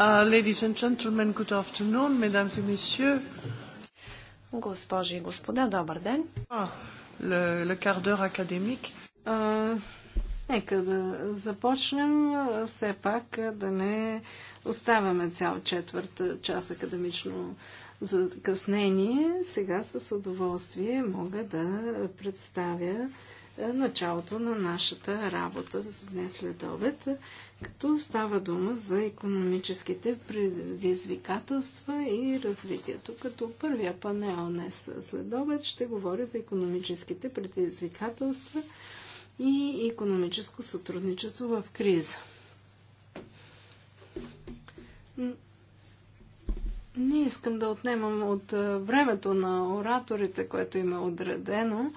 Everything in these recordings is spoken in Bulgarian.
Uh, ladies and gentlemen, good afternoon, mesdames et messieurs. Госпожи и господа, добър ден. Ah, le, quart d'heure Нека да започнем. Все пак да не оставяме цял четвърт час академично закъснение. Сега с удоволствие мога да представя е, началото на нашата работа за днес след обед, като става дума за економическите предизвикателства и развитието. Като първия панел днес след обед ще говоря за економическите предизвикателства и економическо сътрудничество в криза. Не искам да отнемам от е, времето на ораторите, което им е отредено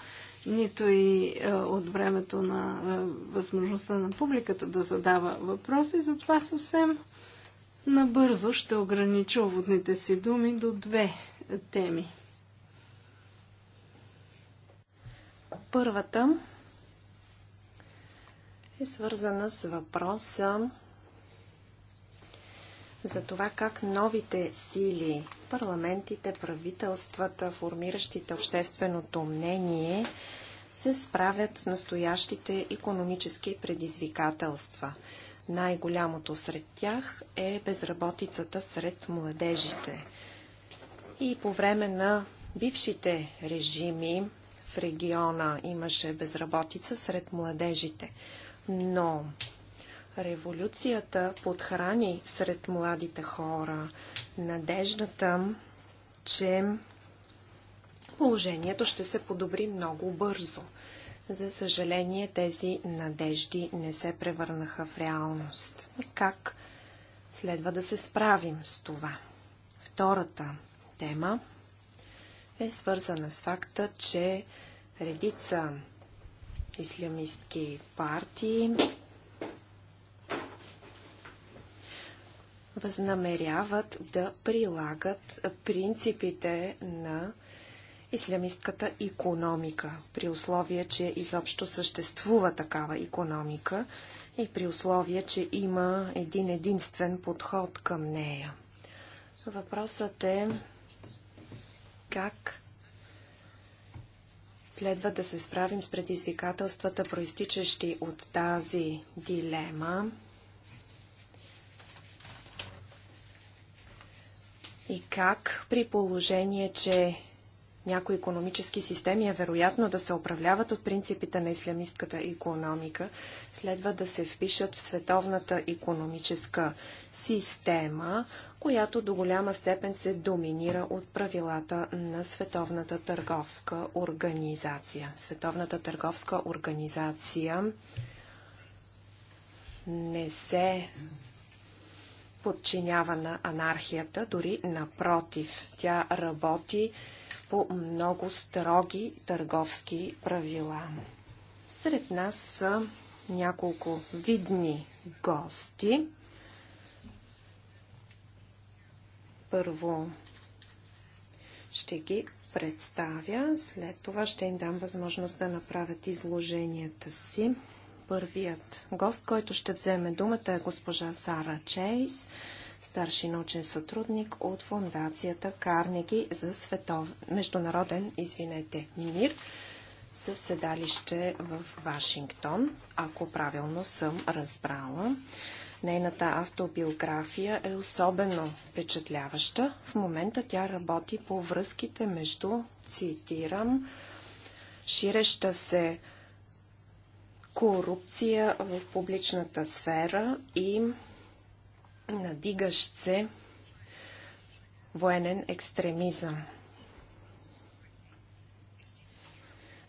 нито и е, от времето на е, възможността на публиката да задава въпроси, затова съвсем набързо ще огранича уводните си думи до две теми. Първата е свързана с въпроса за това как новите сили, парламентите, правителствата, формиращите общественото мнение, се справят с настоящите економически предизвикателства. Най-голямото сред тях е безработицата сред младежите. И по време на бившите режими в региона имаше безработица сред младежите. Но Революцията подхрани сред младите хора надеждата, че положението ще се подобри много бързо. За съжаление, тези надежди не се превърнаха в реалност. Как следва да се справим с това? Втората тема е свързана с факта, че редица ислямистки партии възнамеряват да прилагат принципите на ислямистката економика, при условие, че изобщо съществува такава економика и при условие, че има един единствен подход към нея. Въпросът е как следва да се справим с предизвикателствата, проистичащи от тази дилема, И как при положение, че някои економически системи е вероятно да се управляват от принципите на исламистката економика, следва да се впишат в световната економическа система, която до голяма степен се доминира от правилата на Световната търговска организация. Световната търговска организация не се подчинява на анархията, дори напротив. Тя работи по много строги търговски правила. Сред нас са няколко видни гости. Първо ще ги представя, след това ще им дам възможност да направят изложенията си. Първият гост, който ще вземе думата е госпожа Сара Чейс, старши научен сътрудник от фундацията Карнеги за светов... международен извинете, мир с седалище в Вашингтон, ако правилно съм разбрала. Нейната автобиография е особено впечатляваща. В момента тя работи по връзките между, цитирам, ширеща се корупция в публичната сфера и надигащ се военен екстремизъм.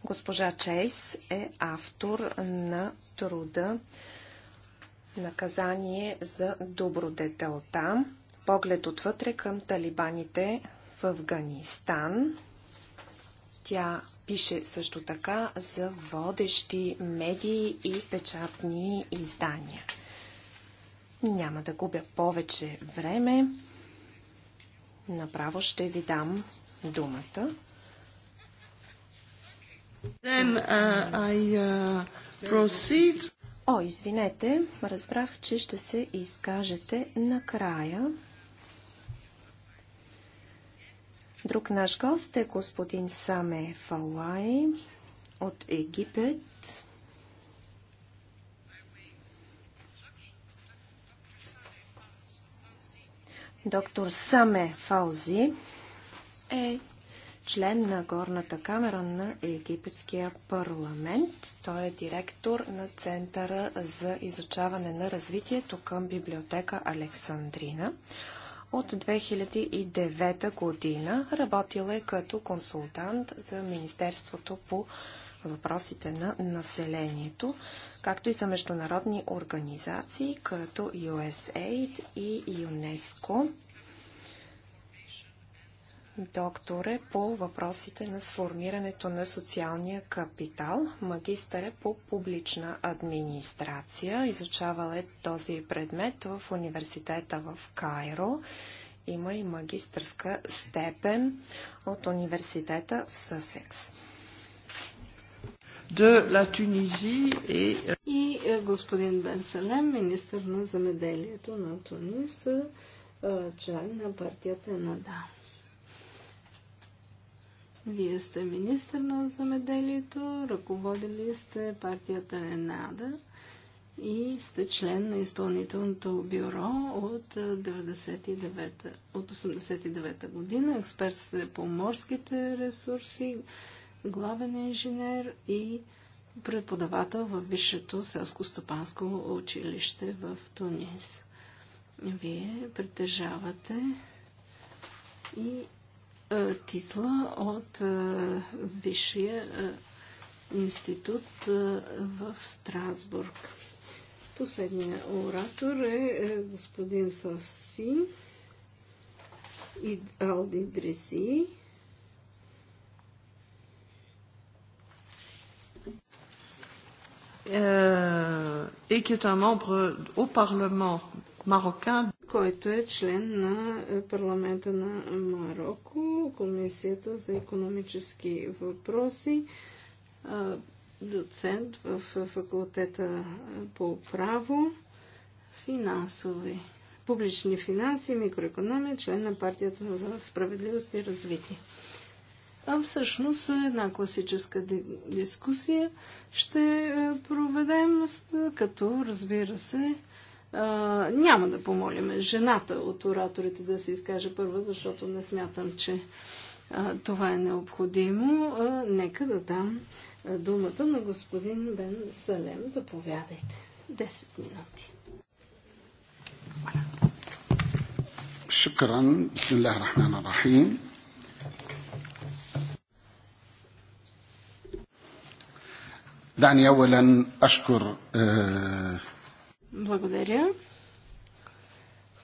Госпожа Чейс е автор на труда Наказание за добродетелта. Поглед отвътре към талибаните в Афганистан. Тя пише също така за водещи медии и печатни издания. Няма да губя повече време. Направо ще ви дам думата. Then, uh, I, uh, proceed. О, извинете, разбрах, че ще се изкажете накрая. Друг наш гост е господин Саме Фалай от Египет. Доктор Саме Фаузи е член на горната камера на Египетския парламент. Той е директор на Центъра за изучаване на развитието към библиотека Александрина. От 2009 година работила е като консултант за Министерството по въпросите на населението, както и за международни организации като USAID и ЮНЕСКО. Докторе по въпросите на сформирането на социалния капитал, магистър е по публична администрация. Изучавал е този предмет в университета в Кайро. Има и магистърска степен от университета в Съсекс. И... и е, господин Салем, министър на замеделието на Тунис, е, е, член на партията на Дам. Вие сте министр на замеделието, ръководили сте партията Енада и сте член на изпълнителното бюро от, 99, от 89 година. Експерт сте по морските ресурси, главен инженер и преподавател във Висшето селско-стопанско училище в Тунис. Вие притежавате и е, титла от е, Висшия е, институт в Страсбург. Последният оратор е господин Фаси и Алди Дреси. et qui est un membre au Parlement marocain който е член на е, парламента на Марокко, Комисията за економически въпроси, доцент в факултета по право, финансови, публични финанси, микроекономия, член на партията за справедливост и развитие. А всъщност една класическа дискусия ще е, проведем, като разбира се, а, няма да помолим жената от ораторите да се изкаже първа, защото не смятам, че а, това е необходимо. А, нека да дам думата на господин Бен Салем. Заповядайте. 10 минути. Шукран, бисмиллах الله рахим. الرحيم دعني اولا اشكر آه благодаря.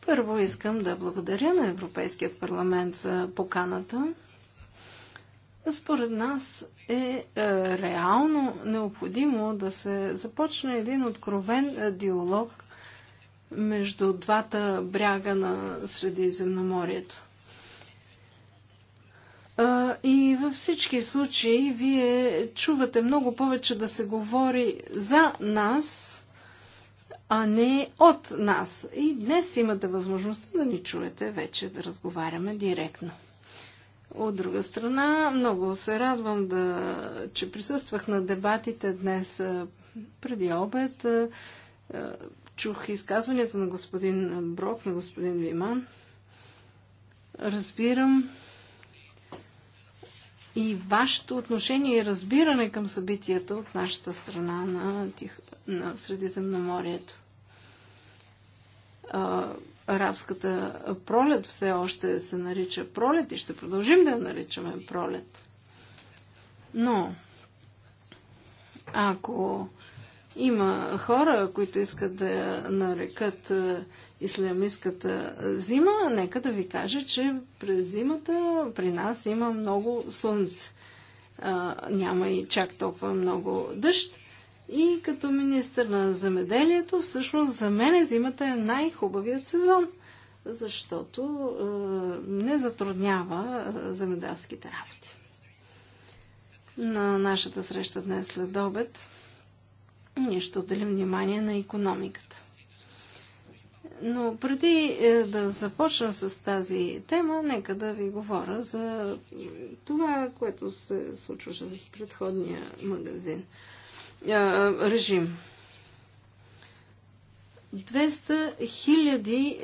Първо искам да благодаря на Европейският парламент за поканата. Според нас е, е реално необходимо да се започне един откровен е, диалог между двата бряга на Средиземноморието. И във всички случаи вие чувате много повече да се говори за нас, а не от нас. И днес имате възможността да ни чуете вече да разговаряме директно. От друга страна, много се радвам, да, че присъствах на дебатите днес преди обед. Чух изказванията на господин Брок, на господин Виман. Разбирам и вашето отношение и разбиране към събитията от нашата страна на Тих на Средиземноморието. Арабската пролет все още се нарича пролет и ще продължим да я наричаме пролет. Но ако има хора, които искат да я нарекат ислямистката зима, нека да ви кажа, че през зимата при нас има много слънце. А, няма и чак толкова много дъжд. И като министър на земеделието, всъщност за мен е зимата е най-хубавият сезон, защото е, не затруднява е, земеделските работи. На нашата среща днес след обед ние ще отделим внимание на економиката. Но преди е, да започна с тази тема, нека да ви говоря за това, което се случваше с предходния магазин режим. 200 хиляди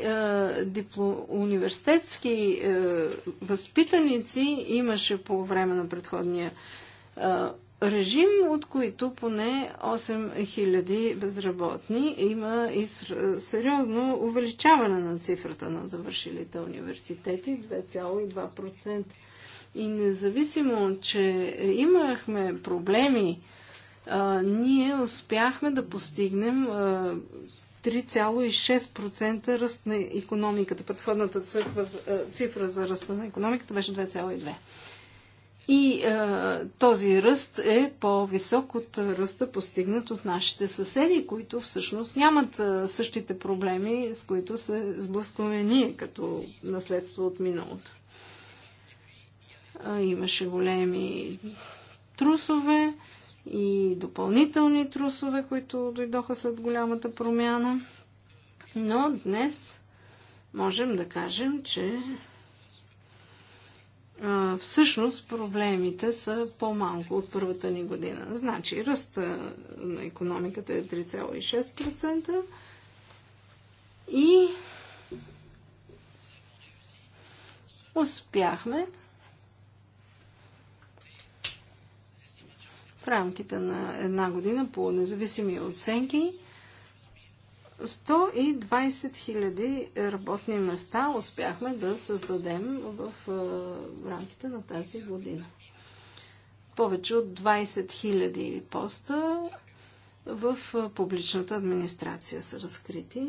дипло... университетски възпитаници имаше по време на предходния режим, от които поне 8 хиляди безработни. Има и сериозно увеличаване на цифрата на завършилите университети 2,2%. И независимо, че имахме проблеми, а, ние успяхме да постигнем 3,6% ръст на економиката. Предходната цифра, цифра за ръста на економиката беше 2,2%. И е, този ръст е по-висок от ръста постигнат от нашите съседи, които всъщност нямат е, същите проблеми, с които се сблъскваме ние като наследство от миналото. Е, имаше големи трусове, е, и допълнителни трусове, които дойдоха след голямата промяна. Но днес можем да кажем, че а, всъщност проблемите са по-малко от първата ни година. Значи ръста на економиката е 3,6% и успяхме в рамките на една година по независими оценки 120 000 работни места успяхме да създадем в рамките на тази година. Повече от 20 000 поста в публичната администрация са разкрити.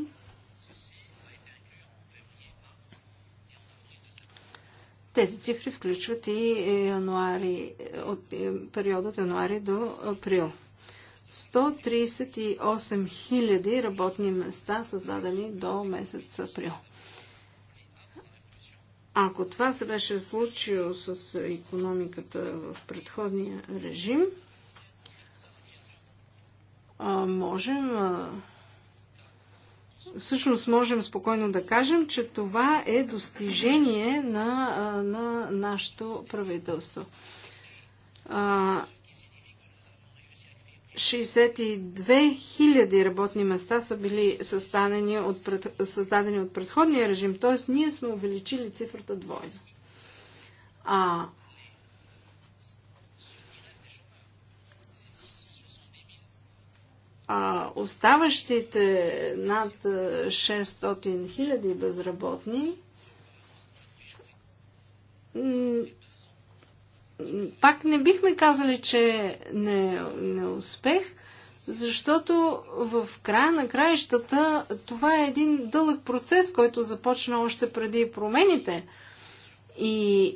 Тези цифри включват и е, януари, е, от е, периода от януари до април. 138 000 работни места създадени до месец април. Ако това се беше случило с економиката в предходния режим, можем всъщност можем спокойно да кажем, че това е достижение на, на нашето правителство. 62 хиляди работни места са били създадени от, пред, създадени от предходния режим, т.е. ние сме увеличили цифрата двойно. А А оставащите над 600 000 безработни пак не бихме казали, че не, не успех, защото в края на краищата това е един дълъг процес, който започна още преди промените. И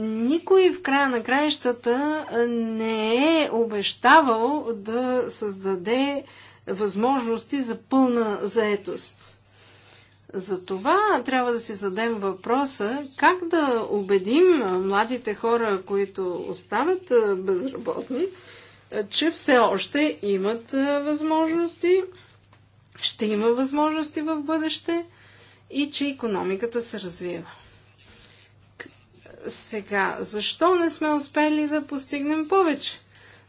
никой в края на краищата не е обещавал да създаде възможности за пълна заетост. Затова трябва да си задем въпроса как да убедим младите хора, които остават безработни, че все още имат възможности, ще има възможности в бъдеще и че економиката се развива. Сега, защо не сме успели да постигнем повече?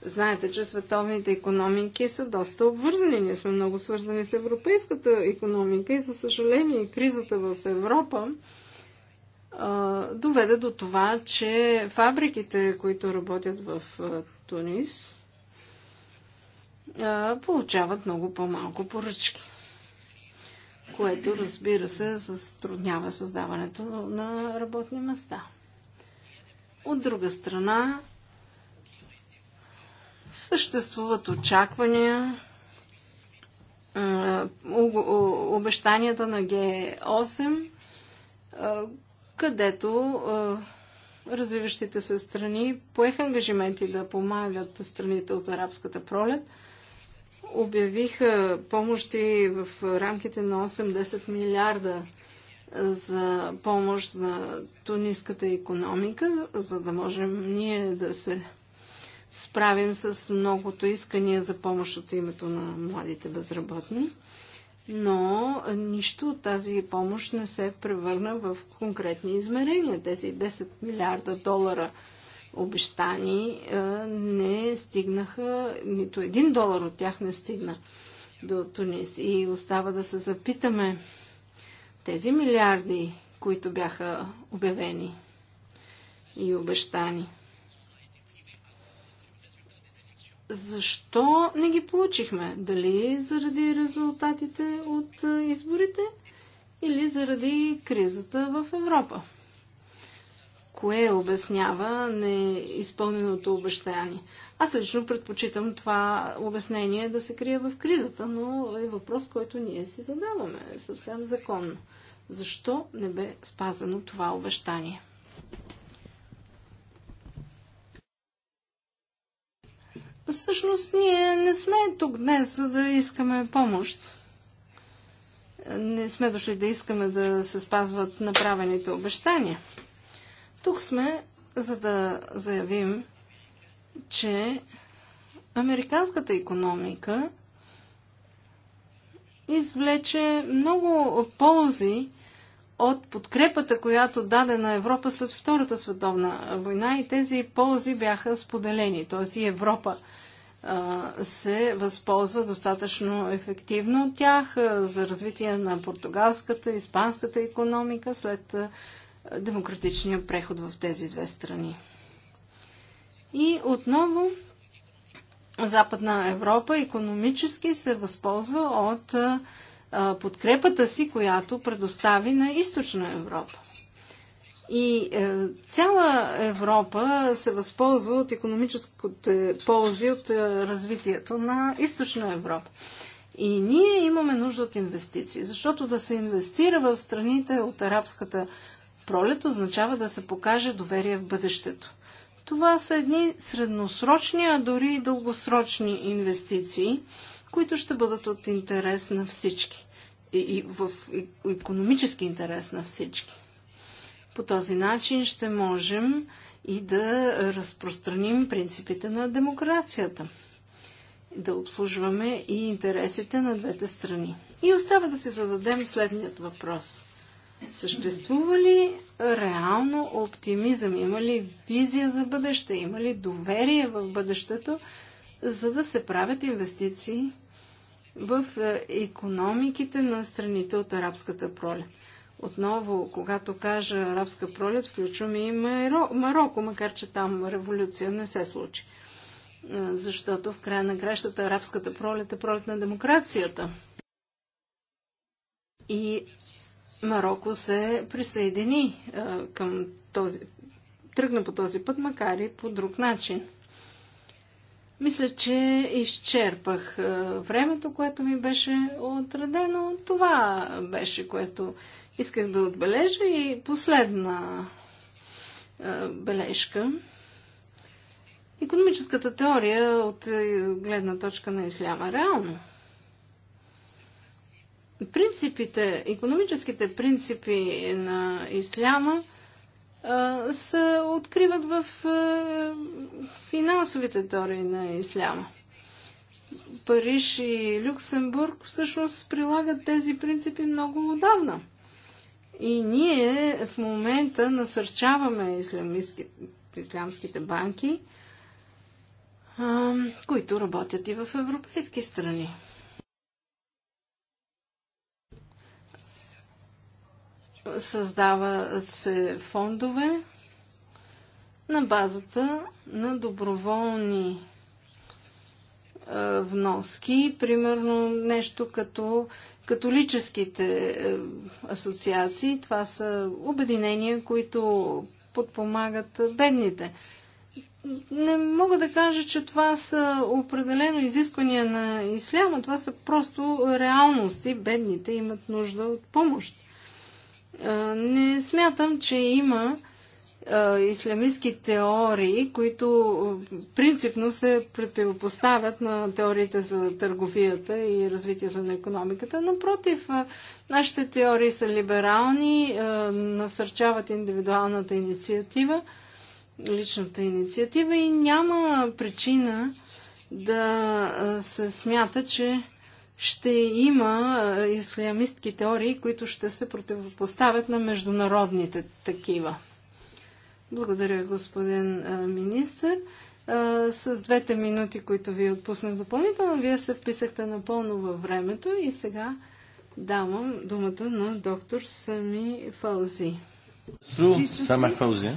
Знаете, че световните економики са доста обвързани. Ние сме много свързани с европейската економика и, за съжаление, кризата в Европа доведе до това, че фабриките, които работят в Тунис, получават много по-малко поръчки. Което, разбира се, затруднява създаването на работни места. От друга страна, съществуват очаквания, обещанията на Г8, където развиващите се страни поеха ангажименти да помагат страните от арабската пролет, обявиха помощи в рамките на 8-10 милиарда за помощ на туниската економика, за да можем ние да се справим с многото искания за помощ от името на младите безработни. Но нищо от тази помощ не се превърна в конкретни измерения. Тези 10 милиарда долара обещани е, не стигнаха, нито един долар от тях не стигна до Тунис. И остава да се запитаме тези милиарди, които бяха обявени и обещани. Защо не ги получихме? Дали заради резултатите от изборите или заради кризата в Европа? Кое обяснява неизпълненото обещание? Аз лично предпочитам това обяснение да се крие в кризата, но е въпрос, който ние си задаваме е съвсем законно. Защо не бе спазано това обещание? Всъщност ние не сме тук днес, за да искаме помощ. Не сме дошли да искаме да се спазват направените обещания. Тук сме, за да заявим, че американската економика извлече много ползи от подкрепата, която даде на Европа след Втората световна война и тези ползи бяха споделени. Т.е. и Европа а, се възползва достатъчно ефективно от тях за развитие на португалската, испанската економика след демократичния преход в тези две страни. И отново Западна Европа економически се възползва от подкрепата си, която предостави на източна Европа. И е, цяла Европа се възползва от економическите ползи от е, развитието на източна Европа. И ние имаме нужда от инвестиции, защото да се инвестира в страните от арабската пролет означава да се покаже доверие в бъдещето. Това са едни средносрочни, а дори дългосрочни инвестиции – които ще бъдат от интерес на всички и, и в економически интерес на всички. По този начин ще можем и да разпространим принципите на демокрацията, да обслужваме и интересите на двете страни. И остава да се зададем следният въпрос. Съществува ли реално оптимизъм? Има ли визия за бъдеще? Има ли доверие в бъдещето? за да се правят инвестиции в економиките на страните от арабската пролет. Отново, когато кажа арабска пролет, включвам и Марокко, макар че там революция не се случи. Е, защото в края на кращата арабската пролет е пролет на демокрацията. И Марокко се присъедини е, към този, тръгна по този път, макар и по друг начин. Мисля, че изчерпах е, времето, което ми беше отредено. Това беше, което исках да отбележа. И последна е, бележка. Економическата теория от е, гледна точка на исляма. Реално. Принципите, економическите принципи на исляма – се откриват в финансовите теории на исляма. Париж и Люксембург всъщност прилагат тези принципи много отдавна. И ние в момента насърчаваме ислямските банки, които работят и в европейски страни. Създават се фондове на базата на доброволни вноски, примерно нещо като католическите асоциации. Това са обединения, които подпомагат бедните. Не мога да кажа, че това са определено изисквания на исляма, това са просто реалности. Бедните имат нужда от помощ. Не смятам, че има ислямистски теории, които принципно се противопоставят на теориите за търговията и развитието на економиката. Напротив, нашите теории са либерални, насърчават индивидуалната инициатива, личната инициатива и няма причина да се смята, че ще има е, ислямистки теории, които ще се противопоставят на международните такива. Благодаря, господин е, министр. Е, с двете минути, които ви отпуснах допълнително, вие се вписахте напълно във времето и сега давам думата на доктор Сами Фаузи. Су Сами Фаузи.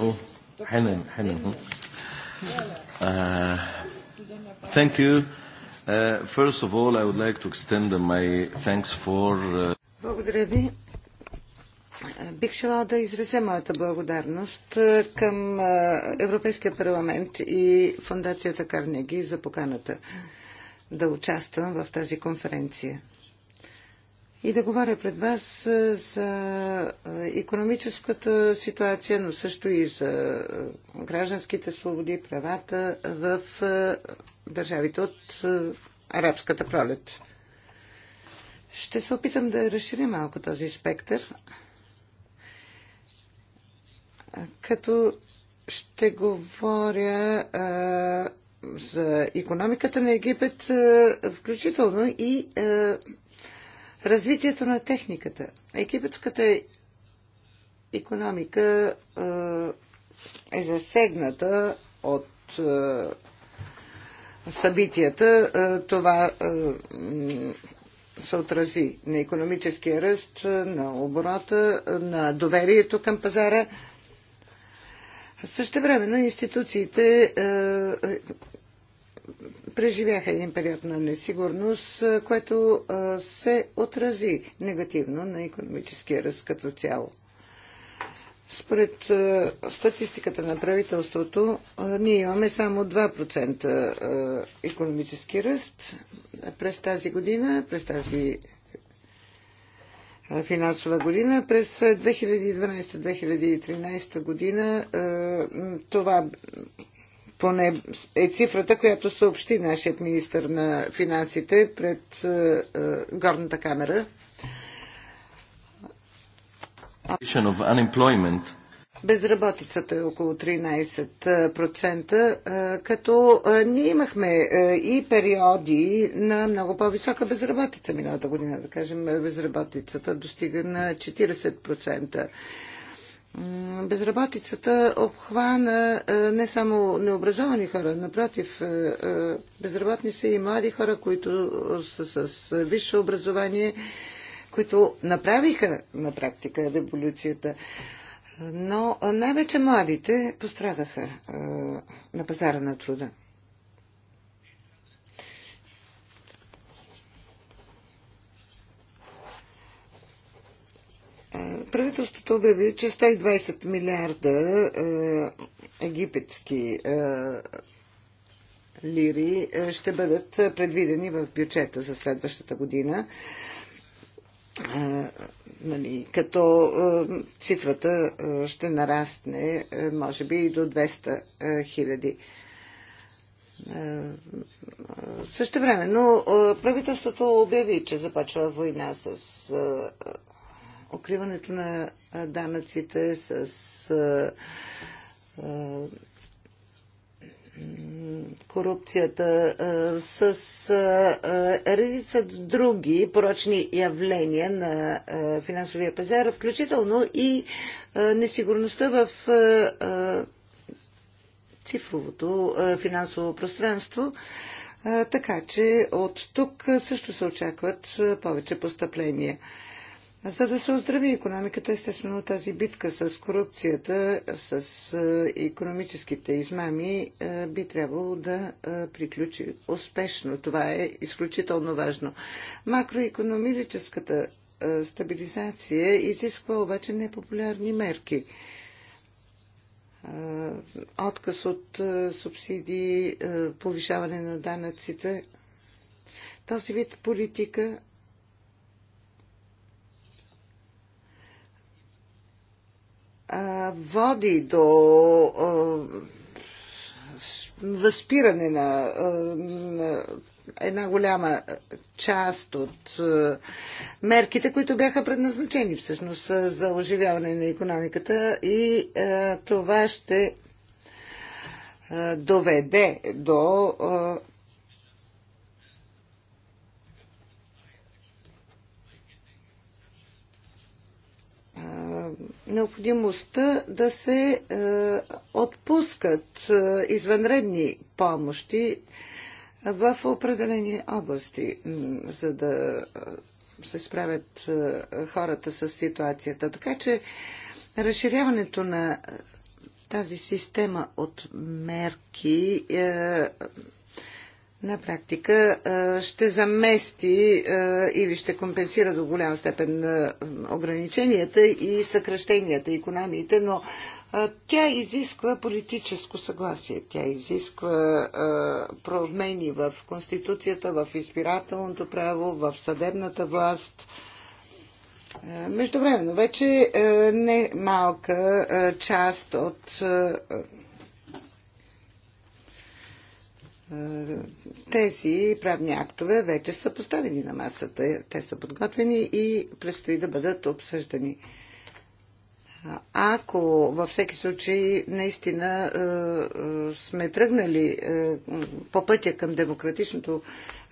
О, Хенен, Хенен. Thank you. Uh, first of all, I would like to extend my thanks for... Uh, Благодаря ви. Е, бих желала да изразя моята благодарност е, към е, Европейския парламент и Фундацията Карнеги за поканата да участвам в тази конференция и да говоря пред вас за економическата ситуация, но също и за гражданските свободи, правата в държавите от арабската пролет. Ще се опитам да разширя малко този спектър, като ще говоря за економиката на Египет, включително и Развитието на техниката. Египетската економика е засегната от събитията. Това се отрази на економическия ръст, на оборота, на доверието към пазара. Също времено институциите преживяха един период на несигурност, което се отрази негативно на економическия ръст като цяло. Според статистиката на правителството, ние имаме само 2% економически ръст през тази година, през тази финансова година. През 2012-2013 година това поне е цифрата, която съобщи нашият министр на финансите пред е, е, горната камера. Безработицата е около 13%, е, като ние имахме и периоди на много по-висока безработица миналата година. Да кажем, безработицата достига на 40%. Безработицата обхвана е, не само необразовани хора, напротив, е, е, безработни са и млади хора, които са с висше образование, които направиха на практика революцията. Но най-вече младите пострадаха на пазара на труда. Правителството обяви, че 120 милиарда е, египетски е, лири е, ще бъдат предвидени в бюджета за следващата година. нали, като цифрата ще нарастне, може би, и до 200 хиляди. Също време, но правителството обяви, че започва война с укриването на данъците, с корупцията, с редица други порочни явления на финансовия пазар, включително и несигурността в цифровото финансово пространство. Така че от тук също се очакват повече постъпления. За да се оздрави економиката, естествено тази битка с корупцията, с економическите измами е, би трябвало да е, приключи успешно. Това е изключително важно. Макроекономическата е, стабилизация изисква обаче непопулярни мерки. Отказ от субсидии, повишаване на данъците. Този вид политика води до възпиране на, на една голяма част от мерките, които бяха предназначени всъщност за оживяване на економиката и това ще доведе до необходимостта да се отпускат извънредни помощи в определени области, за да се справят хората с ситуацията. Така че разширяването на тази система от мерки е, на практика ще замести или ще компенсира до голяма степен ограниченията и съкръщенията, економиите, но тя изисква политическо съгласие, тя изисква промени в Конституцията, в избирателното право, в съдебната власт. Междувременно вече не малка част от е, тези правни актове вече са поставени на масата. Те са подготвени и предстои да бъдат обсъждани. Ако във всеки случай наистина е, е, сме тръгнали по пътя към демократичното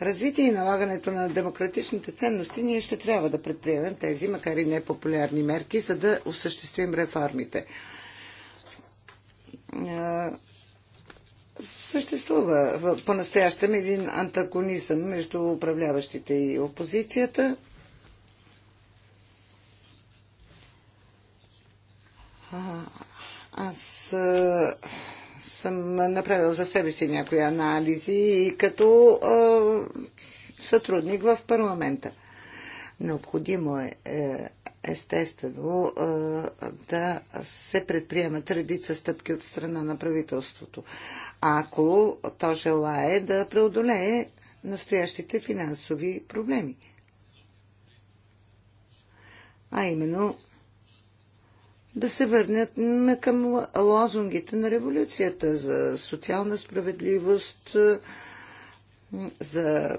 развитие и налагането на демократичните ценности, ние ще трябва да предприемем тези, макар и непопулярни мерки, за да осъществим реформите. Съществува по-настоящем един антагонизъм между управляващите и опозицията. А, аз а, съм направил за себе си някои анализи и като а, сътрудник в парламента. Необходимо е, е естествено да се предприемат редица стъпки от страна на правителството, ако то желае да преодолее настоящите финансови проблеми. А именно да се върнат към лозунгите на революцията за социална справедливост, за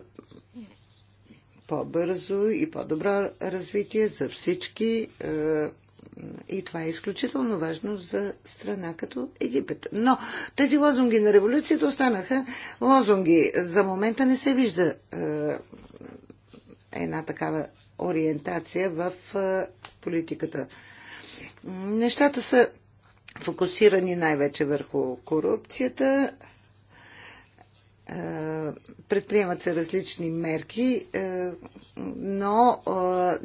по-бързо и по-добро развитие за всички. Е, и това е изключително важно за страна като Египет. Но тези лозунги на революцията останаха лозунги. За момента не се вижда е, една такава ориентация в е, политиката. Нещата са фокусирани най-вече върху корупцията, предприемат се различни мерки, е, но е,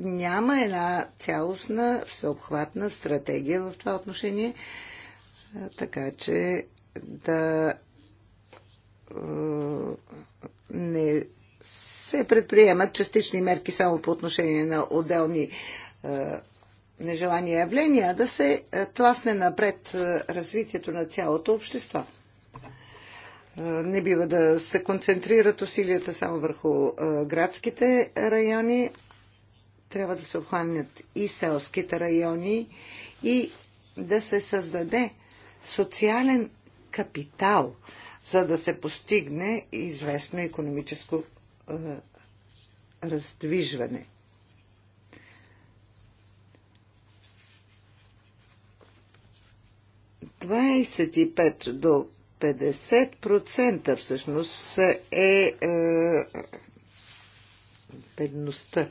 няма една цялостна, всеобхватна стратегия в това отношение, е, така че да не се предприемат частични мерки само по отношение на отделни нежелания явления, а да се тласне напред развитието на цялото общество. Е, не бива да се концентрират усилията само върху е, градските райони. Трябва да се обхванят и селските райони и да се създаде социален капитал, за да се постигне известно економическо е, раздвижване. Двадесет до 50% всъщност е, е бедността.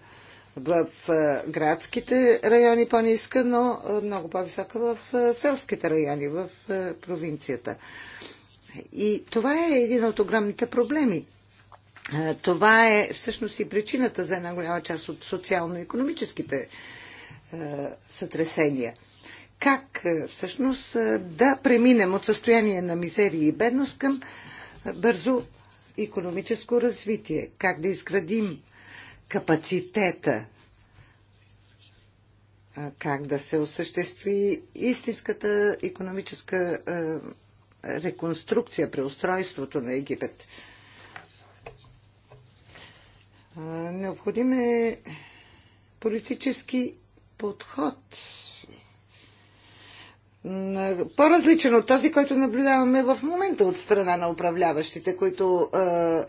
В е, градските райони по-ниска, но е, много по-висока в е, селските райони, в провинцията. И това е един от огромните проблеми. Това е всъщност и причината за една голяма част от социално-економическите сътресения как е, всъщност е, да преминем от състояние на мизерия и бедност към е, бързо економическо развитие, как да изградим капацитета, как да се осъществи истинската економическа реконструкция, преустройството на Египет. Необходим е политически подход е, по-различен от този, който наблюдаваме в момента от страна на управляващите, които е, е,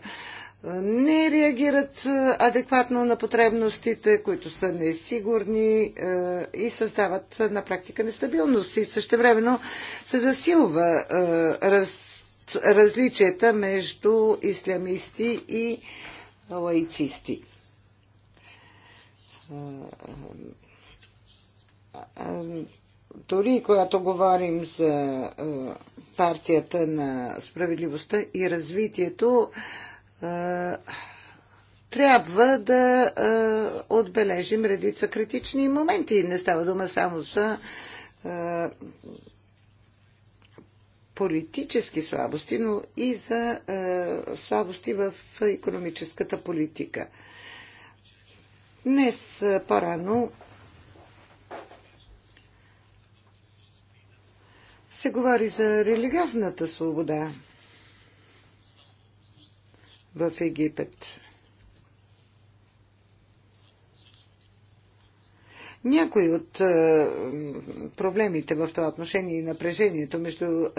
не реагират адекватно на потребностите, които са несигурни и създават на практика нестабилност. И същевременно се засилва раз, различията между ислямисти и лайцисти дори когато говорим за е, партията на справедливостта и развитието, е, трябва да е, отбележим редица критични моменти. Не става дума само за политически слабости, но и за слабости в економическата политика. Днес по-рано се говори за религиозната свобода в Египет. Някои от е, проблемите в това отношение и напрежението между е,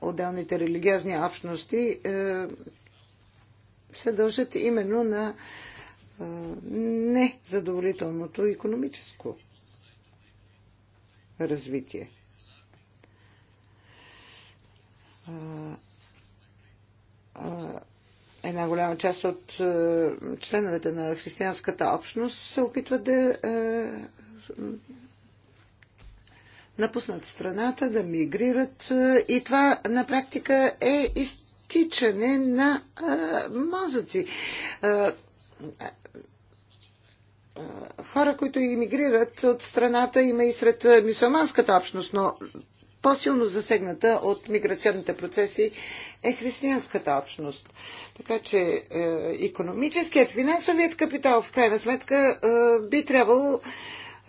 отделните религиозни общности е, се дължат именно на е, незадоволителното економическо развитие. една голяма част от е, членовете на християнската общност се опитват да е, напуснат страната, да мигрират. Е, и това на практика е изтичане на мозъци. Хора, които иммигрират от страната, има и сред мисулманската общност, но по-силно засегната от миграционните процеси е християнската общност. Така че е, економическият, финансовият капитал в крайна сметка е, би трябвало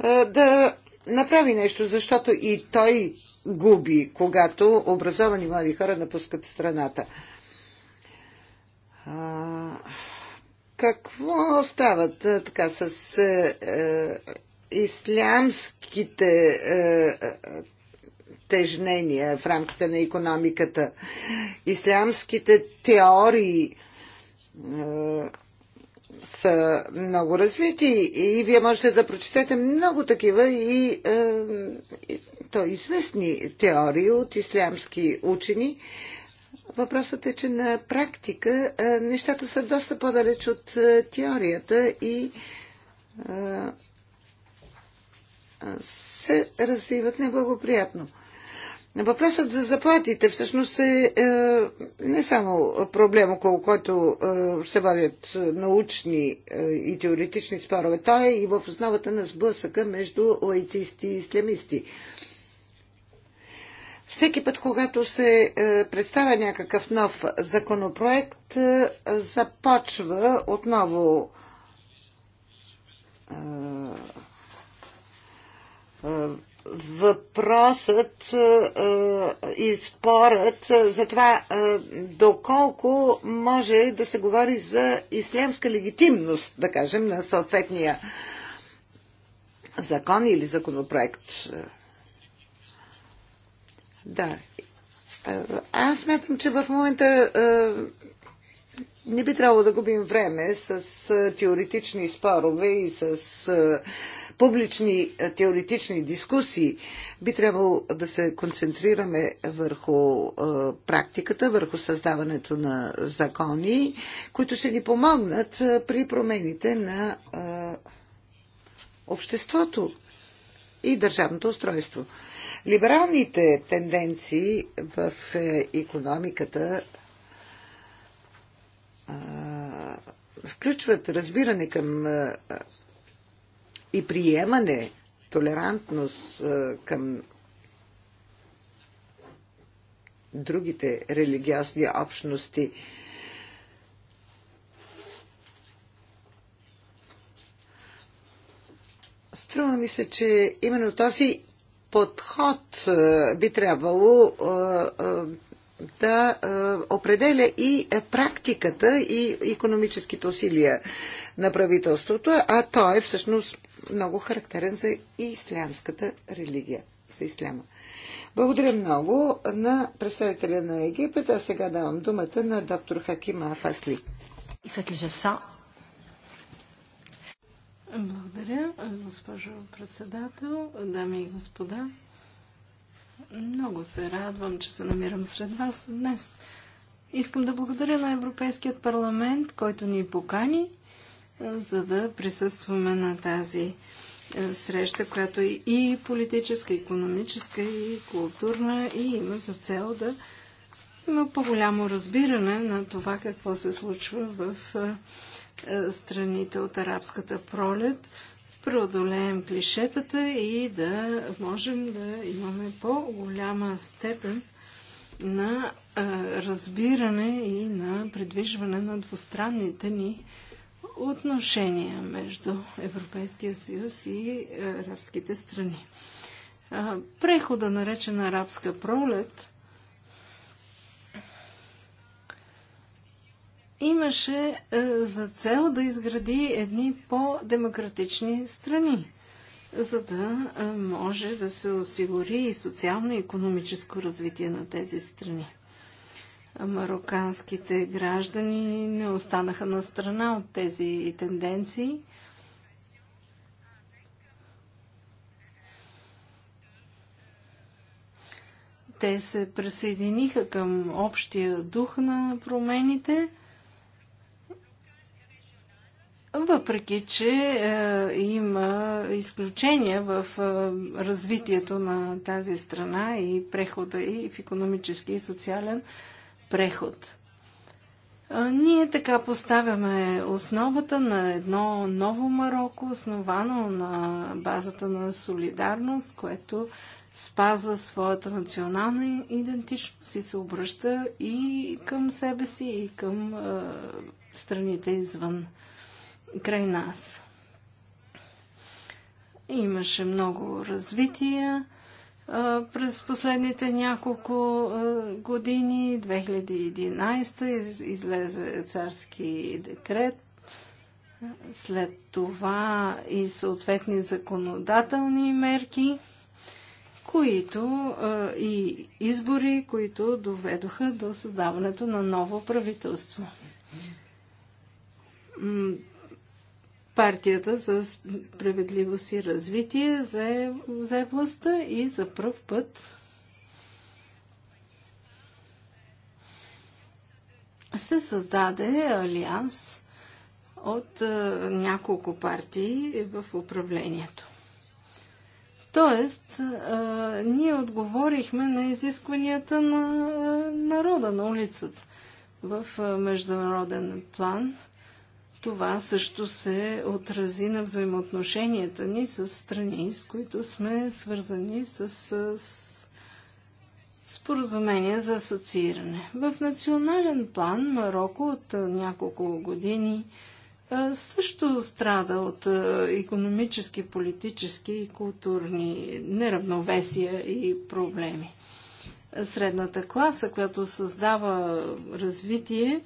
е, да направи нещо, защото и той губи, когато образовани млади хора напускат страната. А, какво стават е, така с е, е, ислямските е, е тежнения в рамките на економиката. Ислямските теории е, са много развити и вие можете да прочетете много такива и, е, и то известни теории от ислямски учени. Въпросът е, че на практика е, нещата са доста по-далеч от теорията и се развиват неблагоприятно. Въпросът за заплатите всъщност е, е не само проблем, около който е, се водят е, научни е, и теоретични спорове. Той е и в основата на сблъсъка между лайцисти и ислямисти. Всеки път, когато се е, представя някакъв нов законопроект, е, започва отново е, е въпросът и спорът за това доколко може да се говори за ислямска легитимност, да кажем, на съответния закон или законопроект. Да. Аз смятам, че в момента не би трябвало да губим време с теоретични спорове и с публични теоретични дискусии. Би трябвало да се концентрираме върху практиката, върху създаването на закони, които ще ни помогнат при промените на обществото и държавното устройство. Либералните тенденции в економиката включват разбиране към и приемане, толерантност към другите религиозни общности. Струва ми се, че именно този подход би трябвало да определя и практиката и економическите усилия на правителството, а то е всъщност много характерен за ислямската религия, за исляма. Благодаря много на представителя на Египет, а сега давам думата на доктор Хакима Фасли. Благодаря, госпожо председател, дами и господа. Много се радвам, че се намирам сред вас днес. Искам да благодаря на Европейският парламент, който ни покани за да присъстваме на тази е, среща, която е и политическа, и економическа, и културна, и има за цел да има по-голямо разбиране на това какво се случва в е, е, страните от арабската пролет, преодолеем клишетата и да можем да имаме по-голяма степен на разбиране и на предвижване на двустранните ни отношения между Европейския съюз и е, арабските страни. Е, прехода, наречен арабска пролет, имаше е, за цел да изгради едни по-демократични страни, за да може да се осигури и социално и економическо развитие на тези страни мароканските граждани не останаха на страна от тези тенденции. Те се присъединиха към общия дух на промените, въпреки че е, има изключения в е, развитието на тази страна и прехода и в економически и социален е, преход. Ние така поставяме основата на едно ново Марокко, основано на базата на солидарност, което спазва своята национална идентичност и се обръща и към себе си, и към е, страните извън край нас. Имаше много развития през последните няколко години. 2011 излезе царски декрет. След това и съответни законодателни мерки, които и избори, които доведоха до създаването на ново правителство партията за справедливост и развитие за, властта и за първ път се създаде алианс от е, няколко партии в управлението. Тоест, е, ние отговорихме на изискванията на е, народа на улицата в международен план – това също се отрази на взаимоотношенията ни с страни, с които сме свързани с, с споразумение за асоцииране. В национален план Марокко от няколко години също страда от економически, политически и културни неравновесия и проблеми. Средната класа, която създава развитие,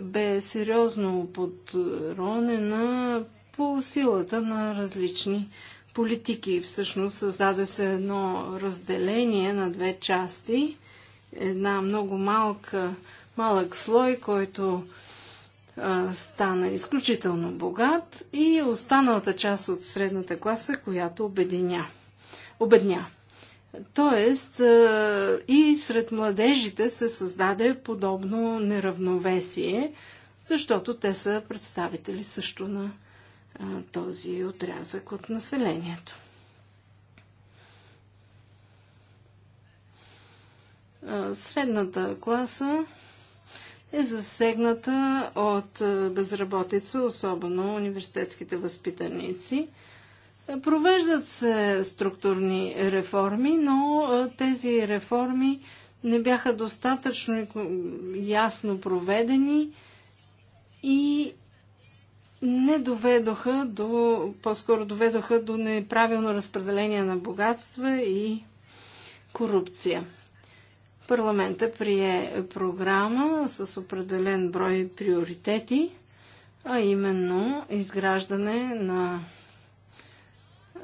бе сериозно подронена по силата на различни политики. Всъщност създаде се едно разделение на две части. Една много малка, малък слой, който стана изключително богат и останалата част от средната класа, която обединя. обедня. Тоест и сред младежите се създаде подобно неравновесие, защото те са представители също на този отрязък от населението. Средната класа е засегната от безработица, особено университетските възпитаници – Провеждат се структурни реформи, но тези реформи не бяха достатъчно ясно проведени и не доведоха до, по-скоро доведоха до неправилно разпределение на богатства и корупция. Парламента прие програма с определен брой приоритети, а именно изграждане на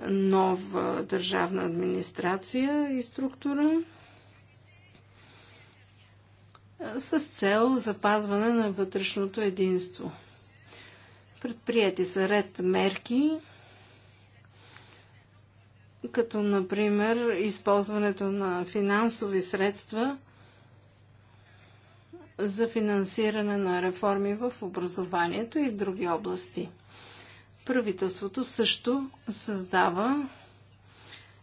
нова държавна администрация и структура с цел запазване на вътрешното единство. Предприяти са ред мерки, като например използването на финансови средства за финансиране на реформи в образованието и в други области – правителството също създава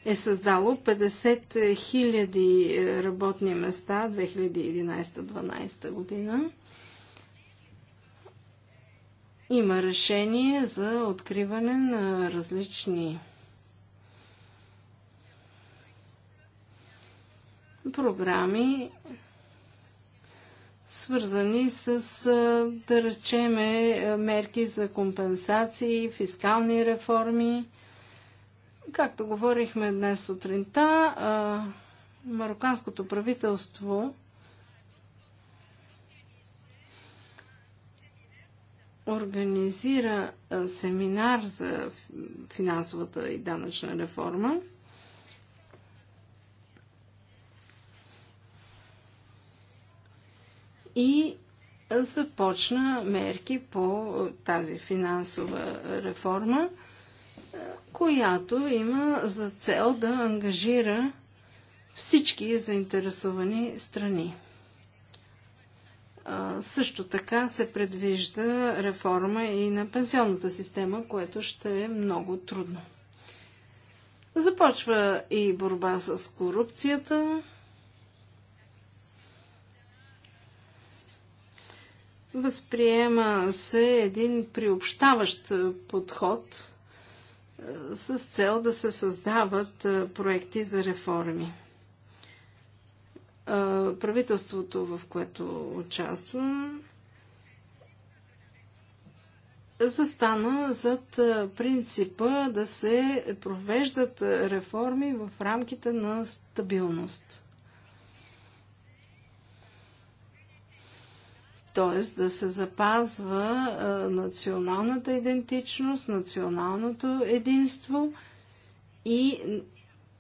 е създало 50 000 е, работни места 2011-2012 година. Има решение за откриване на различни програми свързани с, да речеме, мерки за компенсации, фискални реформи. Както говорихме днес сутринта, мароканското правителство организира семинар за финансовата и данъчна реформа – и започна мерки по тази финансова реформа, която има за цел да ангажира всички заинтересовани страни. Също така се предвижда реформа и на пенсионната система, което ще е много трудно. Започва и борба с корупцията, Възприема се един приобщаващ е, подход е, с цел да се създават е, проекти за реформи. Правителството, в което участвам, застана зад принципа да се провеждат реформи в рамките на стабилност. т.е. да се запазва а, националната идентичност, националното единство и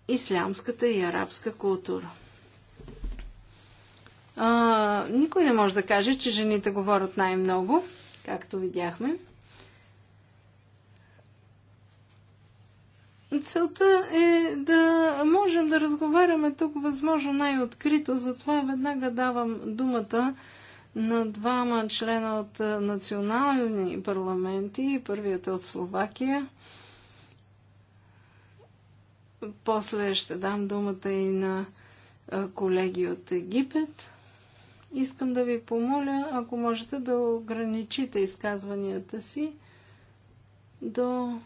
ислямската и арабска култура. А, никой не може да каже, че жените говорят най-много, както видяхме. Целта е да можем да разговаряме тук възможно най-открито, затова веднага давам думата на двама члена от е, национални парламенти. Първият е от Словакия. После ще дам думата и на е, колеги от Египет. Искам да ви помоля, ако можете да ограничите изказванията си до...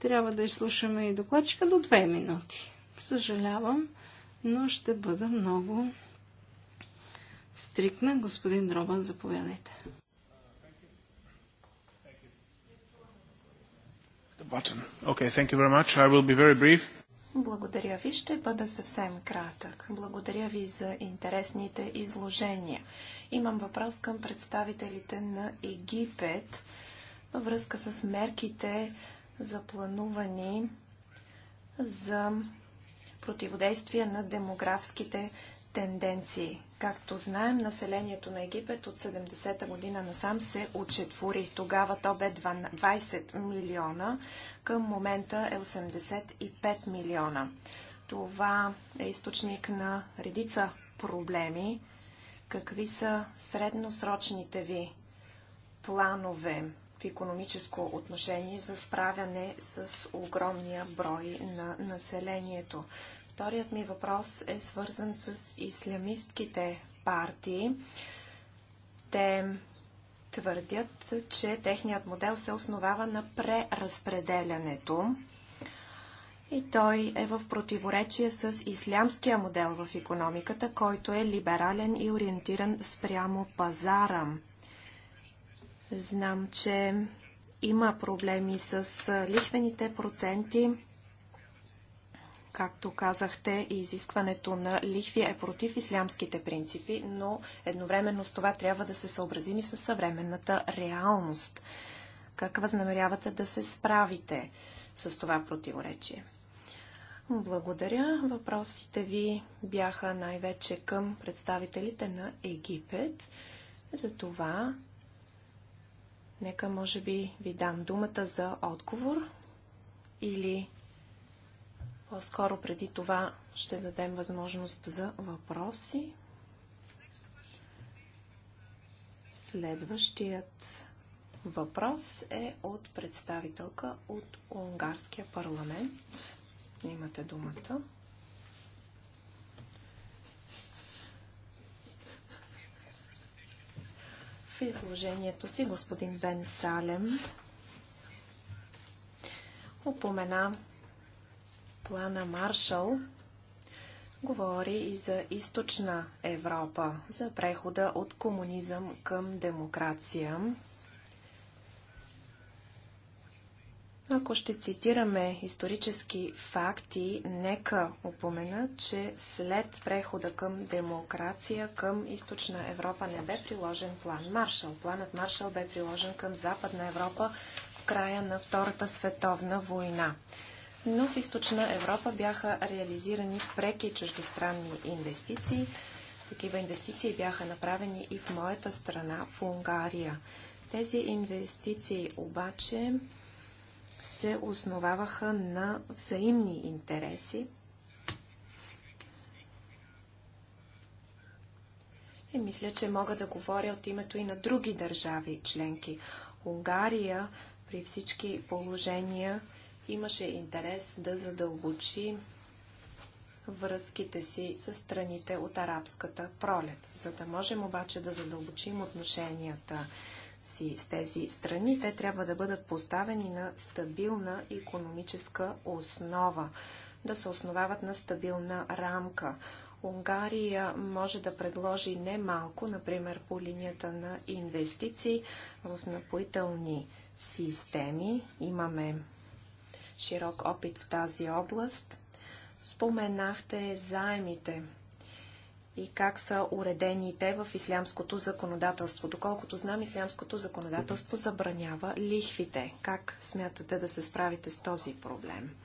Трябва да изслушаме и докладчика до две минути. Съжалявам, но ще бъда много стрикна. Господин Робан, заповядайте. Okay, Благодаря ви. Ще бъда съвсем кратък. Благодаря ви за интересните изложения. Имам въпрос към представителите на Египет във връзка с мерките за планувани за противодействие на демографските тенденции. Както знаем, населението на Египет от 70-та година насам се отчетвори. Тогава то бе 20 милиона, към момента е 85 милиона. Това е източник на редица проблеми. Какви са средносрочните ви планове в економическо отношение за справяне с огромния брой на населението? Вторият ми въпрос е свързан с ислямистките партии. Те твърдят, че техният модел се основава на преразпределянето и той е в противоречие с ислямския модел в економиката, който е либерален и ориентиран спрямо пазара. Знам, че има проблеми с лихвените проценти, Както казахте, изискването на лихви е против ислямските принципи, но едновременно с това трябва да се съобразим и с съвременната реалност. Как възнамерявате да се справите с това противоречие? Благодаря. Въпросите ви бяха най-вече към представителите на Египет. Затова нека може би ви дам думата за отговор или по-скоро преди това ще дадем възможност за въпроси. Следващият въпрос е от представителка от Унгарския парламент. Имате думата. В изложението си господин Бен Салем упомена Плана Маршал говори и за източна Европа, за прехода от комунизъм към демокрация. Ако ще цитираме исторически факти, нека упомена, че след прехода към демокрация към източна Европа не бе приложен план Маршал. Планът Маршал бе приложен към Западна Европа в края на Втората световна война но в източна Европа бяха реализирани преки чуждестранни инвестиции. Такива инвестиции бяха направени и в моята страна, в Унгария. Тези инвестиции обаче се основаваха на взаимни интереси. И мисля, че мога да говоря от името и на други държави членки. Унгария при всички положения имаше интерес да задълбочи връзките си с страните от арабската пролет. За да можем обаче да задълбочим отношенията си с тези страни, те трябва да бъдат поставени на стабилна економическа основа, да се основават на стабилна рамка. Унгария може да предложи немалко, например по линията на инвестиции в напоителни системи. Имаме широк опит в тази област. Споменахте заемите и как са уредени те в ислямското законодателство. Доколкото знам, ислямското законодателство забранява лихвите. Как смятате да се справите с този проблем?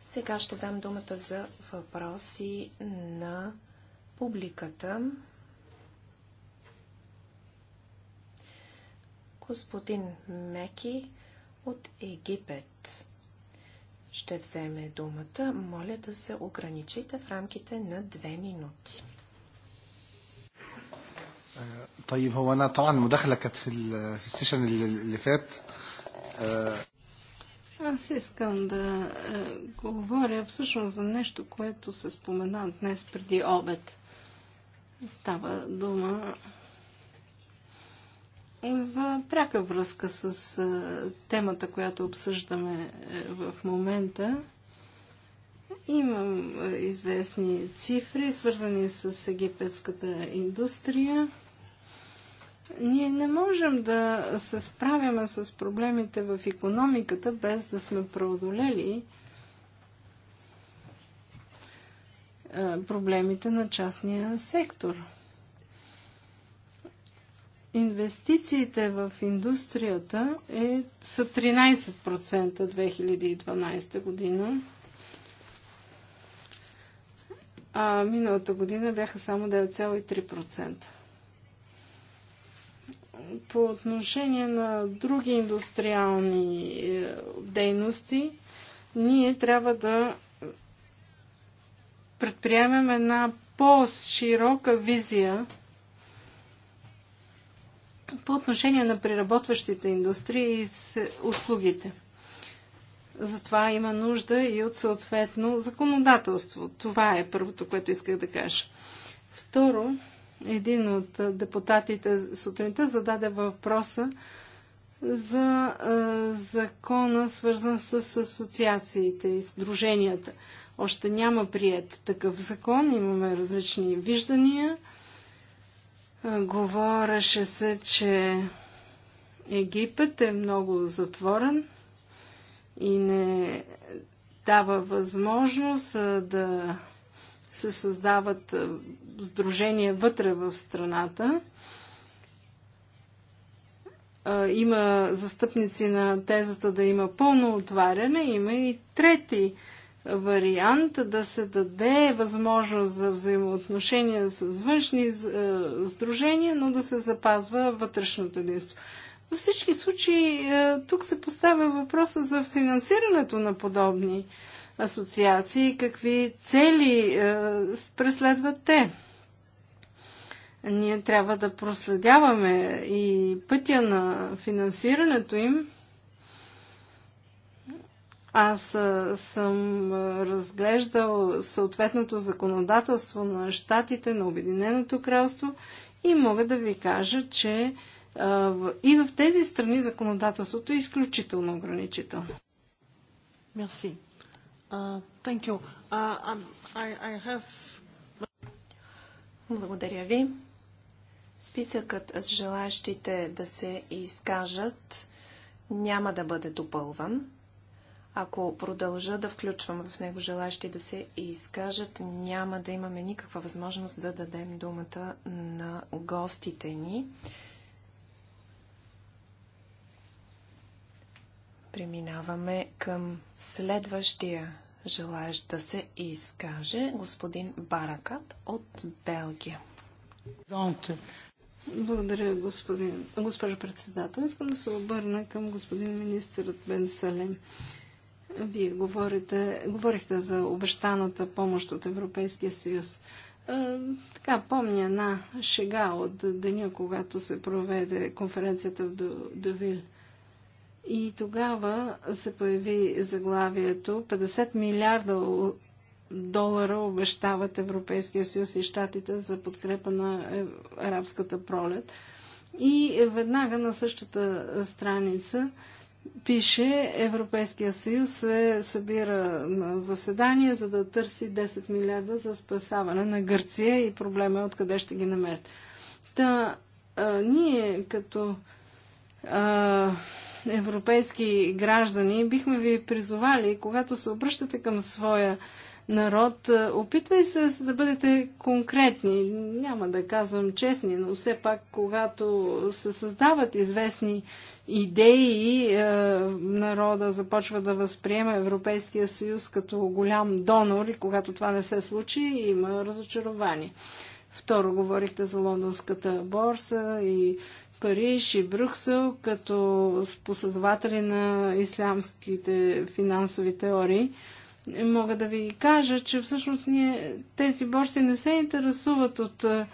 Сега ще дам думата за въпроси на публиката. Господин Меки от Египет ще вземе думата, моля да се ограничите в рамките на две минути. طيب هو انا طبعا كانت في في السيشن اللي فات аз искам да е, говоря всъщност за нещо, което се спомена днес преди обед. Става дума за пряка връзка с темата, която обсъждаме е, в момента. Имам известни цифри, свързани с египетската индустрия. Ние не можем да се справяме с проблемите в економиката, без да сме преодолели проблемите на частния сектор – Инвестициите в индустрията е, са 13% 2012 година. А миналата година бяха само 9,3%. По отношение на други индустриални е, дейности, ние трябва да предприемем една по-широка визия по отношение на преработващите индустрии и услугите. Затова има нужда и от съответно законодателство. Това е първото, което исках да кажа. Второ, един от депутатите сутринта зададе въпроса за е, закона, свързан с асоциациите и сдруженията. Още няма прият такъв закон, имаме различни виждания. Говореше се, че Египет е много затворен и не дава възможност да се създават сдружения вътре в страната. Има застъпници на тезата да има пълно отваряне, има и трети вариант да се даде възможност за взаимоотношения с външни е, сдружения, но да се запазва вътрешното единство. Във всички случаи е, тук се поставя въпроса за финансирането на подобни асоциации, какви цели е, преследват те. Ние трябва да проследяваме и пътя на финансирането им, аз съм разглеждал съответното законодателство на щатите на Обединеното кралство и мога да ви кажа, че и в тези страни законодателството е изключително ограничително. Мерси. Uh, uh, have... Благодаря ви. Списъкът с желащите да се изкажат няма да бъде допълван. Ако продължа да включвам в него желащи да се изкажат, няма да имаме никаква възможност да дадем думата на гостите ни. Преминаваме към следващия желаящ да се изкаже господин Баракат от Белгия. Благодаря, господин, госпожа председател. Искам да се обърна към господин министърът Бен Салем. Вие говорите, говорихте за обещаната помощ от Европейския съюз. Е, така, помня една шега от деня, когато се проведе конференцията в Довил. И тогава се появи заглавието 50 милиарда долара обещават Европейския съюз и щатите за подкрепа на е, арабската пролет. И веднага на същата страница пише Европейския съюз се събира на заседание, за да търси 10 милиарда за спасаване на Гърция и проблема е откъде ще ги намерят. Та, а, ние като а, европейски граждани бихме ви призовали, когато се обръщате към своя народ. Е, опитвай се да бъдете конкретни. Няма да казвам честни, но все пак, когато се създават известни идеи, е, народа започва да възприема Европейския съюз като голям донор и когато това не се случи, има разочарование. Второ, говорихте за лондонската борса и Париж и Брюксел като последователи на ислямските финансови теории мога да ви кажа, че всъщност ние, тези борси не се интересуват от а,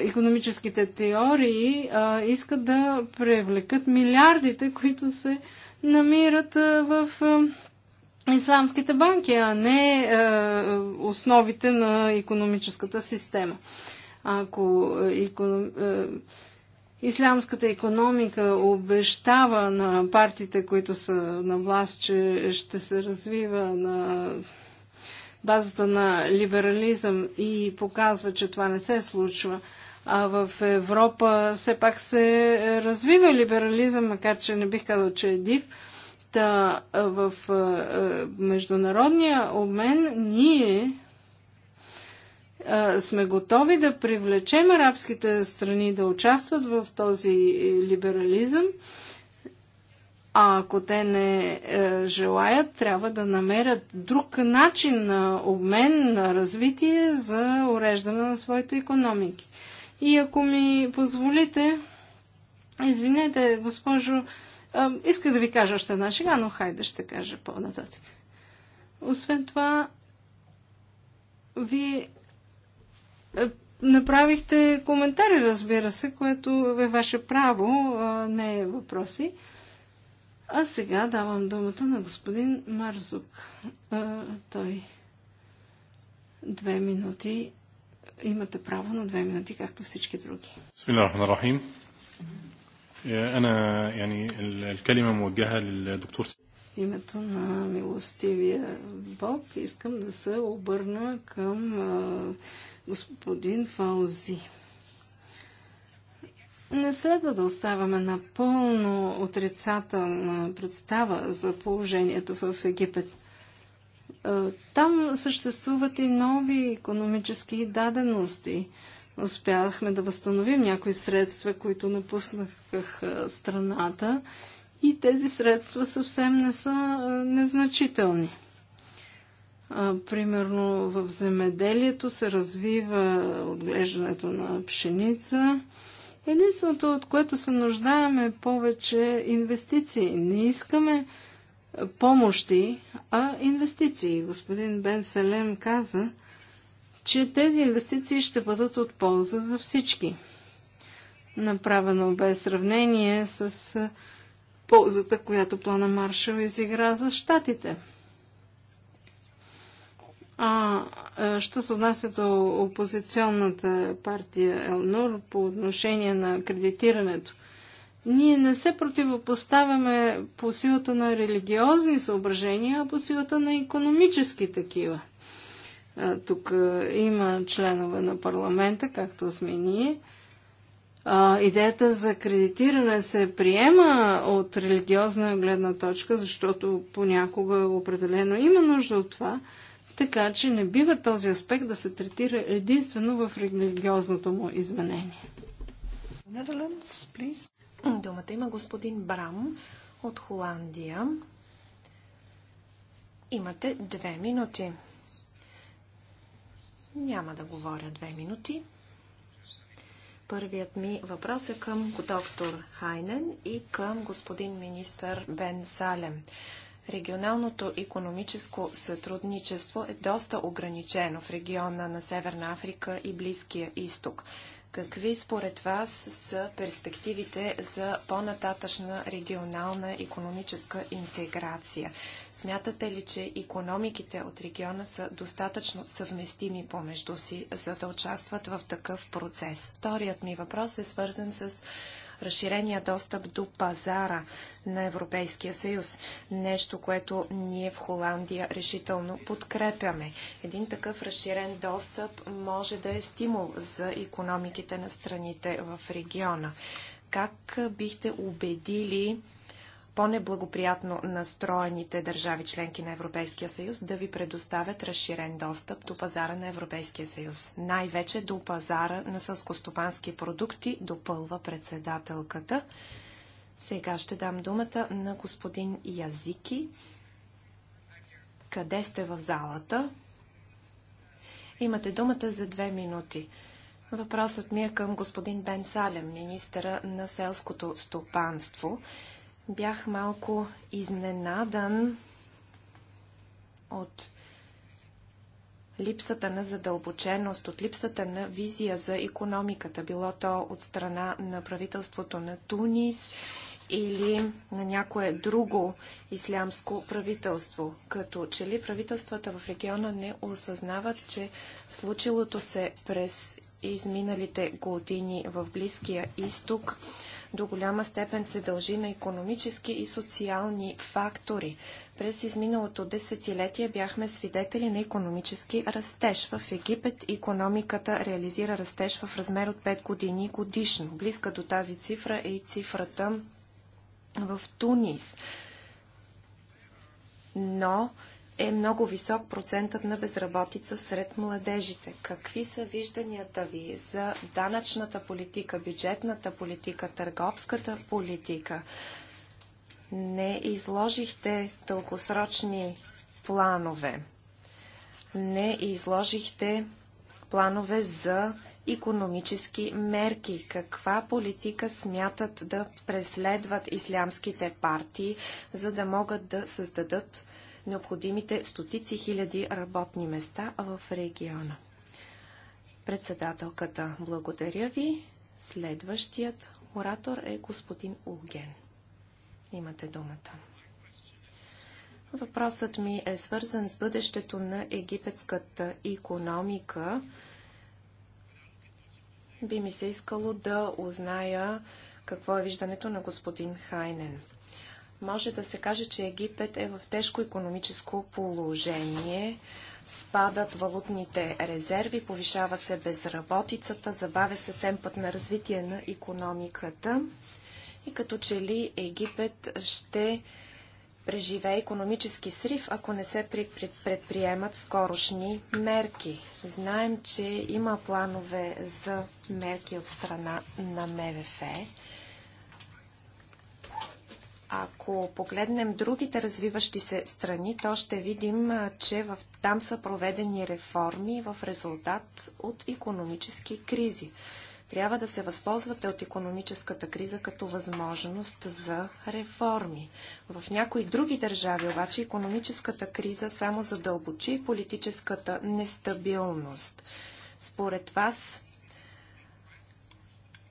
економическите теории, а искат да привлекат милиардите, които се намират а, в а, исламските банки, а не а, основите на економическата система. Ако економ Ислямската економика обещава на партиите, които са на власт, че ще се развива на базата на либерализъм и показва, че това не се случва. А в Европа все пак се развива либерализъм, макар че не бих казал, че е див. Та в международния обмен ние сме готови да привлечем арабските страни да участват в този е, либерализъм. А ако те не е, желаят, трябва да намерят друг начин на обмен, на развитие за уреждане на своите економики. И ако ми позволите, извинете, госпожо, е, иска да ви кажа още една шега, но хайде ще кажа по-нататък. Освен това, вие е, направихте коментари, разбира се, което е ваше право, не е въпроси. А сега давам думата на господин Марзук. А, е, той две минути. Имате право на две минути, както всички други. Бисмилlah е, Ана, يعني الكلمة موجهة للدكتور името на милостивия Бог искам да се обърна към а, господин Фаузи. Не следва да оставаме напълно отрицателна представа за положението в Египет. Там съществуват и нови економически дадености. Успяхме да възстановим някои средства, които напуснаха страната и тези средства съвсем не са незначителни. А, примерно в земеделието се развива отглеждането на пшеница. Единственото, от което се нуждаеме е повече инвестиции. Не искаме помощи, а инвестиции. Господин Бен Салем каза, че тези инвестиции ще бъдат от полза за всички. Направено бе сравнение с ползата, която плана Маршал изигра за щатите. А, що се отнася до опозиционната партия Елнур по отношение на кредитирането? Ние не се противопоставяме по силата на религиозни съображения, а по силата на економически такива. Тук има членове на парламента, както сме ние, а, идеята за кредитиране се приема от религиозна гледна точка, защото понякога определено има нужда от това, така че не бива този аспект да се третира единствено в религиозното му изменение. Думата има господин Брам от Холандия. Имате две минути. Няма да говоря две минути. Първият ми въпрос е към доктор Хайнен и към господин министър Бен Салем. Регионалното економическо сътрудничество е доста ограничено в региона на Северна Африка и Близкия изток. Какви според вас са перспективите за по-нататъчна регионална економическа интеграция? Смятате ли, че економиките от региона са достатъчно съвместими помежду си, за да участват в такъв процес? Вторият ми въпрос е свързан с разширения достъп до пазара на Европейския съюз. Нещо, което ние в Холандия решително подкрепяме. Един такъв разширен достъп може да е стимул за економиките на страните в региона. Как бихте убедили по-неблагоприятно настроените държави членки на Европейския съюз да ви предоставят разширен достъп до пазара на Европейския съюз. Най-вече до пазара на сълскостопански продукти допълва председателката. Сега ще дам думата на господин Язики. Къде сте в залата? Имате думата за две минути. Въпросът ми е към господин Бен Салем, министъра на селското стопанство. Бях малко изненадан от липсата на задълбоченост, от липсата на визия за економиката, било то от страна на правителството на Тунис или на някое друго ислямско правителство, като че ли правителствата в региона не осъзнават, че случилото се през изминалите години в Близкия изток до голяма степен се дължи на економически и социални фактори. През изминалото десетилетие бяхме свидетели на економически растеж. В Египет економиката реализира растеж в размер от 5 години годишно. Близка до тази цифра е и цифрата в Тунис. Но е много висок процентът на безработица сред младежите. Какви са вижданията ви за данъчната политика, бюджетната политика, търговската политика? Не изложихте дългосрочни планове. Не изложихте планове за економически мерки. Каква политика смятат да преследват ислямските партии, за да могат да създадат необходимите стотици хиляди работни места в региона. Председателката, благодаря ви. Следващият оратор е господин Улген. Имате думата. Въпросът ми е свързан с бъдещето на египетската економика. Би ми се искало да узная какво е виждането на господин Хайнен може да се каже, че Египет е в тежко економическо положение. Спадат валутните резерви, повишава се безработицата, забавя се темпът на развитие на економиката и като че ли Египет ще преживее економически срив, ако не се предприемат скорошни мерки. Знаем, че има планове за мерки от страна на МВФ. Ако погледнем другите развиващи се страни, то ще видим, че в, там са проведени реформи в резултат от економически кризи. Трябва да се възползвате от економическата криза като възможност за реформи. В някои други държави обаче економическата криза само задълбочи политическата нестабилност. Според вас,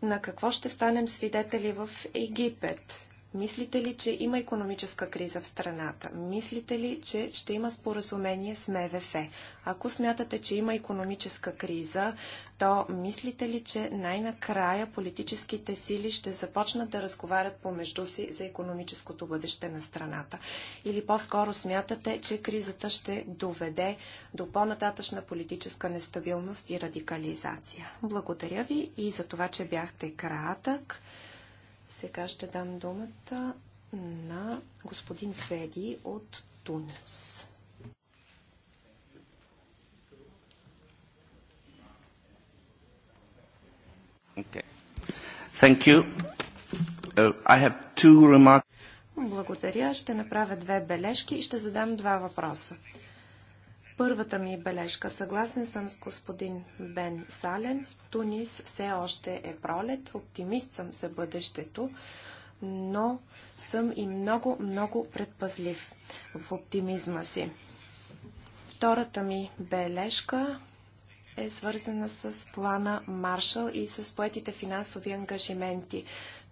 на какво ще станем свидетели в Египет? Мислите ли, че има економическа криза в страната? Мислите ли, че ще има споразумение с МВФ? Ако смятате, че има економическа криза, то мислите ли, че най-накрая политическите сили ще започнат да разговарят помежду си за економическото бъдеще на страната? Или по-скоро смятате, че кризата ще доведе до по-нататъчна политическа нестабилност и радикализация? Благодаря ви и за това, че бяхте кратък. Сега ще дам думата на господин Феди от Тунис. Okay. Thank you. Uh, I have two remarks. Благодаря. Ще направя две бележки и ще задам два въпроса. Първата ми бележка. Съгласен съм с господин Бен Сален, В Тунис все още е пролет. Оптимист съм за бъдещето, но съм и много, много предпазлив в оптимизма си. Втората ми бележка е свързана с плана Маршал и с поетите финансови ангажименти.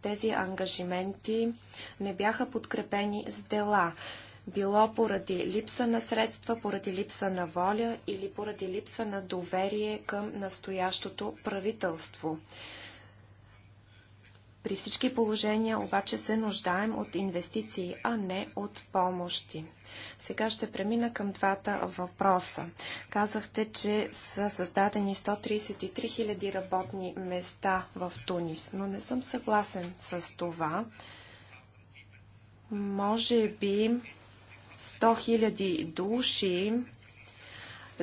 Тези ангажименти не бяха подкрепени с дела било поради липса на средства, поради липса на воля или поради липса на доверие към настоящото правителство. При всички положения обаче се нуждаем от инвестиции, а не от помощи. Сега ще премина към двата въпроса. Казахте, че са създадени 133 000 работни места в Тунис, но не съм съгласен с това. Може би 100 000 души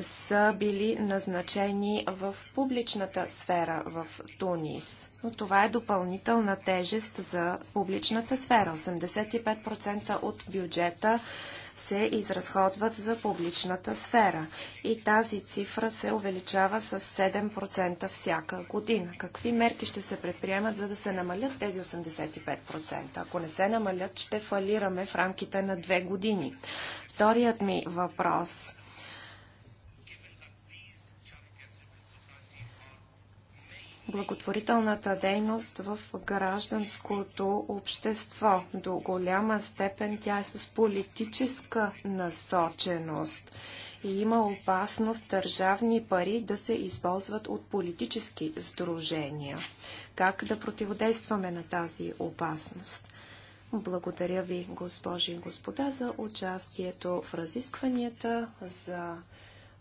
са били назначени в публичната сфера в Тунис. Но това е допълнителна тежест за публичната сфера. 85% от бюджета се изразходват за публичната сфера. И тази цифра се увеличава с 7% всяка година. Какви мерки ще се предприемат, за да се намалят тези 85%? Ако не се намалят, ще фалираме в рамките на две години. Вторият ми въпрос благотворителната дейност в гражданското общество. До голяма степен тя е с политическа насоченост и има опасност държавни пари да се използват от политически сдружения. Как да противодействаме на тази опасност? Благодаря ви, госпожи и господа, за участието в разискванията, за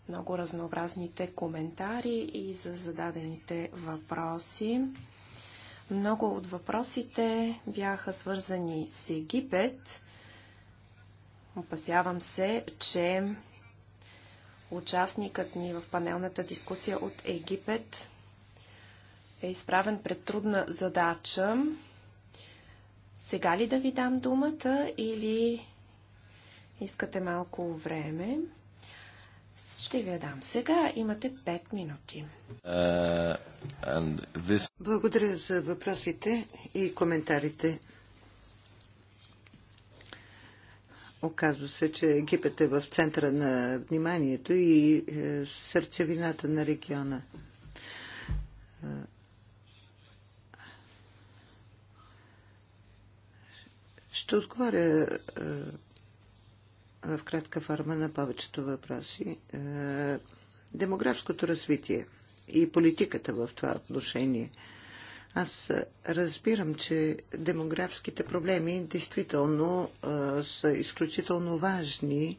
много разнообразните коментари и за зададените въпроси. Много от въпросите бяха свързани с Египет. Опасявам се, че участникът ни в панелната дискусия от Египет е изправен пред трудна задача. Сега ли да ви дам думата или искате малко време? Ще ви я дам сега. Имате 5 минути. Uh, this... Благодаря за въпросите и коментарите. Оказва се, че Египет е в центъра на вниманието и е, сърцевината на региона. Е, ще отговоря е, в кратка форма на повечето въпроси. Е, демографското развитие и политиката в това отношение. Аз разбирам, че демографските проблеми действително е, са изключително важни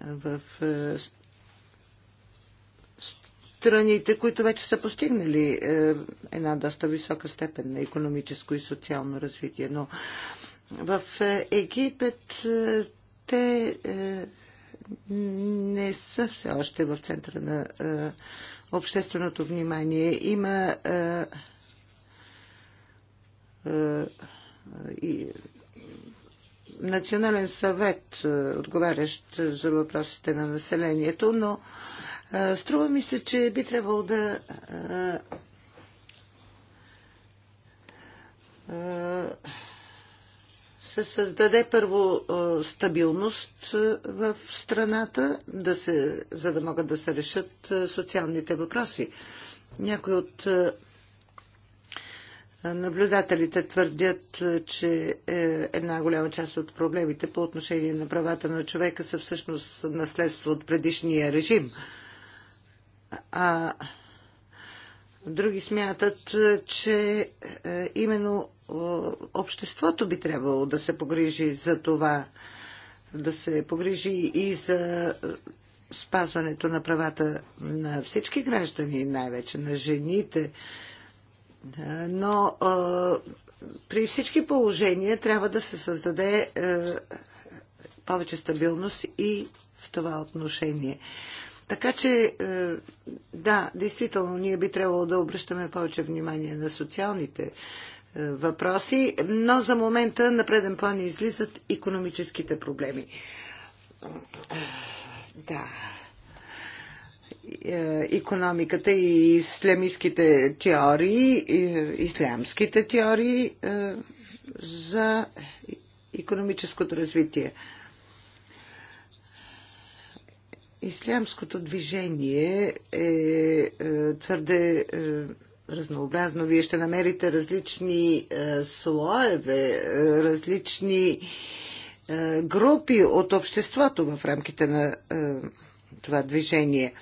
в е, страните, които вече са постигнали е, една доста висока степен на економическо и социално развитие. Но в е, Египет е, те не са все още в центъра на общественото внимание. Има и национален съвет, отговарящ за въпросите на населението, но Струва ми се, че би трябвало да се създаде първо стабилност в страната, да се, за да могат да се решат социалните въпроси. Някои от наблюдателите твърдят, че е, една голяма част от проблемите по отношение на правата на човека са всъщност наследство от предишния режим – а други смятат, че е, именно е, обществото би трябвало да се погрижи за това, да се погрижи и за е, спазването на правата на всички граждани, най-вече на жените. Но при всички положения трябва да се създаде повече стабилност и в това отношение. Така че, е, да, действително, ние би трябвало да обръщаме повече внимание на социалните е, въпроси, но за момента на преден план излизат економическите проблеми. Да. Економиката и е, ислямските теории, ислямските теории за економическото развитие. Ислямското движение е, е твърде е, разнообразно. Вие ще намерите различни е, слоеве, различни групи от обществото в рамките на това движение,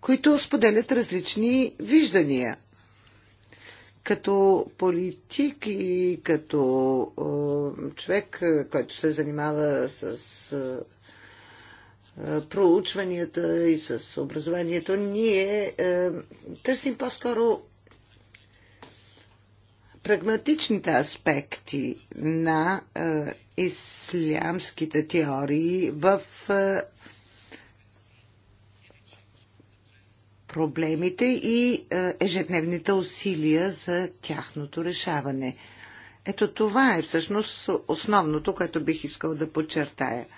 които споделят различни виждания. Като политик и като човек, който се занимава с проучванията и с образованието, ние търсим по-скоро прагматичните аспекти на ислямските теории в проблемите и ежедневните усилия за тяхното решаване. Ето това е всъщност основното, което бих искал да подчертая –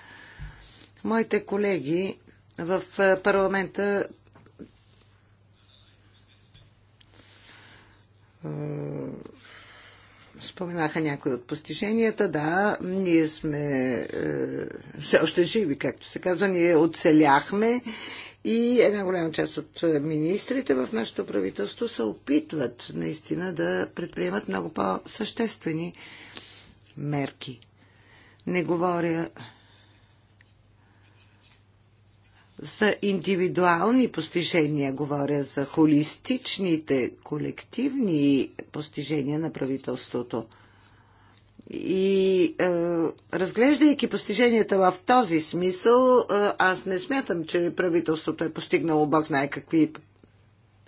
Моите колеги в е, парламента е, споменаха някои от постиженията. Да, ние сме е, все още живи, както се казва. Ние оцеляхме и една голяма част от министрите в нашето правителство се опитват наистина да предприемат много по-съществени мерки. Не говоря за индивидуални постижения, говоря за холистичните, колективни постижения на правителството. И е, разглеждайки постиженията в този смисъл, е, аз не смятам, че правителството е постигнало Бог знае какви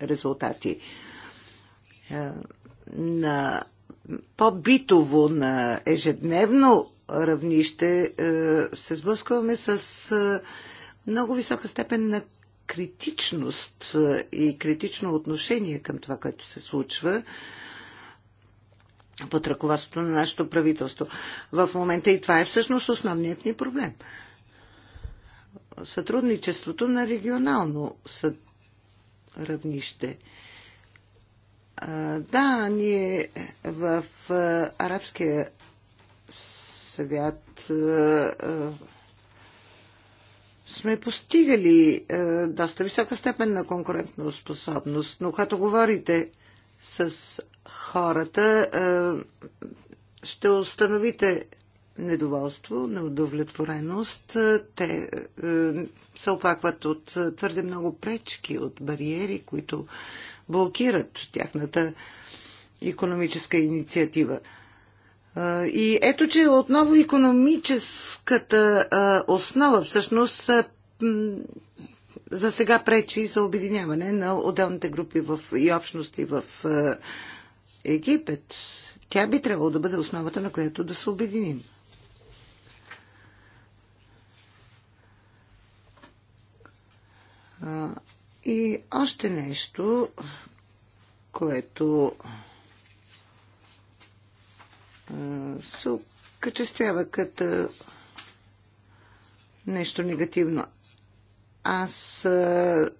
резултати. Е, на по-битово, на ежедневно равнище е, се сблъскваме с. Е, много висока степен на критичност и критично отношение към това, което се случва под ръководството на нашето правителство. В момента и това е всъщност основният ни проблем. Сътрудничеството на регионално съ... равнище. Да, ние в арабския свят сме постигали е, доста висока степен на конкурентно способност, но като говорите с хората, е, ще установите недоволство, неудовлетвореност. Е, те е, се опакват от е, твърде много пречки, от бариери, които блокират тяхната економическа инициатива. И ето, че отново економическата основа всъщност за сега пречи за обединяване на отделните групи в, и общности в Египет. Тя би трябвало да бъде основата, на която да се обединим. И още нещо, което се окачествява като нещо негативно. Аз а,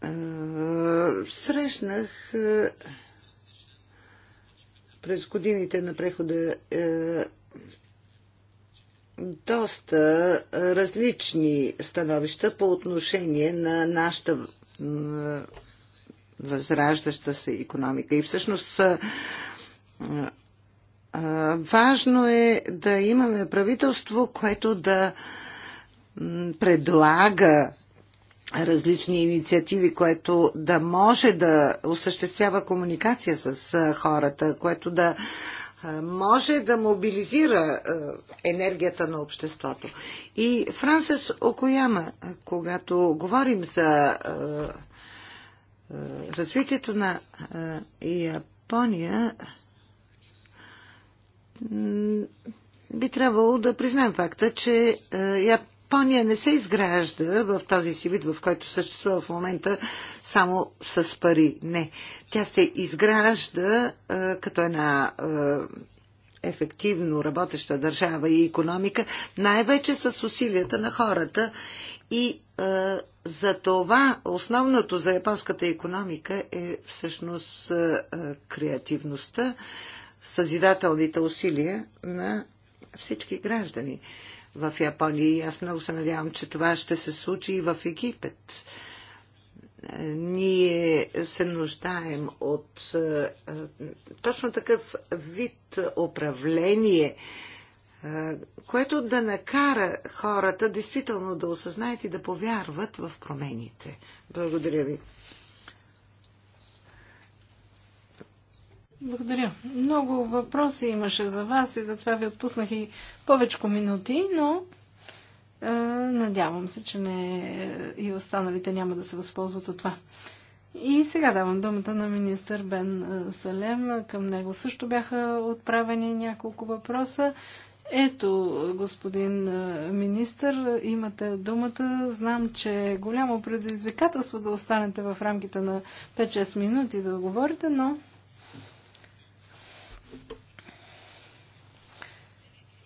а, срещнах а, през годините на прехода а, доста различни становища по отношение на нашата възраждаща се економика. И всъщност важно е да имаме правителство, което да предлага различни инициативи, което да може да осъществява комуникация с хората, което да може да мобилизира енергията на обществото. И Франсис Окояма, когато говорим за е, развитието на е, Япония би трябвало да признаем факта, че е, Япония не се изгражда в този си вид, в който съществува в момента само с пари. Не. Тя се изгражда като една ефективно работеща държава и економика, най-вече с усилията на хората и за това, основното за японската економика е всъщност е, е, креативността, съзидателните усилия на всички граждани в Япония. И аз много се надявам, че това ще се случи и в Египет. Е, ние се нуждаем от точно такъв вид управление, което да накара хората действително да осъзнаят и да повярват в промените. Благодаря ви. Благодаря. Много въпроси имаше за вас и затова ви отпуснах и повече минути, но е, надявам се, че не и останалите няма да се възползват от това. И сега давам думата на министър Бен Салем. Към него също бяха отправени няколко въпроса. Ето, господин министр, имате думата. Знам, че е голямо предизвикателство да останете в рамките на 5-6 минути да говорите, но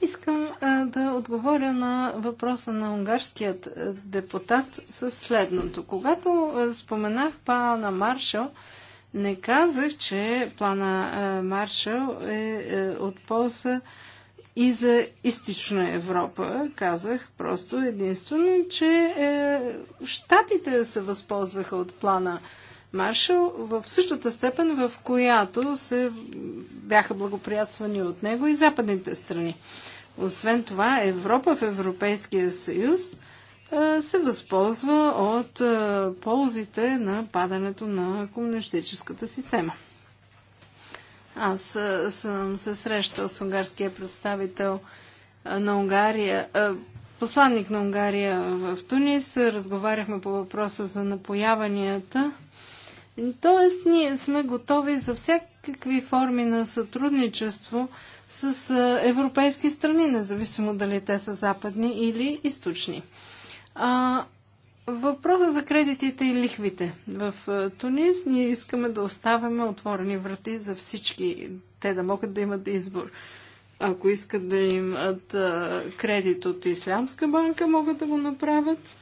Искам да отговоря на въпроса на унгарският депутат със следното. Когато споменах плана на Маршал, не казах, че плана Маршал е, е от полза и за Истична Европа. Казах просто единствено, че е, щатите се възползваха от плана Маршал в същата степен, в която се бяха благоприятствани от него и западните страни. Освен това, Европа в Европейския съюз е, се възползва от е, ползите на падането на комунистическата система. Аз съм се срещал с унгарския представител на Унгария, посланник на Унгария в Тунис. Разговаряхме по въпроса за напояванията. Тоест, ние сме готови за всякакви форми на сътрудничество с европейски страни, независимо дали те са западни или източни. Въпросът за кредитите и лихвите. В е, Тунис ние искаме да оставяме отворени врати за всички. Те да могат да имат избор. Ако искат да имат е, кредит от Ислямска банка, могат да го направят.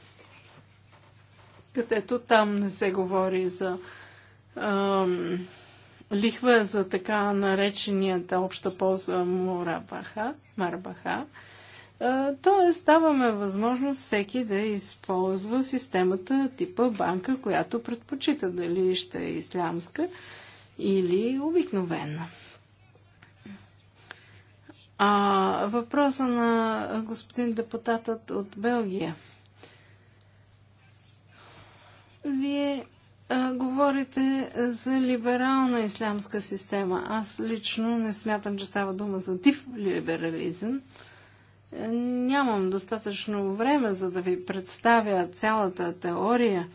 Където там не се говори за ам, лихва за така нареченията обща полза Мурабаха, Марбаха. Тоест, даваме възможност всеки да използва системата типа банка, която предпочита дали ще е ислямска или обикновена. А, въпроса на господин депутатът от Белгия. Вие а, говорите за либерална ислямска система. Аз лично не смятам, че става дума за див либерализъм Нямам достатъчно време, за да ви представя цялата теория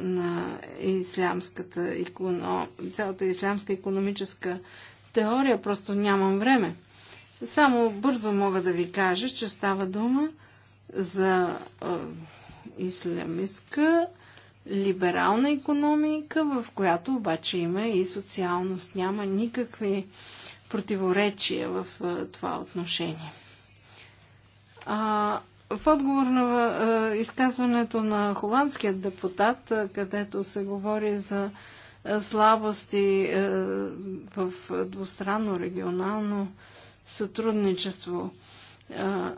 на ислямската цялата ислямска економическа теория, просто нямам време. Само бързо мога да ви кажа, че става дума за ислямистка либерална економика, в която обаче има и социалност. Няма никакви противоречия в това отношение. А, в отговор на а, изказването на холандският депутат, а, където се говори за а, слабости а, в двустранно регионално сътрудничество, а,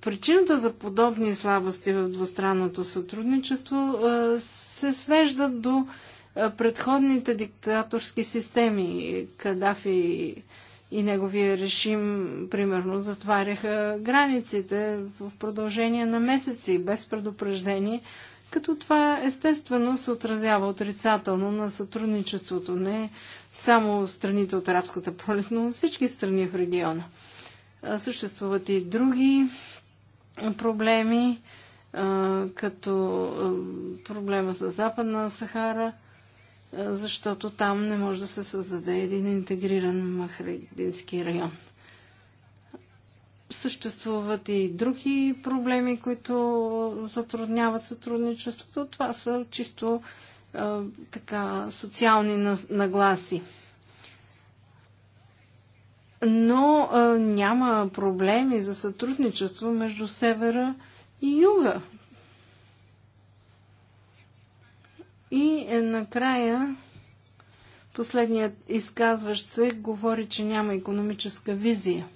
причината за подобни слабости в двустранното сътрудничество се свежда до предходните диктаторски системи. Кадафи и и неговия режим, примерно, затваряха границите в продължение на месеци, без предупреждение, като това естествено се отразява отрицателно на сътрудничеството, не само страните от арабската пролет, но всички страни в региона. Съществуват и други проблеми, като проблема с Западна Сахара. Е, защото там не може да се създаде един интегриран махребински район. Съществуват и други проблеми, които затрудняват сътрудничеството. Това са чисто е, така социални нагласи. Но а, е, няма проблеми за сътрудничество между севера и юга. И е, накрая последният изказващ се говори, че няма економическа визия.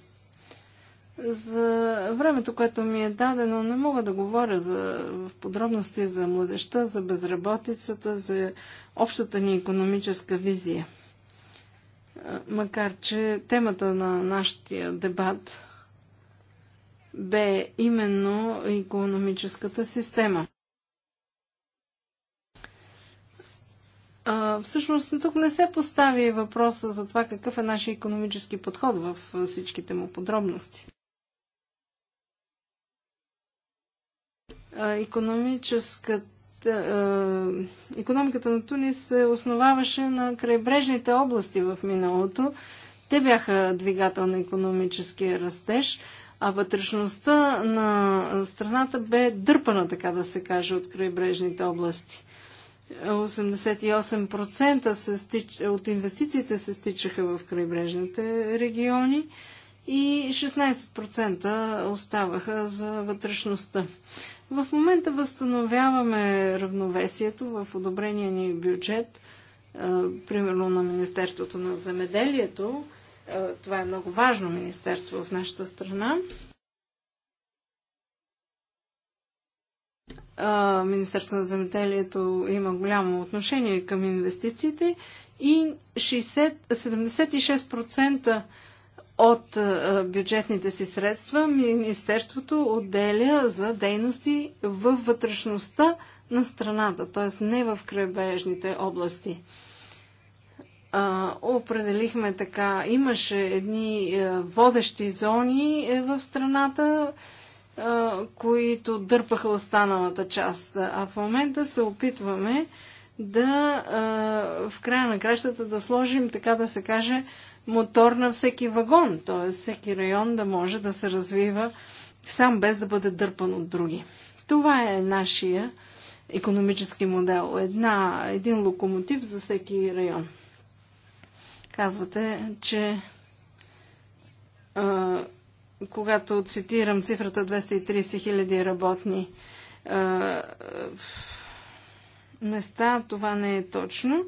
За времето, което ми е дадено, не мога да говоря за, в подробности за младеща, за безработицата, за общата ни економическа визия. Е, макар, че темата на нашия дебат бе именно економическата система. а, всъщност тук не се постави въпроса за това какъв е нашия економически подход в всичките му подробности. економическата економиката на Тунис се основаваше на крайбрежните области в миналото. Те бяха двигател на економическия растеж, а вътрешността на страната бе дърпана, така да се каже, от крайбрежните области. 88% от инвестициите се стичаха в крайбрежните региони и 16% оставаха за вътрешността. В момента възстановяваме равновесието в одобрения ни бюджет, примерно на Министерството на земеделието. Това е много важно министерство в нашата страна. Министерството на земеделието има голямо отношение към инвестициите и 60, 76% от бюджетните си средства Министерството отделя за дейности във вътрешността на страната, т.е. не в крайбрежните области. определихме така, имаше едни водещи зони е, в страната, които дърпаха останалата част. А в момента се опитваме да в края на кращата да сложим, така да се каже, мотор на всеки вагон, т.е. всеки район да може да се развива сам без да бъде дърпан от други. Това е нашия економически модел. Една, един локомотив за всеки район. Казвате, че а, когато цитирам цифрата 230 хиляди работни а, места, това не е точно.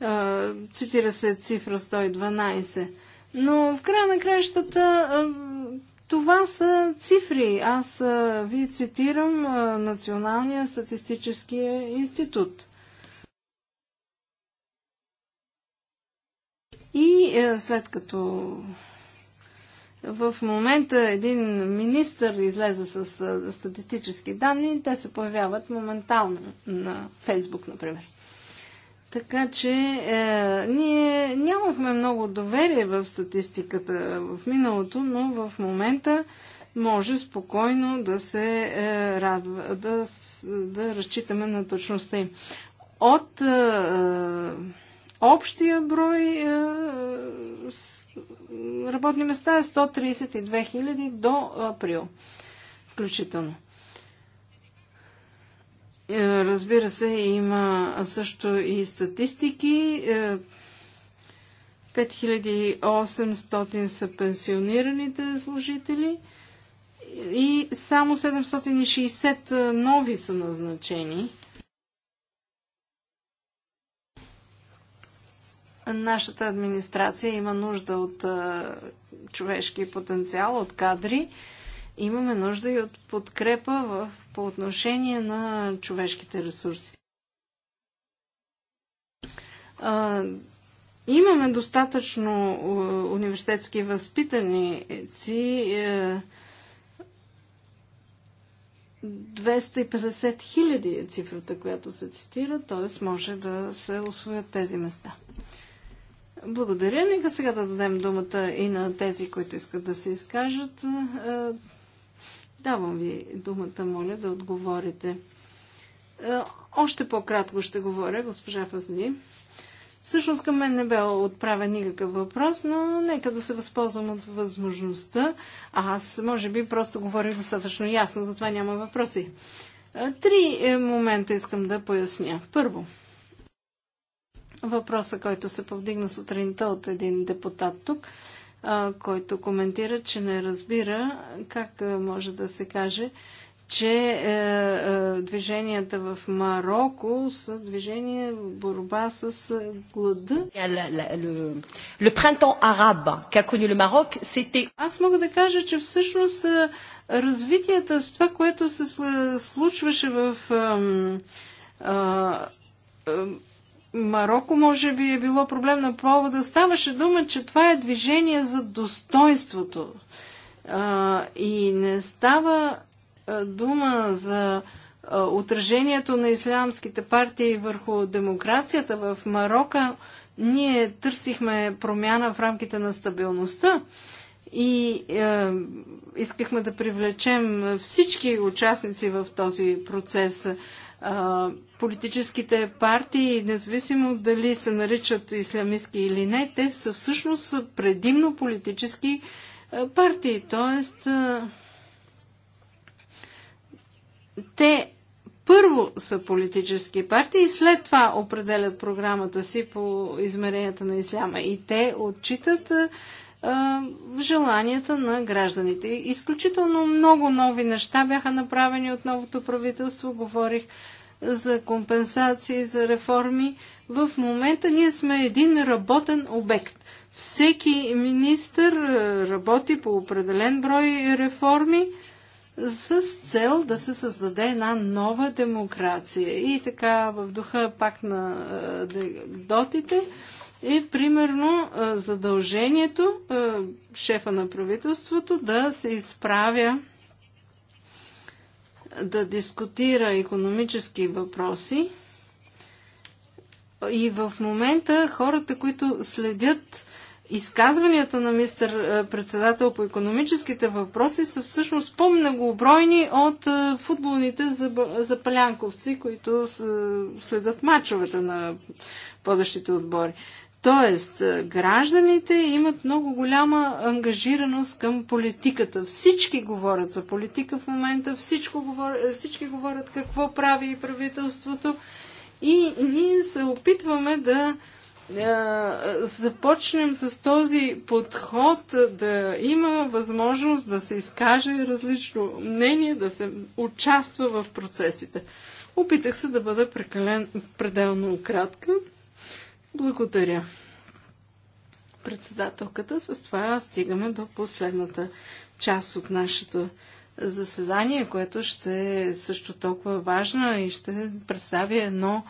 А, цитира се цифра 112. Но в края на краищата това са цифри. Аз ви цитирам Националния статистически институт. И е, след като в момента един министр излезе с статистически данни, те се появяват моментално на Фейсбук, например. Така че е, ние нямахме много доверие в статистиката в миналото, но в момента може спокойно да се е, радва, да, да разчитаме на точността им. От е, е общия брой е, е работни места е 132 000 до април, включително. Е, разбира се, има също и статистики. 5800 е, са пенсионираните служители и само 760 е, нови са назначени. Нашата администрация има нужда от човешки потенциал, от кадри. Имаме нужда и от подкрепа в, по отношение на човешките ресурси. А, имаме достатъчно университетски възпитаници. Е, а, 250 хиляди е цифрата, която се цитира, т.е. може да се освоят тези места. Благодаря. Нека сега да дадем думата и на тези, които искат да се изкажат. Е, давам ви думата, моля, да отговорите. Е, още по-кратко ще говоря, госпожа Фазли. Всъщност към мен не бе отправен никакъв въпрос, но нека да се възползвам от възможността. Аз, може би, просто говорих достатъчно ясно, затова няма въпроси. Е, три момента искам да поясня. Първо, въпроса, който се повдигна сутринта от един депутат тук, който коментира, че не разбира как може да се каже, че е, е, движенията в Марокко са движение борба с е, глада. Е, Аз мога да кажа, че всъщност е, развитията с това, което се случваше в е, Марокко може би е било проблем на повода. Ставаше дума, че това е движение за достоинството. А, и не става а, дума за а, отражението на ислямските партии върху демокрацията в Марокко. Ние търсихме промяна в рамките на стабилността и е, искахме да привлечем всички участници в този процес политическите партии, независимо дали се наричат ислямистки или не, те са всъщност предимно политически партии. Тоест, те първо са политически партии и след това определят програмата си по измеренията на исляма. И те отчитат желанията на гражданите. Изключително много нови неща бяха направени от новото правителство. Говорих за компенсации, за реформи. В момента ние сме един работен обект. Всеки министр работи по определен брой реформи с цел да се създаде една нова демокрация. И така в духа пак на дотите е примерно задължението шефа на правителството да се изправя да дискутира економически въпроси. И в момента хората, които следят изказванията на мистер председател по економическите въпроси, са всъщност по-многобройни от футболните запалянковци, които следят мачовете на водещите отбори. Тоест, гражданите имат много голяма ангажираност към политиката. Всички говорят за политика в момента, всичко говорят, е, всички говорят какво прави и правителството. И ние се опитваме да е, започнем с този подход, да има възможност да се изкаже различно мнение, да се участва в процесите. Опитах се да бъда прекален, пределно кратка. Благодаря. Председателката, с това стигаме до последната част от нашето заседание, което ще е също толкова важно и ще представя едно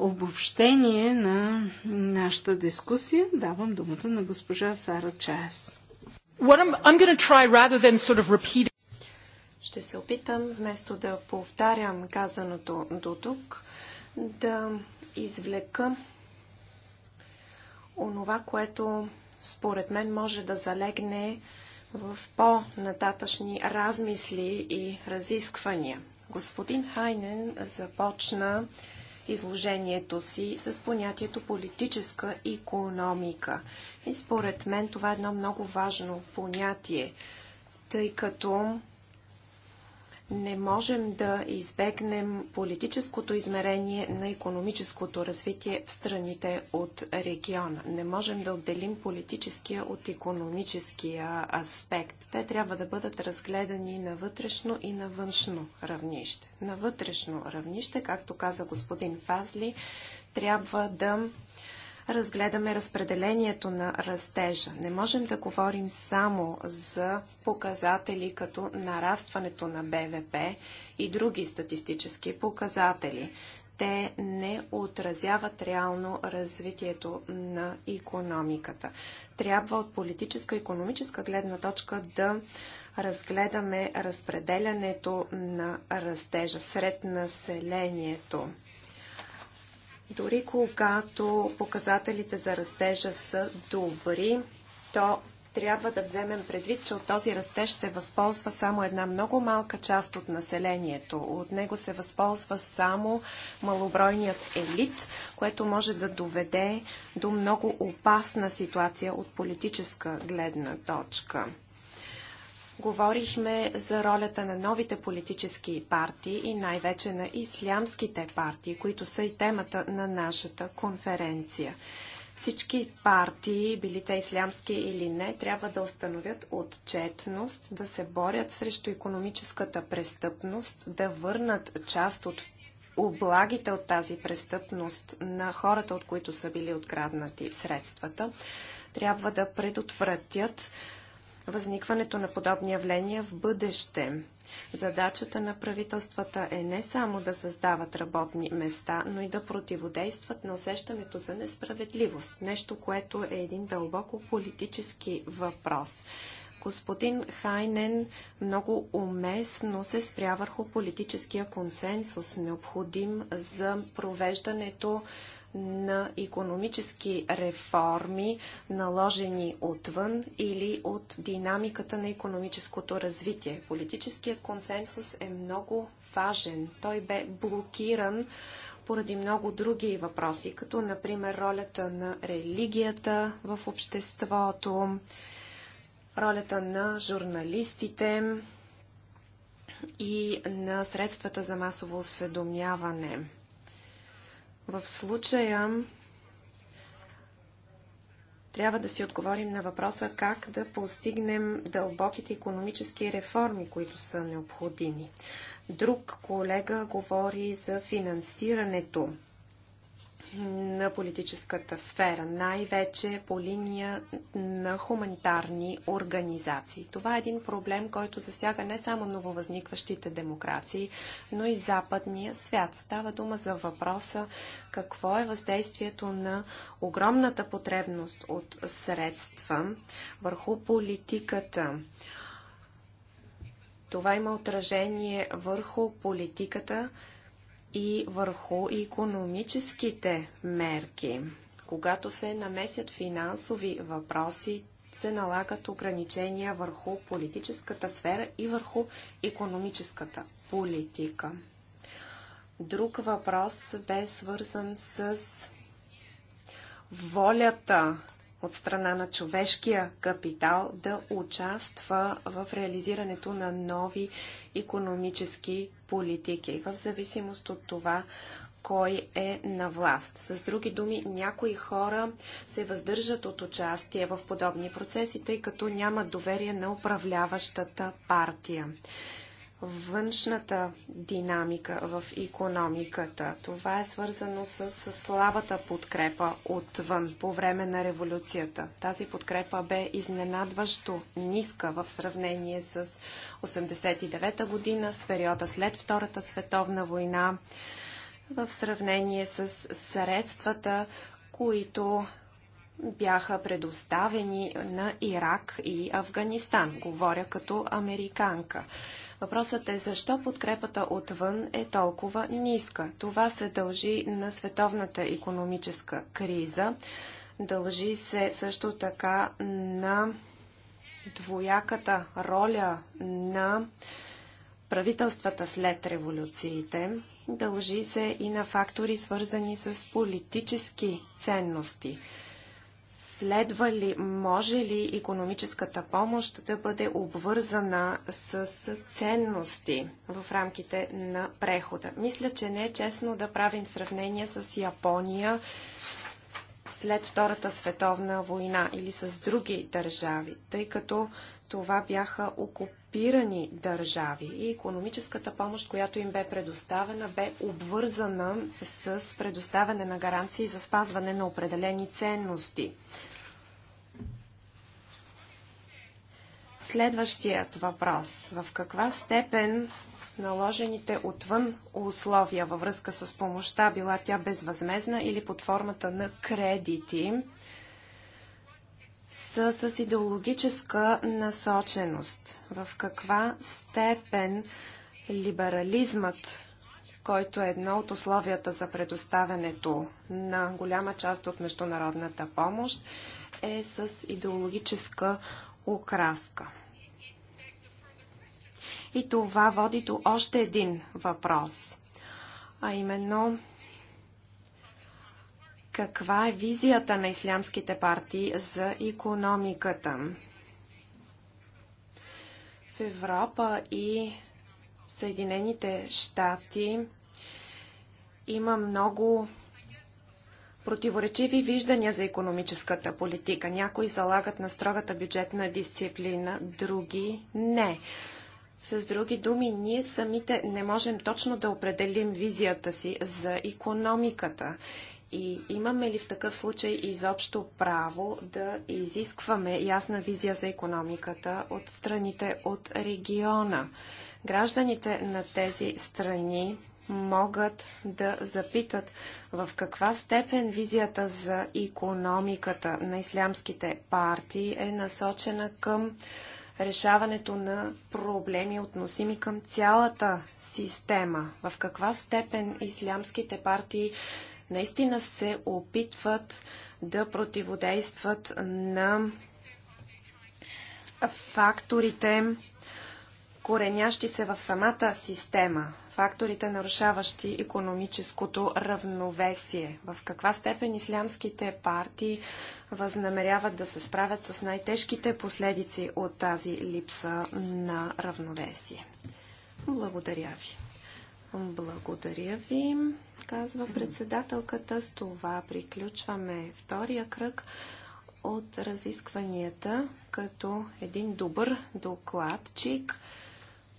обобщение на нашата дискусия. Давам думата на госпожа Сара Чаес. Ще се опитам, вместо да повтарям казаното до тук, да извлека онова, което според мен може да залегне в по-нататъчни размисли и разисквания. Господин Хайнен започна изложението си с понятието политическа економика. И според мен това е едно много важно понятие, тъй като не можем да избегнем политическото измерение на економическото развитие в страните от региона. Не можем да отделим политическия от економическия аспект. Те трябва да бъдат разгледани на вътрешно и на външно равнище. На вътрешно равнище, както каза господин Фазли, трябва да разгледаме разпределението на растежа. Не можем да говорим само за показатели като нарастването на БВП и други статистически показатели. Те не отразяват реално развитието на економиката. Трябва от политическа и економическа гледна точка да разгледаме разпределянето на растежа сред населението. Дори когато показателите за растежа са добри, то трябва да вземем предвид, че от този растеж се възползва само една много малка част от населението. От него се възползва само малобройният елит, което може да доведе до много опасна ситуация от политическа гледна точка. Говорихме за ролята на новите политически партии и най-вече на ислямските партии, които са и темата на нашата конференция. Всички партии, били те ислямски или не, трябва да установят отчетност, да се борят срещу економическата престъпност, да върнат част от облагите от тази престъпност на хората, от които са били откраднати средствата, трябва да предотвратят възникването на подобни явления в бъдеще. Задачата на правителствата е не само да създават работни места, но и да противодействат на усещането за несправедливост. Нещо, което е един дълбоко политически въпрос. Господин Хайнен много уместно се спря върху политическия консенсус, необходим за провеждането на економически реформи, наложени отвън или от динамиката на економическото развитие. Политическият консенсус е много важен. Той бе блокиран поради много други въпроси, като например ролята на религията в обществото, ролята на журналистите и на средствата за масово осведомяване. В случая трябва да си отговорим на въпроса как да постигнем дълбоките економически реформи, които са необходими. Друг колега говори за финансирането на политическата сфера, най-вече по линия на хуманитарни организации. Това е един проблем, който засяга не само нововъзникващите демокрации, но и западния свят. Става дума за въпроса какво е въздействието на огромната потребност от средства върху политиката. Това има отражение върху политиката, и върху економическите мерки. Когато се намесят финансови въпроси, се налагат ограничения върху политическата сфера и върху економическата политика. Друг въпрос бе свързан с волята от страна на човешкия капитал да участва в реализирането на нови економически политики, в зависимост от това кой е на власт. С други думи, някои хора се въздържат от участие в подобни процеси, тъй като нямат доверие на управляващата партия външната динамика в економиката. Това е свързано с, с слабата подкрепа отвън по време на революцията. Тази подкрепа бе изненадващо ниска в сравнение с 89-та година, с периода след Втората световна война, в сравнение с средствата, които бяха предоставени на Ирак и Афганистан. Говоря като американка. Въпросът е защо подкрепата отвън е толкова ниска. Това се дължи на световната економическа криза. Дължи се също така на двояката роля на правителствата след революциите. Дължи се и на фактори, свързани с политически ценности – следва ли, може ли економическата помощ да бъде обвързана с ценности в рамките на прехода? Мисля, че не е честно да правим сравнение с Япония след Втората световна война или с други държави, тъй като това бяха окупирани държави и економическата помощ, която им бе предоставена, бе обвързана с предоставяне на гаранции за спазване на определени ценности. Следващият въпрос. В каква степен наложените отвън условия във връзка с помощта, била тя безвъзмезна или под формата на кредити, са с идеологическа насоченост. В каква степен либерализмът, който е едно от условията за предоставянето на голяма част от международната помощ, е с идеологическа окраска. И това води до още един въпрос, а именно каква е визията на ислямските партии за економиката? В Европа и Съединените щати има много противоречиви виждания за економическата политика. Някои залагат на строгата бюджетна дисциплина, други не. С други думи, ние самите не можем точно да определим визията си за економиката. И имаме ли в такъв случай изобщо право да изискваме ясна визия за економиката от страните от региона? Гражданите на тези страни могат да запитат в каква степен визията за економиката на ислямските партии е насочена към решаването на проблеми, относими към цялата система. В каква степен ислямските партии наистина се опитват да противодействат на факторите, коренящи се в самата система, факторите, нарушаващи економическото равновесие? В каква степен ислямските партии възнамеряват да се справят с най-тежките последици от тази липса на равновесие? Благодаря ви. Благодаря ви, казва председателката. С това приключваме втория кръг от разискванията като един добър докладчик.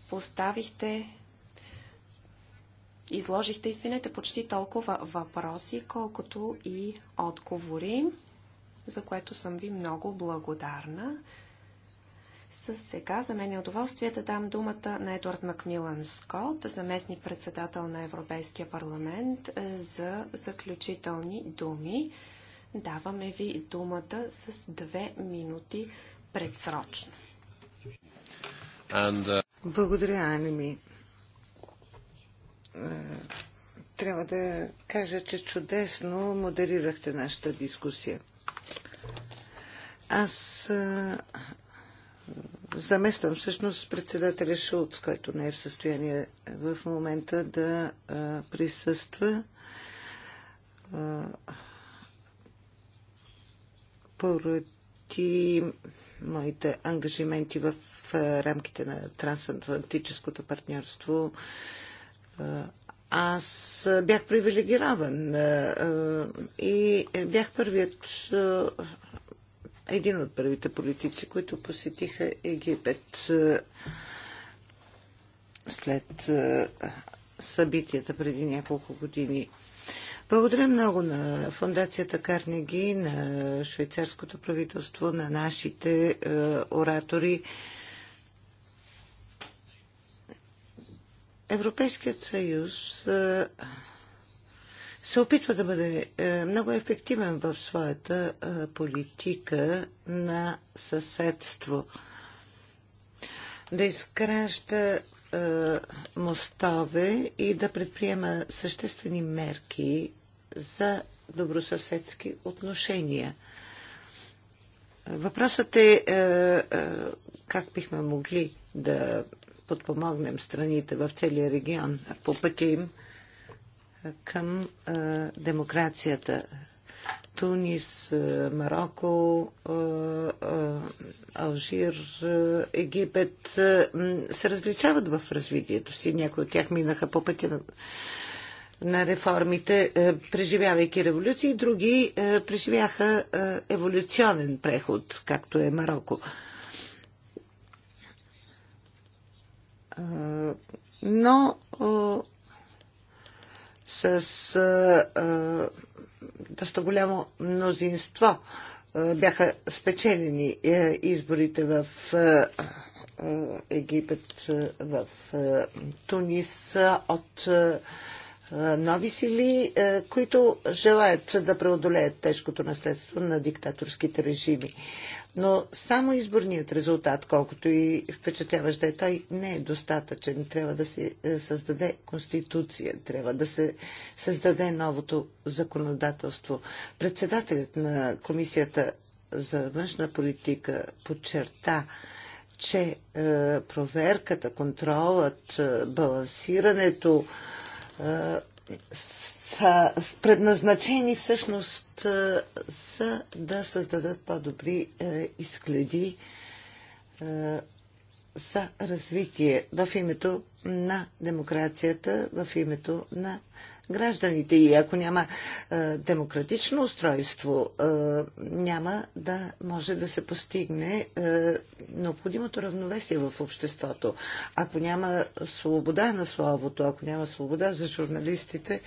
Поставихте изложихте, извинете, почти толкова въпроси, колкото и отговори, за което съм ви много благодарна. С сега за мен е удоволствие да дам думата на Едуард Макмилан Скот, заместник председател на Европейския парламент, е, за заключителни думи. Даваме ви думата с две минути предсрочно. And, uh... Благодаря, Аними. Е, трябва да кажа, че чудесно модерирахте нашата дискусия. Аз е, замествам всъщност председателя Шулц, който не е в състояние в момента да е, присъства поради моите ангажименти в рамките на трансатлантическото партньорство аз бях привилегирован и бях първият, един от първите политици, които посетиха Египет след събитията преди няколко години. Благодаря много на Фундацията Карнеги, на швейцарското правителство, на нашите оратори. Европейският съюз се опитва да бъде много ефективен в своята политика на съседство. Да изкраща мостове и да предприема съществени мерки за добросъседски отношения. Въпросът е, е, е как бихме могли да подпомогнем страните в целия регион по пътя им към а, демокрацията. Тунис, Марокко, Алжир, Египет се различават в развитието си. Някои от тях минаха по пътя на, на реформите, преживявайки революции, други преживяха еволюционен преход, както е Марокко. но с доста голямо мнозинство бяха спечелени е, изборите в Египет, в Тунис от нови сили, които желаят да преодолеят тежкото наследство на диктаторските режими. Но само изборният резултат, колкото и впечатляващ да е, той не е достатъчен. Трябва да се е, създаде конституция, трябва да се създаде новото законодателство. Председателят на комисията за външна политика подчерта, че е, проверката, контролът, е, балансирането са предназначени всъщност са да създадат по-добри е, изгледи е, за развитие в името на демокрацията, в името на гражданите. И ако няма е, демократично устройство, е, няма да може да се постигне е, необходимото равновесие в обществото. Ако няма свобода на словото, ако няма свобода за журналистите,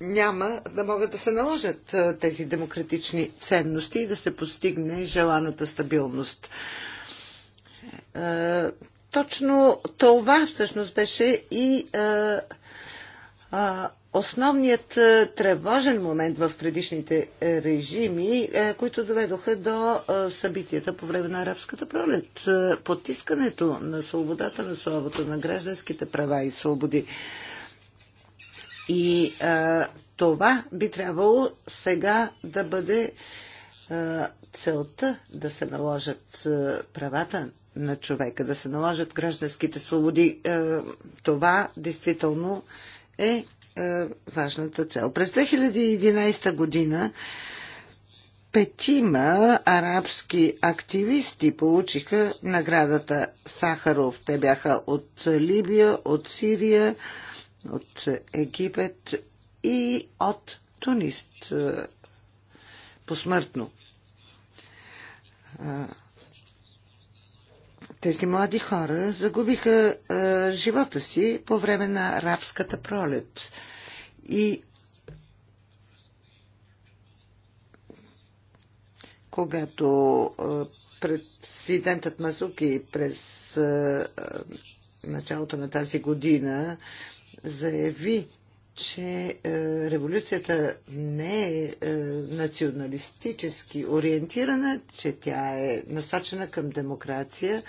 няма да могат да се наложат тези демократични ценности и да се постигне желаната стабилност. Точно това всъщност беше и основният тревожен момент в предишните е, режими, които доведоха до събитията по време на арабската пролет. Потискането на свободата на словото, на гражданските права и свободи. И а, това би трябвало сега да бъде а, целта да се наложат а, правата на човека, да се наложат гражданските свободи. А, това действително е а, важната цел. През 2011 година петима арабски активисти получиха наградата Сахаров. Те бяха от Либия, от Сирия, от Египет и от Тунис е, посмъртно. Е, тези млади хора загубиха е, живота си по време на арабската пролет. И когато президентът Мазуки през началото на тази година заяви, че е, революцията не е, е националистически ориентирана, че тя е насочена към демокрация,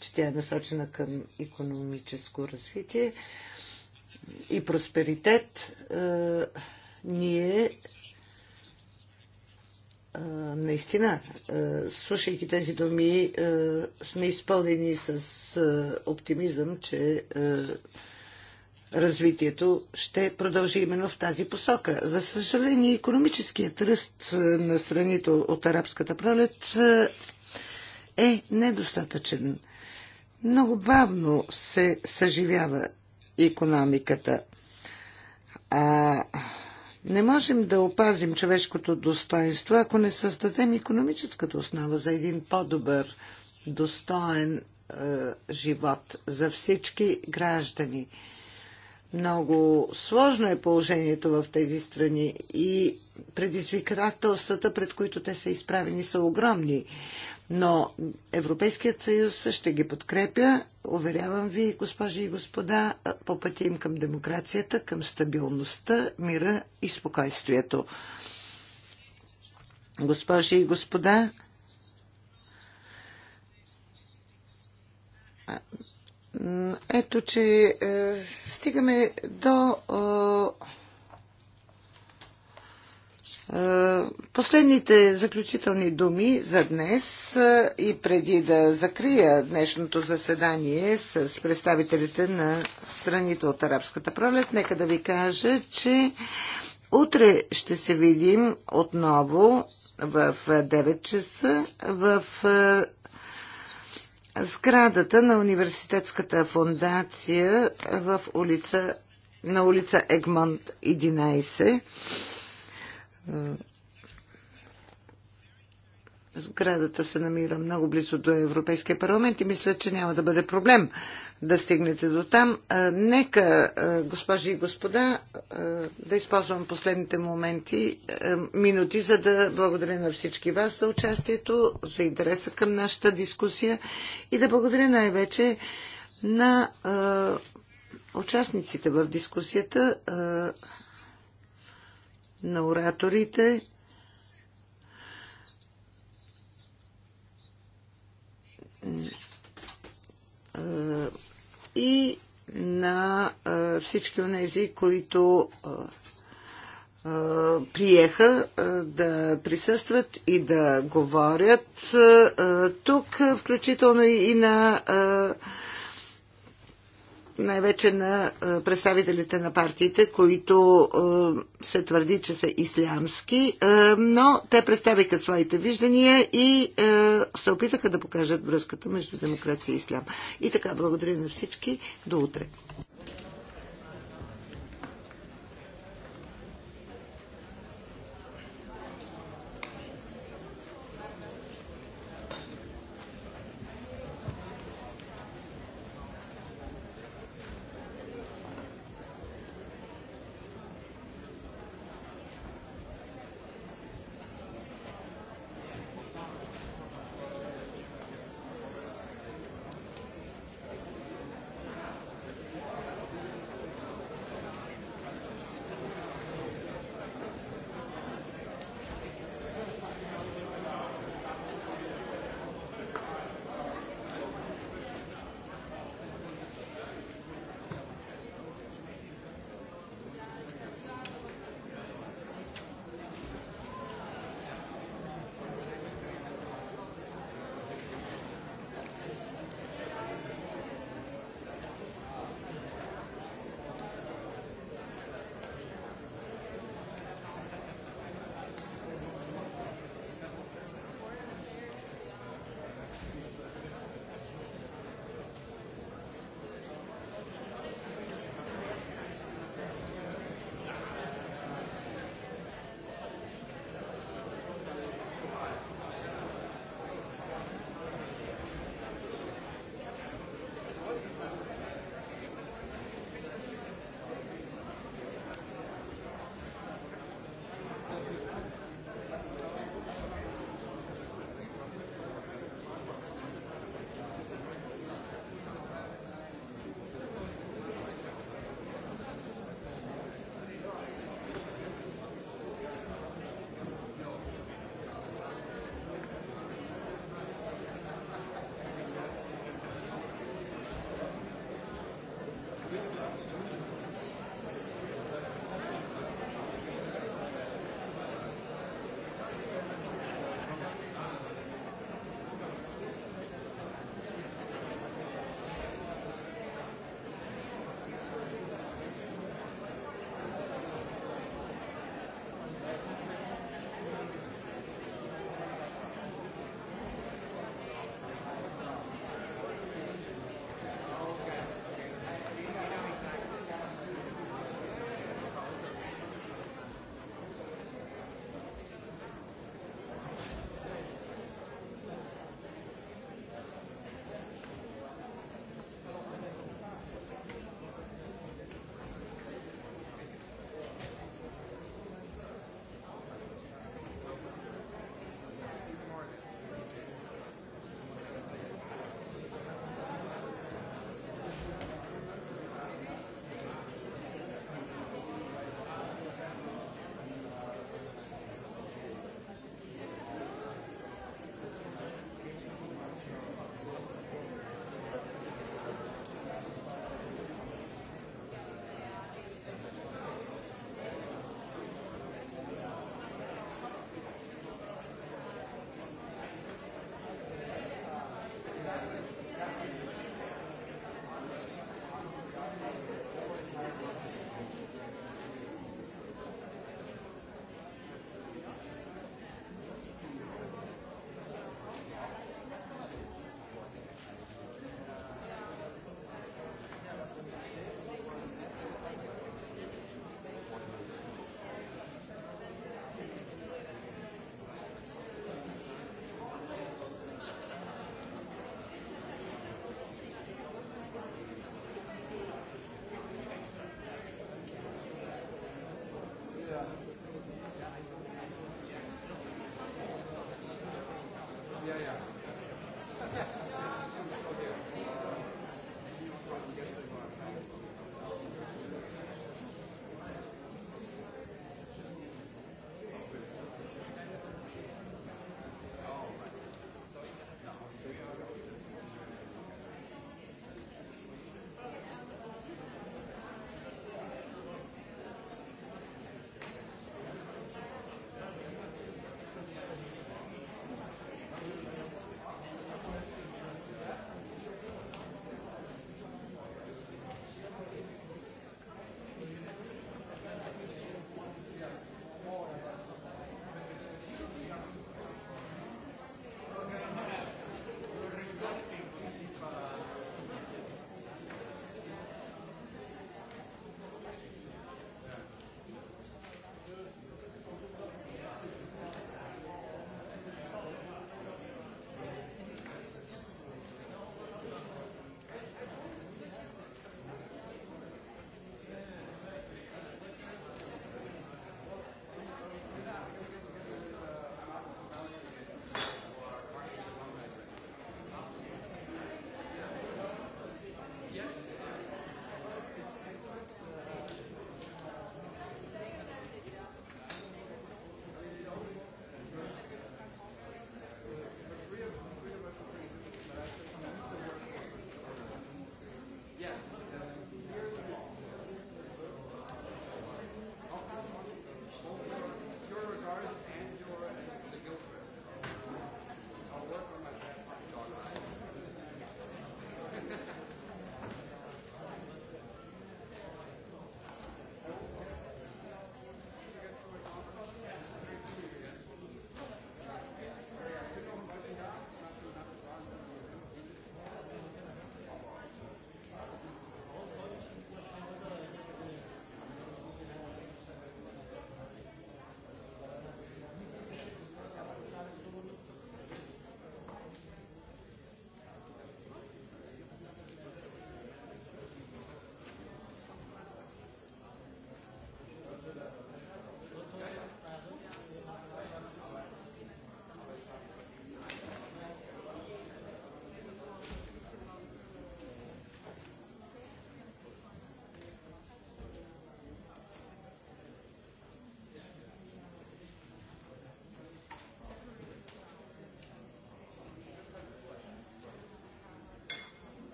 че тя е насочена към економическо развитие и просперитет. Е, ние е, наистина, е, слушайки тези думи, е, сме изпълнени с оптимизъм, че развитието ще продължи именно в тази посока. За съжаление, економическият ръст е, на страните от арабската пролет е, е недостатъчен. Много бавно се съживява економиката. А не можем да опазим човешкото достоинство, ако не създадем економическата основа за един по-добър, достоен е, живот за всички граждани. Много сложно е положението в тези страни и предизвикателствата, пред които те са изправени, са огромни. Но Европейският съюз ще ги подкрепя, уверявам ви, госпожи и господа, по пътя им към демокрацията, към стабилността, мира и спокойствието. Госпожи и господа, ето, че е, стигаме до е, е, последните заключителни думи за днес е, и преди да закрия днешното заседание с представителите на страните от Арабската пролет, нека да ви кажа, че утре ще се видим отново в 9 часа в е, сградата на университетската фундация в улица, на улица Егмонт 11. Сградата се намира много близо до Европейския парламент и мисля, че няма да бъде проблем да стигнете до там. Нека, госпожи и господа, да използвам последните моменти, минути, за да благодаря на всички вас за участието, за интереса към нашата дискусия и да благодаря най-вече на участниците в дискусията, на ораторите, Е, и на е, всички от тези, които е, приеха да присъстват и да говорят тук, включително и на най-вече на представителите на партиите, които се твърди, че са ислямски, но те представиха своите виждания и се опитаха да покажат връзката между демокрация и ислям. И така, благодаря на всички. До утре.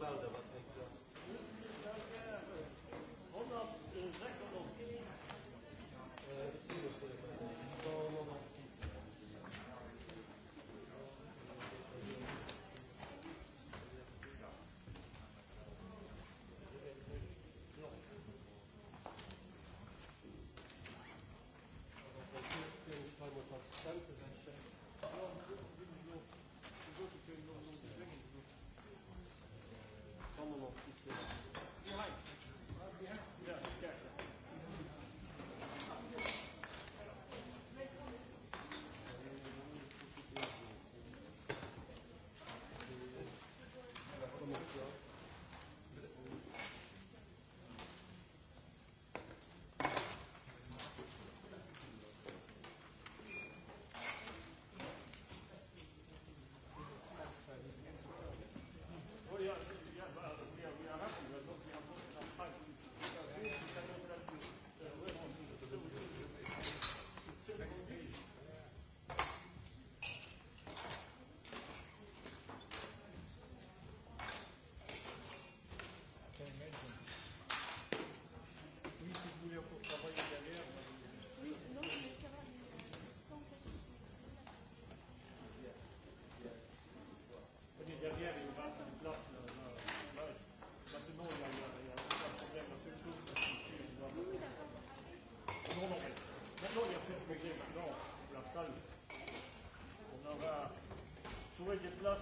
Cloud about Jugend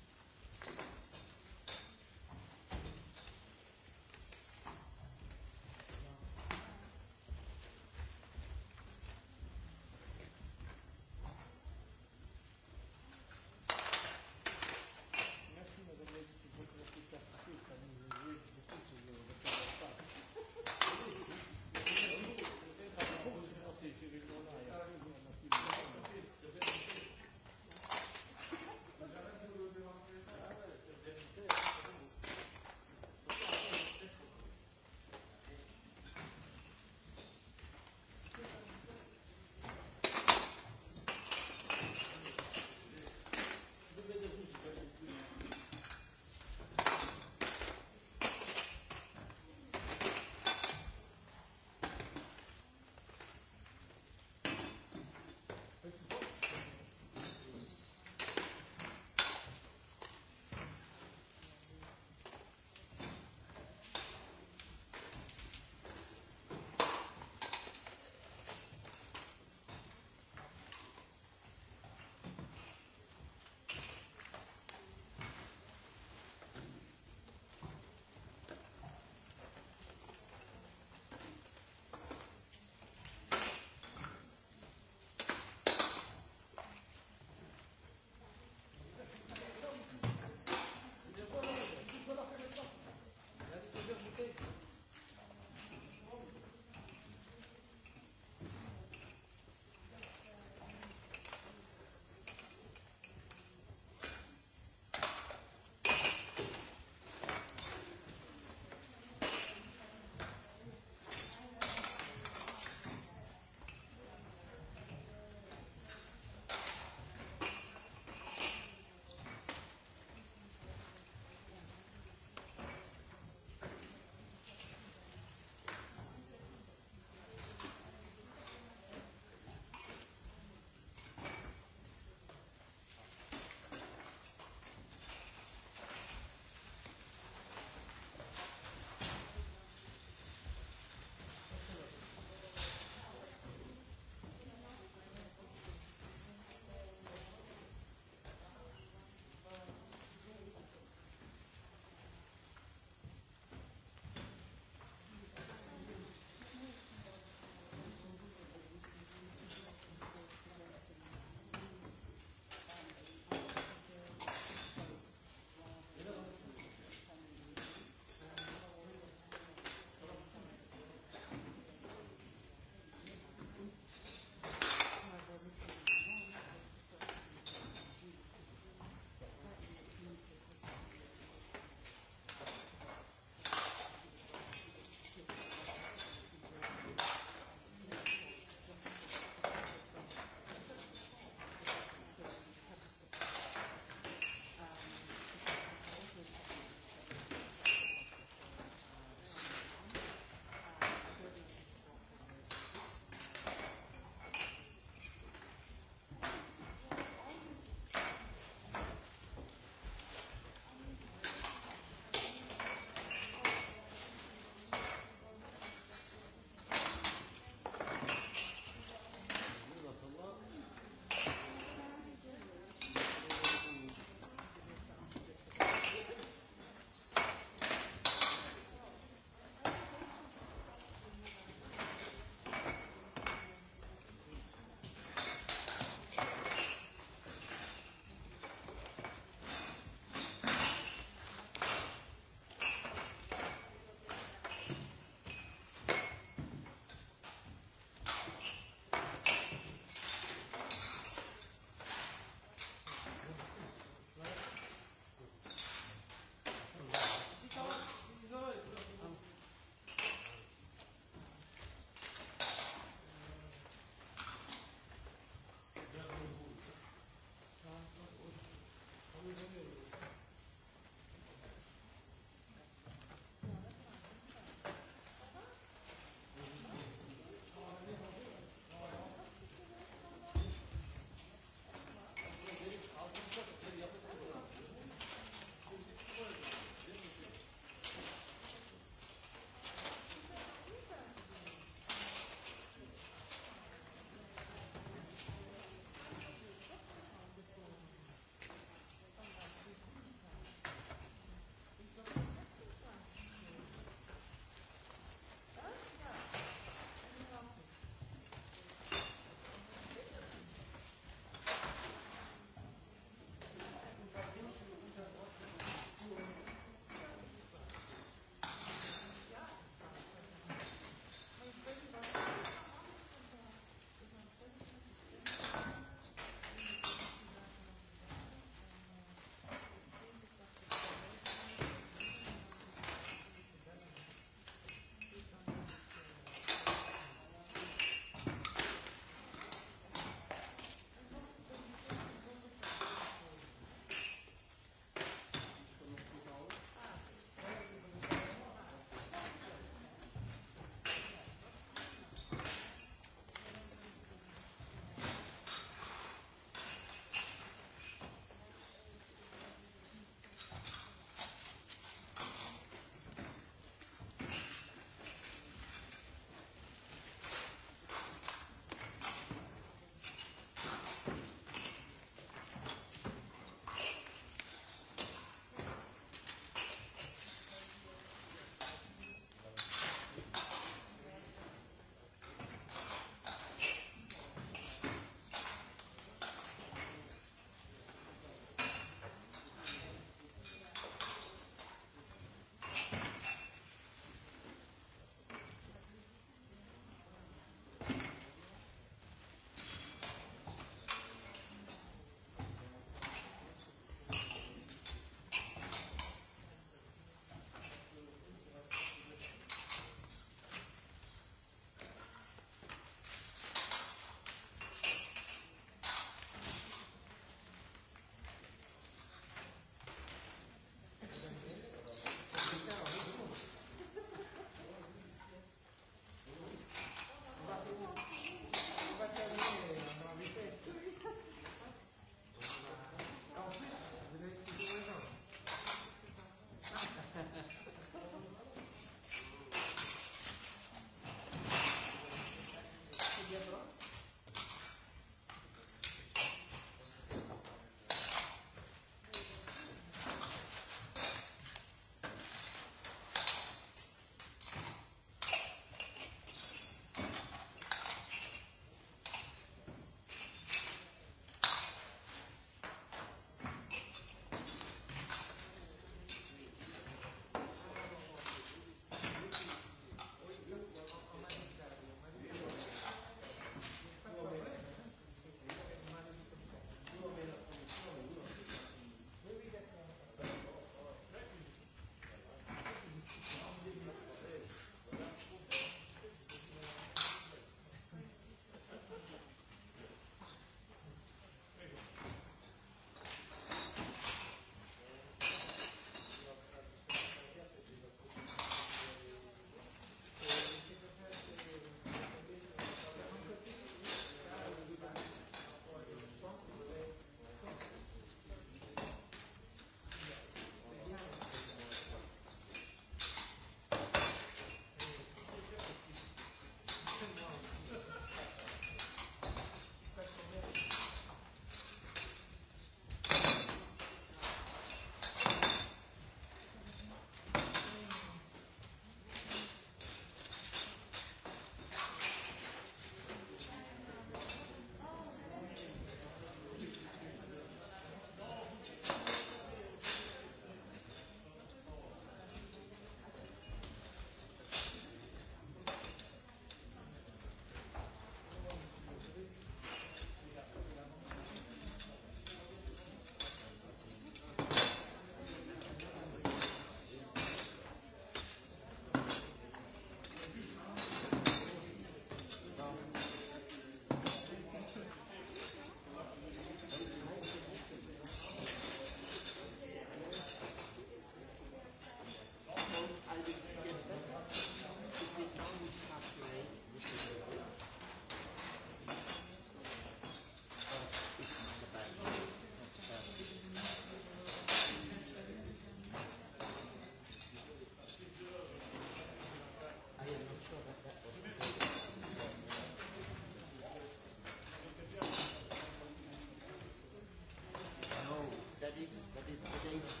is the data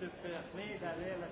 de fermer d'aller à la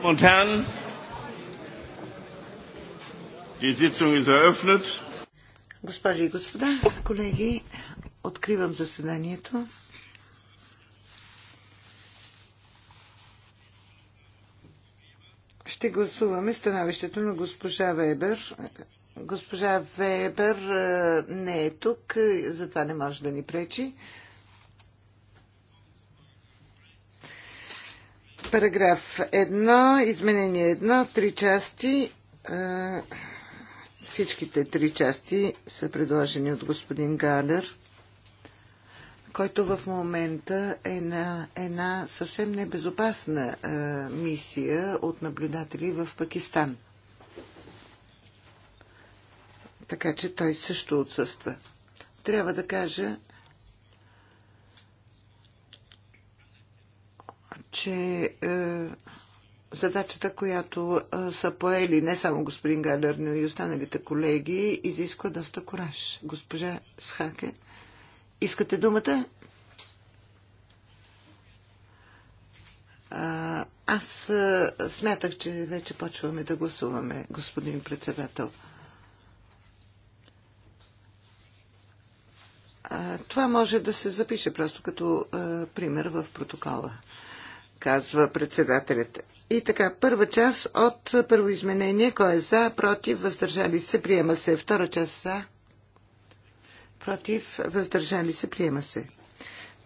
Damen und Herren, die Sitzung ist eröffnet. Госпожи и господа, колеги, откривам заседанието. Ще гласуваме становището на госпожа Вебер. Госпожа Вебер е, не е тук, затова не може да ни пречи. Параграф 1, изменение 1, три части. Всичките три части са предложени от господин Галер, който в момента е на една съвсем небезопасна мисия от наблюдатели в Пакистан. Така че той също отсъства. Трябва да кажа, че е, задачата, която е, са поели не само господин Галер, но и останалите колеги, изисква доста кораж. Госпожа Схаке, искате думата? Аз е, смятах, че вече почваме да гласуваме, господин председател. Това може да се запише просто като пример в протокола казва председателят. И така, първа част от първо изменение, кой е за, против, въздържали се, приема се. Втора част за, против, въздържали се, приема се.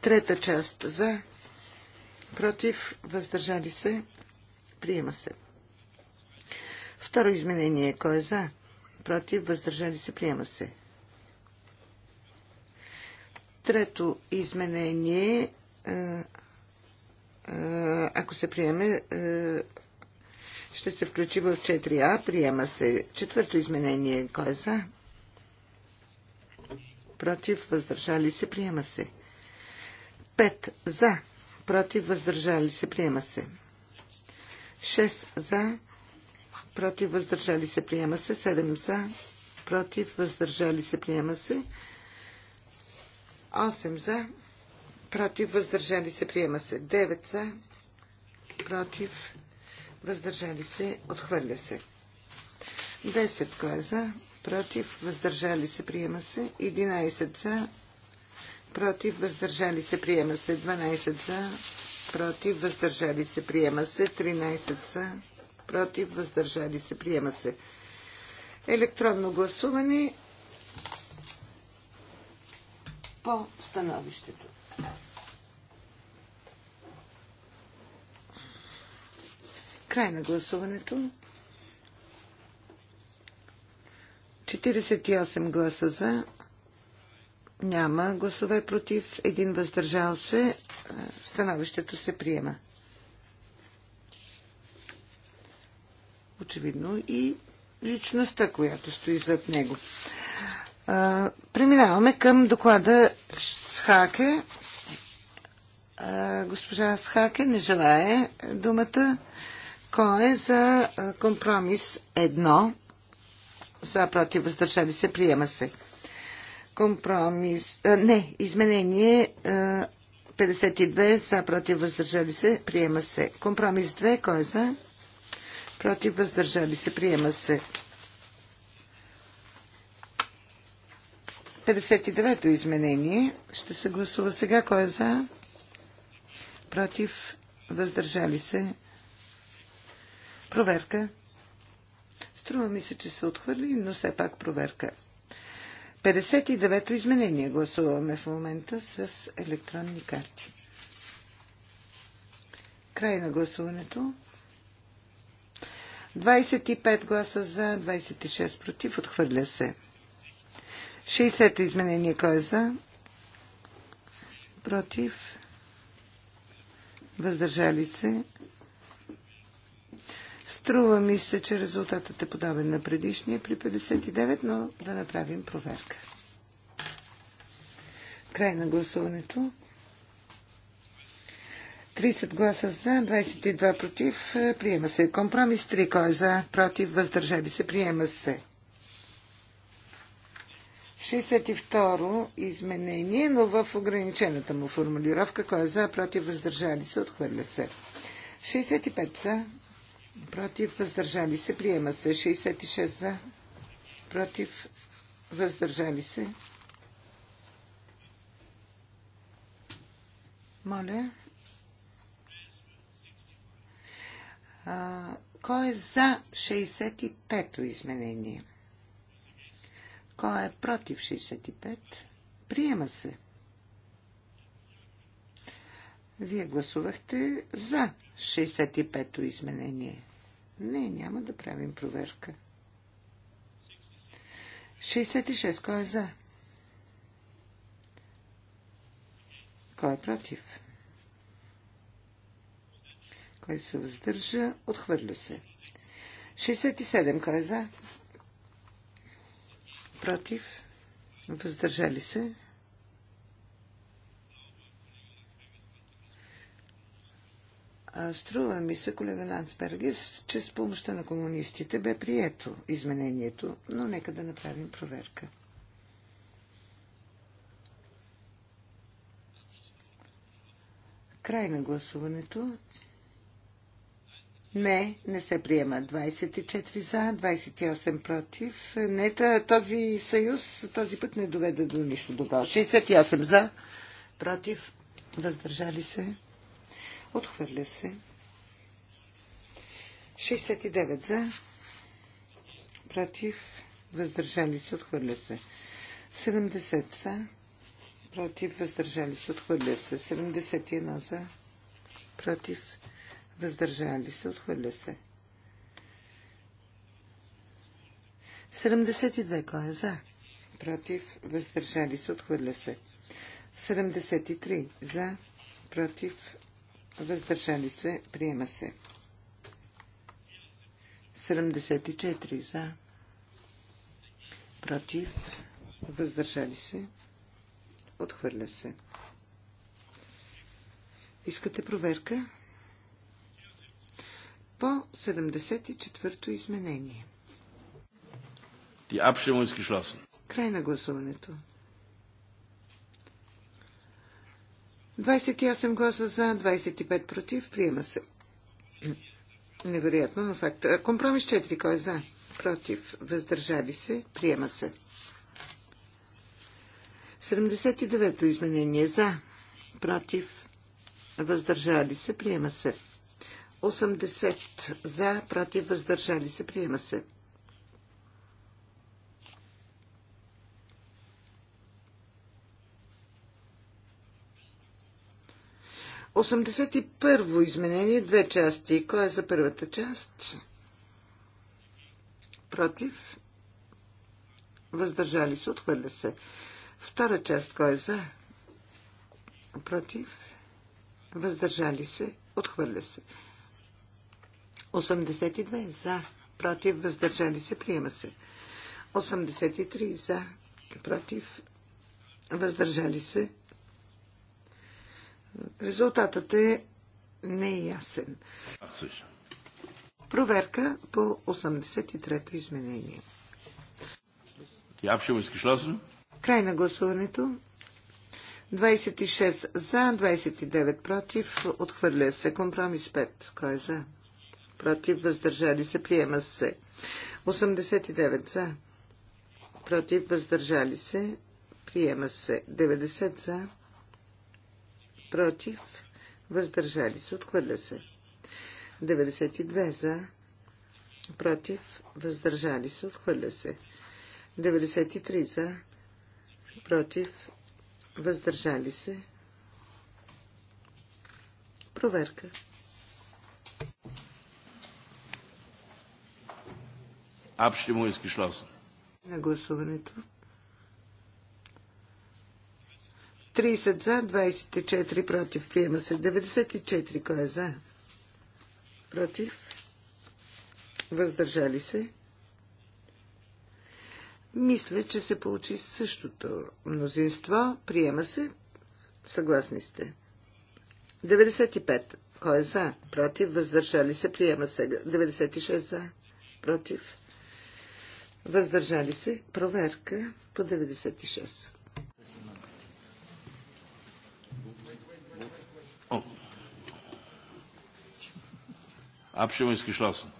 Трета част за, против, въздържали се, приема се. Второ изменение, кой е за, против, въздържали се, приема се. Трето изменение, е, ако се приеме, ще се включи в 4А. Приема се четвърто изменение. Кой е за? Против, въздържали се, приема се. 5 за, против, въздържали се, приема се. 6 за, против, въздържали се, приема се. 7 за, против, въздържали се, приема се. 8 за, против, въздържали се, приема се. 9 са. против, въздържали се, отхвърля се. 10 кой е за, против, въздържали се, приема се. 11 за, против, въздържали се, приема се. 12 за, против, въздържали се, приема се. 13 са. против, въздържали се, приема се. Електронно гласуване по становището. Край на гласуването. 48 гласа за, няма гласове против, един въздържал се. Становището се приема. Очевидно и личността, която стои зад него. преминаваме към доклада Схаке. госпожа Схаке не желая думата. Кой е за е, компромис Едно За против въздържали се приема се. Компромис. А, е, не, изменение а, е, 52 за против въздържали се приема се. Компромис 2 кой е за? Против въздържали се приема се. 59-то изменение. Ще се гласува сега. Кой е за? Против? Въздържали се? Проверка. Струва ми се, че се отхвърли, но все пак проверка. 59-то изменение гласуваме в момента с електронни карти. Край на гласуването. 25 гласа за, 26 против. Отхвърля се. 60-то изменение кой е за? Против. Въздържали се. Струва ми се, че резултатът е подобен на предишния при 59, но да направим проверка. Край на гласуването. 30 гласа за, 22 против. Приема се компромис. 3 кой е за, против, въздържали се. Приема се. 62 изменение, но в ограничената му формулировка. Кой е за, против, въздържали се. Отхвърля се. 65 са против, въздържали се, приема се. 66 за, против, въздържали се. Моля. А, кой е за 65-то изменение? Кой е против 65? Приема се. Вие гласувахте за 65-то изменение. Не, няма да правим проверка. 66. Кой е за? Кой е против? Кой се въздържа? Отхвърля се. 67. Кой е за? Против? Въздържали се? Струва ми се, колега Лансбергес, че с помощта на комунистите бе прието изменението, но нека да направим проверка. Край на гласуването. Не, не се приема. 24 за, 28 против. Не, този съюз този път не доведе до нищо добро. 68 за, против, въздържали се. Отхвърля се. 69 за. Против. Въздържали се. Отхвърля се. 70 за. Против. Въздържали се. Отхвърля се. 71 за. Против. Въздържали се. Отхвърля се. 72. Кой е за? Против. Въздържали се. Отхвърля се. 73. За. Против въздържали се, приема се. 74 за, против, въздържали се, отхвърля се. Искате проверка? По 74-то изменение. Die Abstimmung ist geschlossen. Край на гласуването. 28 гласа за, 25 против. Приема се. Невероятно, но факт. Компромис 4. Кой е за? Против. Въздържали се. Приема се. 79-то изменение за. Против. Въздържали се. Приема се. 80 за. Против. Въздържали се. Приема се. 81-во изменение, две части. Кой е за първата част? Против? Въздържали се, отхвърля се. Втора част, кой е за? Против? Въздържали се, отхвърля се. 82 за, против, въздържали се, приема се. 83 за, против, въздържали се, Резултатът е неясен. Проверка по 83-то изменение. Край на гласуването. 26 за, 29 против. Отхвърля се. Компромис 5. Кой е за? Против. Въздържали се. Приема се. 89 за. Против. Въздържали се. Приема се. 90 за против, въздържали се, отхвърля се. 92 за, против, въздържали се, отхвърля се. 93 за, против, въздържали се. Проверка. Abstimmung ist geschlossen. На гласуването. 30 за, 24 против. Приема се 94. Кой е за? Против. Въздържали се. Мисля, че се получи същото мнозинство. Приема се. Съгласни сте. 95. Кой е за? Против. Въздържали се. Приема се. 96 за. Против. Въздържали се. Проверка по 96. Abstimmung ist geschlossen.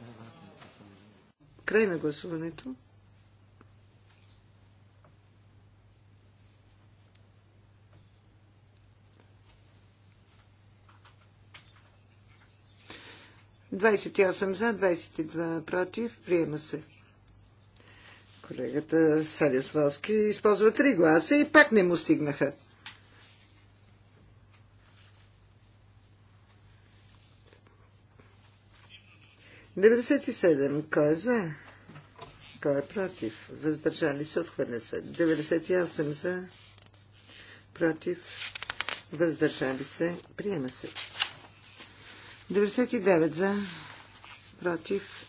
Край на гласуването. Двадесет и осем за, 22 и два против. Приема се. Колегата Салюс Валски използва три гласа и пак не му стигнаха. 97. Кой е за? Кой е против? Въздържали се, отхвърля се. 98 за, против, въздържали се, приема се. 99 за, против,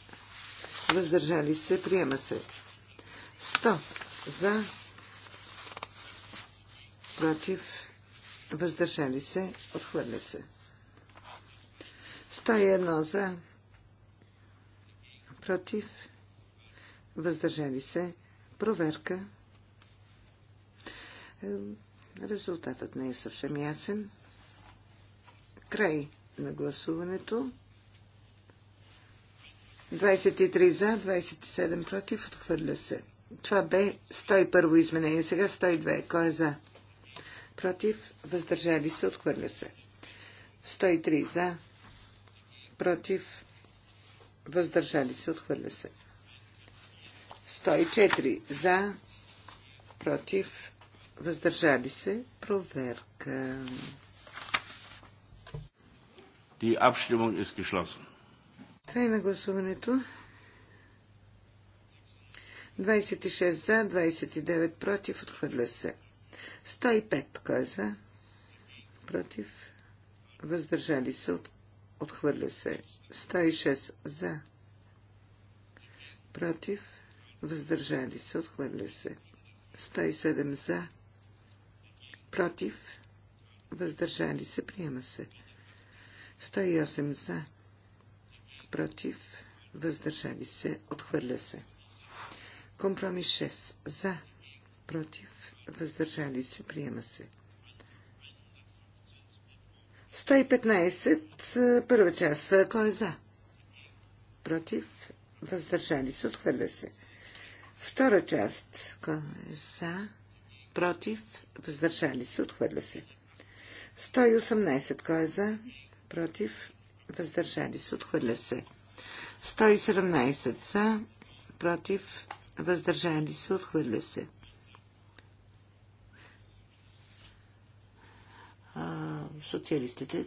въздържали се, приема се. 100 за, против, въздържали се, отхвърля се. 101 за, против, въздържали се, проверка. Е, резултатът не е съвсем ясен. Край на гласуването. 23 за, 27 против, отхвърля се. Това бе 101 изменение, сега 102. Кой е за? Против, въздържали се, отхвърля се. 103 за, против, въздържали се, отхвърля се. 104 за, против, въздържали се, проверка. Die Abstimmung ist geschlossen. Край на гласуването. 26 за, 29 против, отхвърля се. 105 кой е за? Против, въздържали се, от Отхвърля се. 106 за. Против. Въздържали се. Отхвърля се. 107 за. Против. Въздържали се. Приема се. 108 за. Против. Въздържали се. Отхвърля се. Компромис 6 за. Против. Въздържали се. Приема се. 115, първа част. Кой е за? Против? Въздържали се? Отхвърля се. Втора част. Кой е за? Против? Въздържали се? Отхвърля се. 118. Кой е за? Против? Въздържали се? Отхвърля се. 117 за, против, въздържали се, отхвърля се. социалистите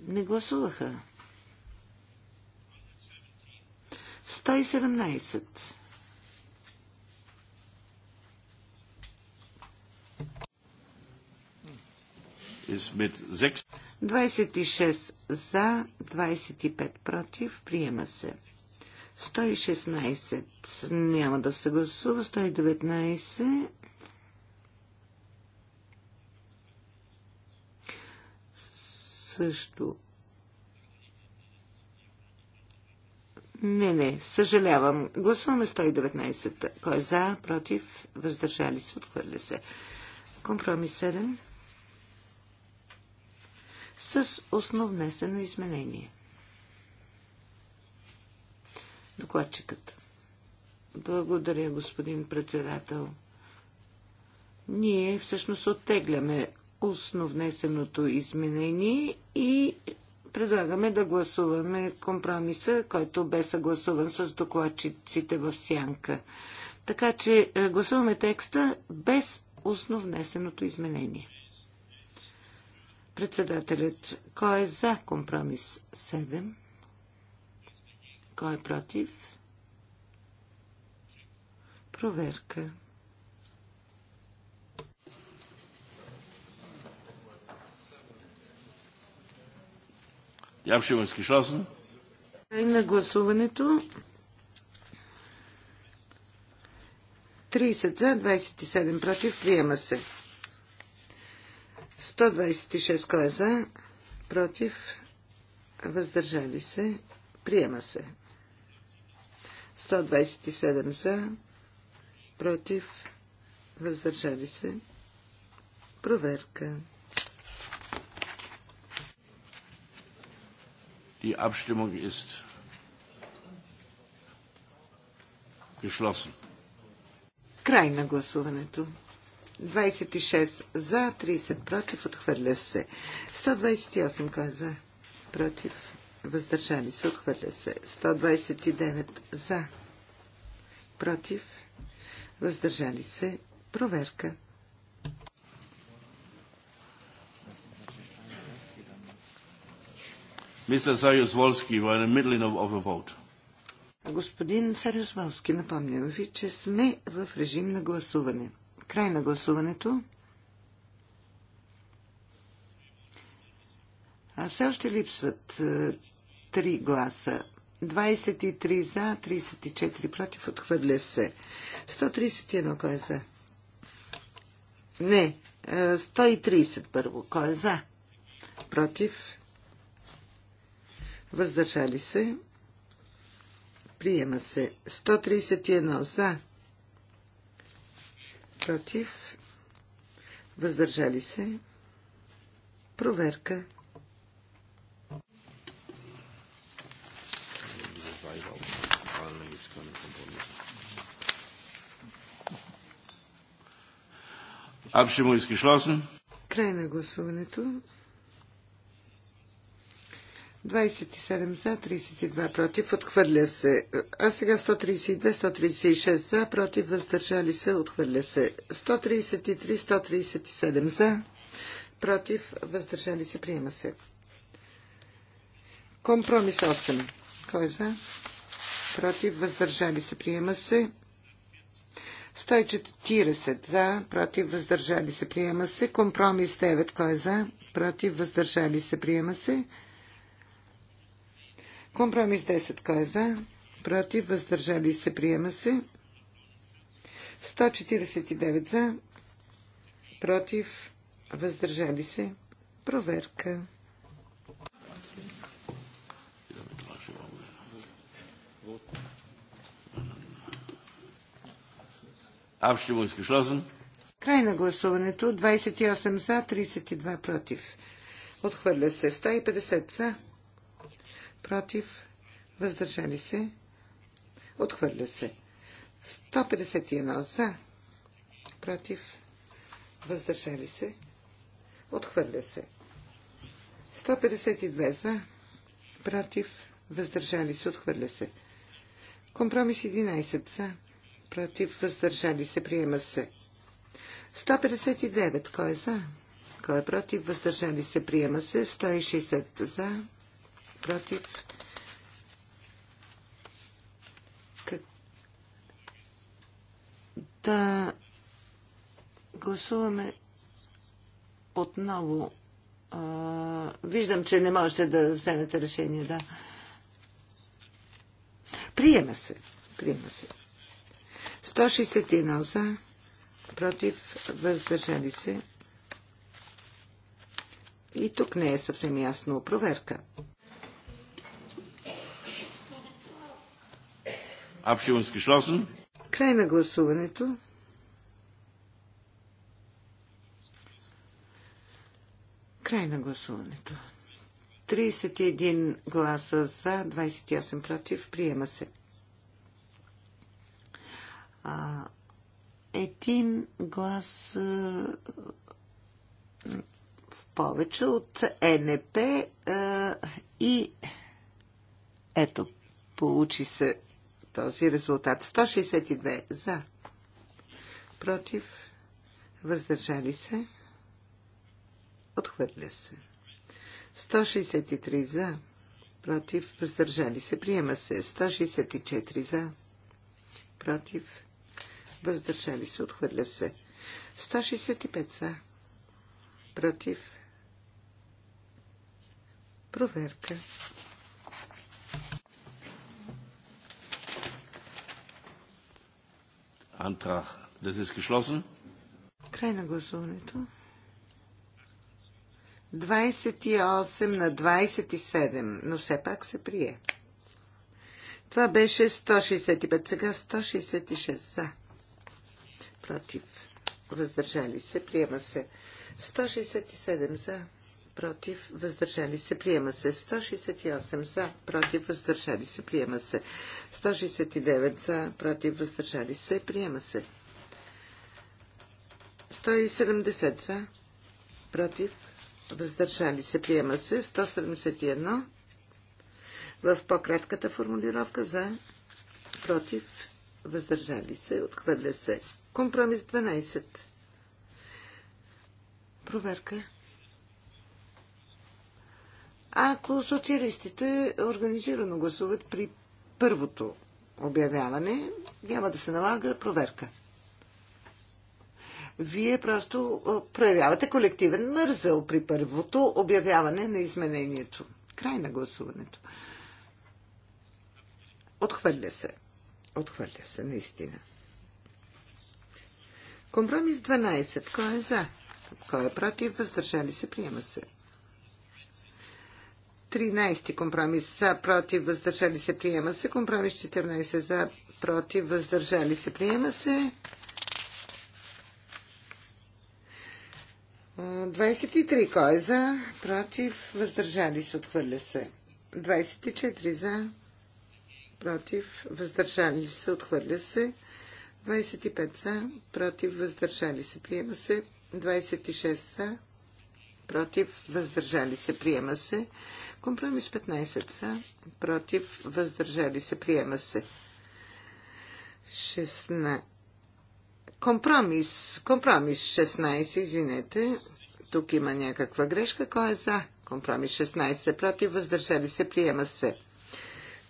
не гласуваха. 117. 26 за, 25 против. Приема се. 116 няма да се гласува. 119 също. Не, не, съжалявам. Гласуваме 119. Кой е за, против, въздържали се, отхвърля се. Компромис 7 с основнесено изменение. Докладчикът. Благодаря, господин председател. Ние всъщност оттегляме основнесеното изменение и предлагаме да гласуваме компромиса, който бе съгласуван с докладчиците в Сянка. Така че е, гласуваме текста без основнесеното изменение. Председателят, кой е за компромис 7? Кой е против? Проверка. Die Abstimmung ist geschlossen. на гласуването. 30 за, 27 против. Приема се. 126 кой е за, против, въздържали се. Приема се. 127 за, против, въздържали се. Проверка. Die Abstimmung ist geschlossen. Край на гласуването. 26 за, 30 против, отхвърля се. 128 каза е против, въздържали се, отхвърля се. 129 за, против, въздържали се, проверка. Mr. Сарюс-Волски, you middle of a vote. Господин Сариус волски напомням ви, че сме в режим на гласуване. Край на гласуването. А все още липсват три гласа. 23 за, 34 против, отхвърля се. 131, кой е за? Не, 130 първо, кой е за? Против, въздържали се, приема се 131 за, против, въздържали се, проверка. Абшимо изкишлосен. Край на гласуването. 27 за, 32 против, отхвърля се. А сега 132, 136 за, против, въздържали се, отхвърля се. 133, 137 за, против, въздържали се, приема се. Компромис 8. Кой е за? Против, въздържали се, приема се. 140 за, против, въздържали се, приема се. Компромис 9. Кой е за? Против, въздържали се, приема се. Компромис 10. Кой е за? Против. Въздържали се. Приема се. 149 за. Против. Въздържали се. Проверка. Абщимо изкашлазен. Край на гласуването. 28 за, 32 против. Отхвърля се. 150 за против, въздържали се, отхвърля се. 151 за, против, въздържали се, отхвърля се. 152 за, против, въздържали се, отхвърля се. Компромис 11 за, против, въздържали се, приема се. 159, кой е за? Кой е против? Въздържали се, приема се. 160 за, против. Как... Да гласуваме отново. А, виждам, че не можете да вземете решение, да. Приема се. Приема се. 161 за, против, въздържали се. И тук не е съвсем ясно проверка. Абшилът Край на гласуването. Край на гласуването. 31 гласа за, 28 против. Приема се. А, един глас а, в повече от НП а, и ето, получи се този резултат. 162 за. Против. Въздържали се. Отхвърля се. 163 за. Против. Въздържали се. Приема се. 164 за. Против. Въздържали се. Отхвърля се. 165 за. Против. Проверка. Antrag. Край на гласуването. 28 на 27, но все пак се прие. Това беше 165, сега 166 за. Против. Въздържали се. Приема се. 167 за против, въздържали се, приема се. 168 за, против, въздържали се, приема се. 169 за, против, въздържали се, приема се. 170 за, против, въздържали се, приема се. 171 в по-кратката формулировка за, против, въздържали се, отхвърля се. Компромис 12. Проверка ако социалистите организирано гласуват при първото обявяване, няма да се налага проверка. Вие просто проявявате колективен мързъл при първото обявяване на изменението. Край на гласуването. Отхвърля се. Отхвърля се, наистина. Компромис 12. Кой е за? Кой е против? Въздържали се? Приема се. 13 компромис за, против, въздържали се, приема се. Компромис 14 за, против, въздържали се, приема се. 23 кой е за, против, въздържали се, отхвърля се. 24 за, против, въздържали се, отхвърля се. 25 за, против, въздържали се, приема се. 26 са против, въздържали се, приема се. Компромис 15 за, против, въздържали се, приема се. 16. Компромис, компромис 16, извинете. Тук има някаква грешка. Кой е за? Компромис 16, против, въздържали се, приема се.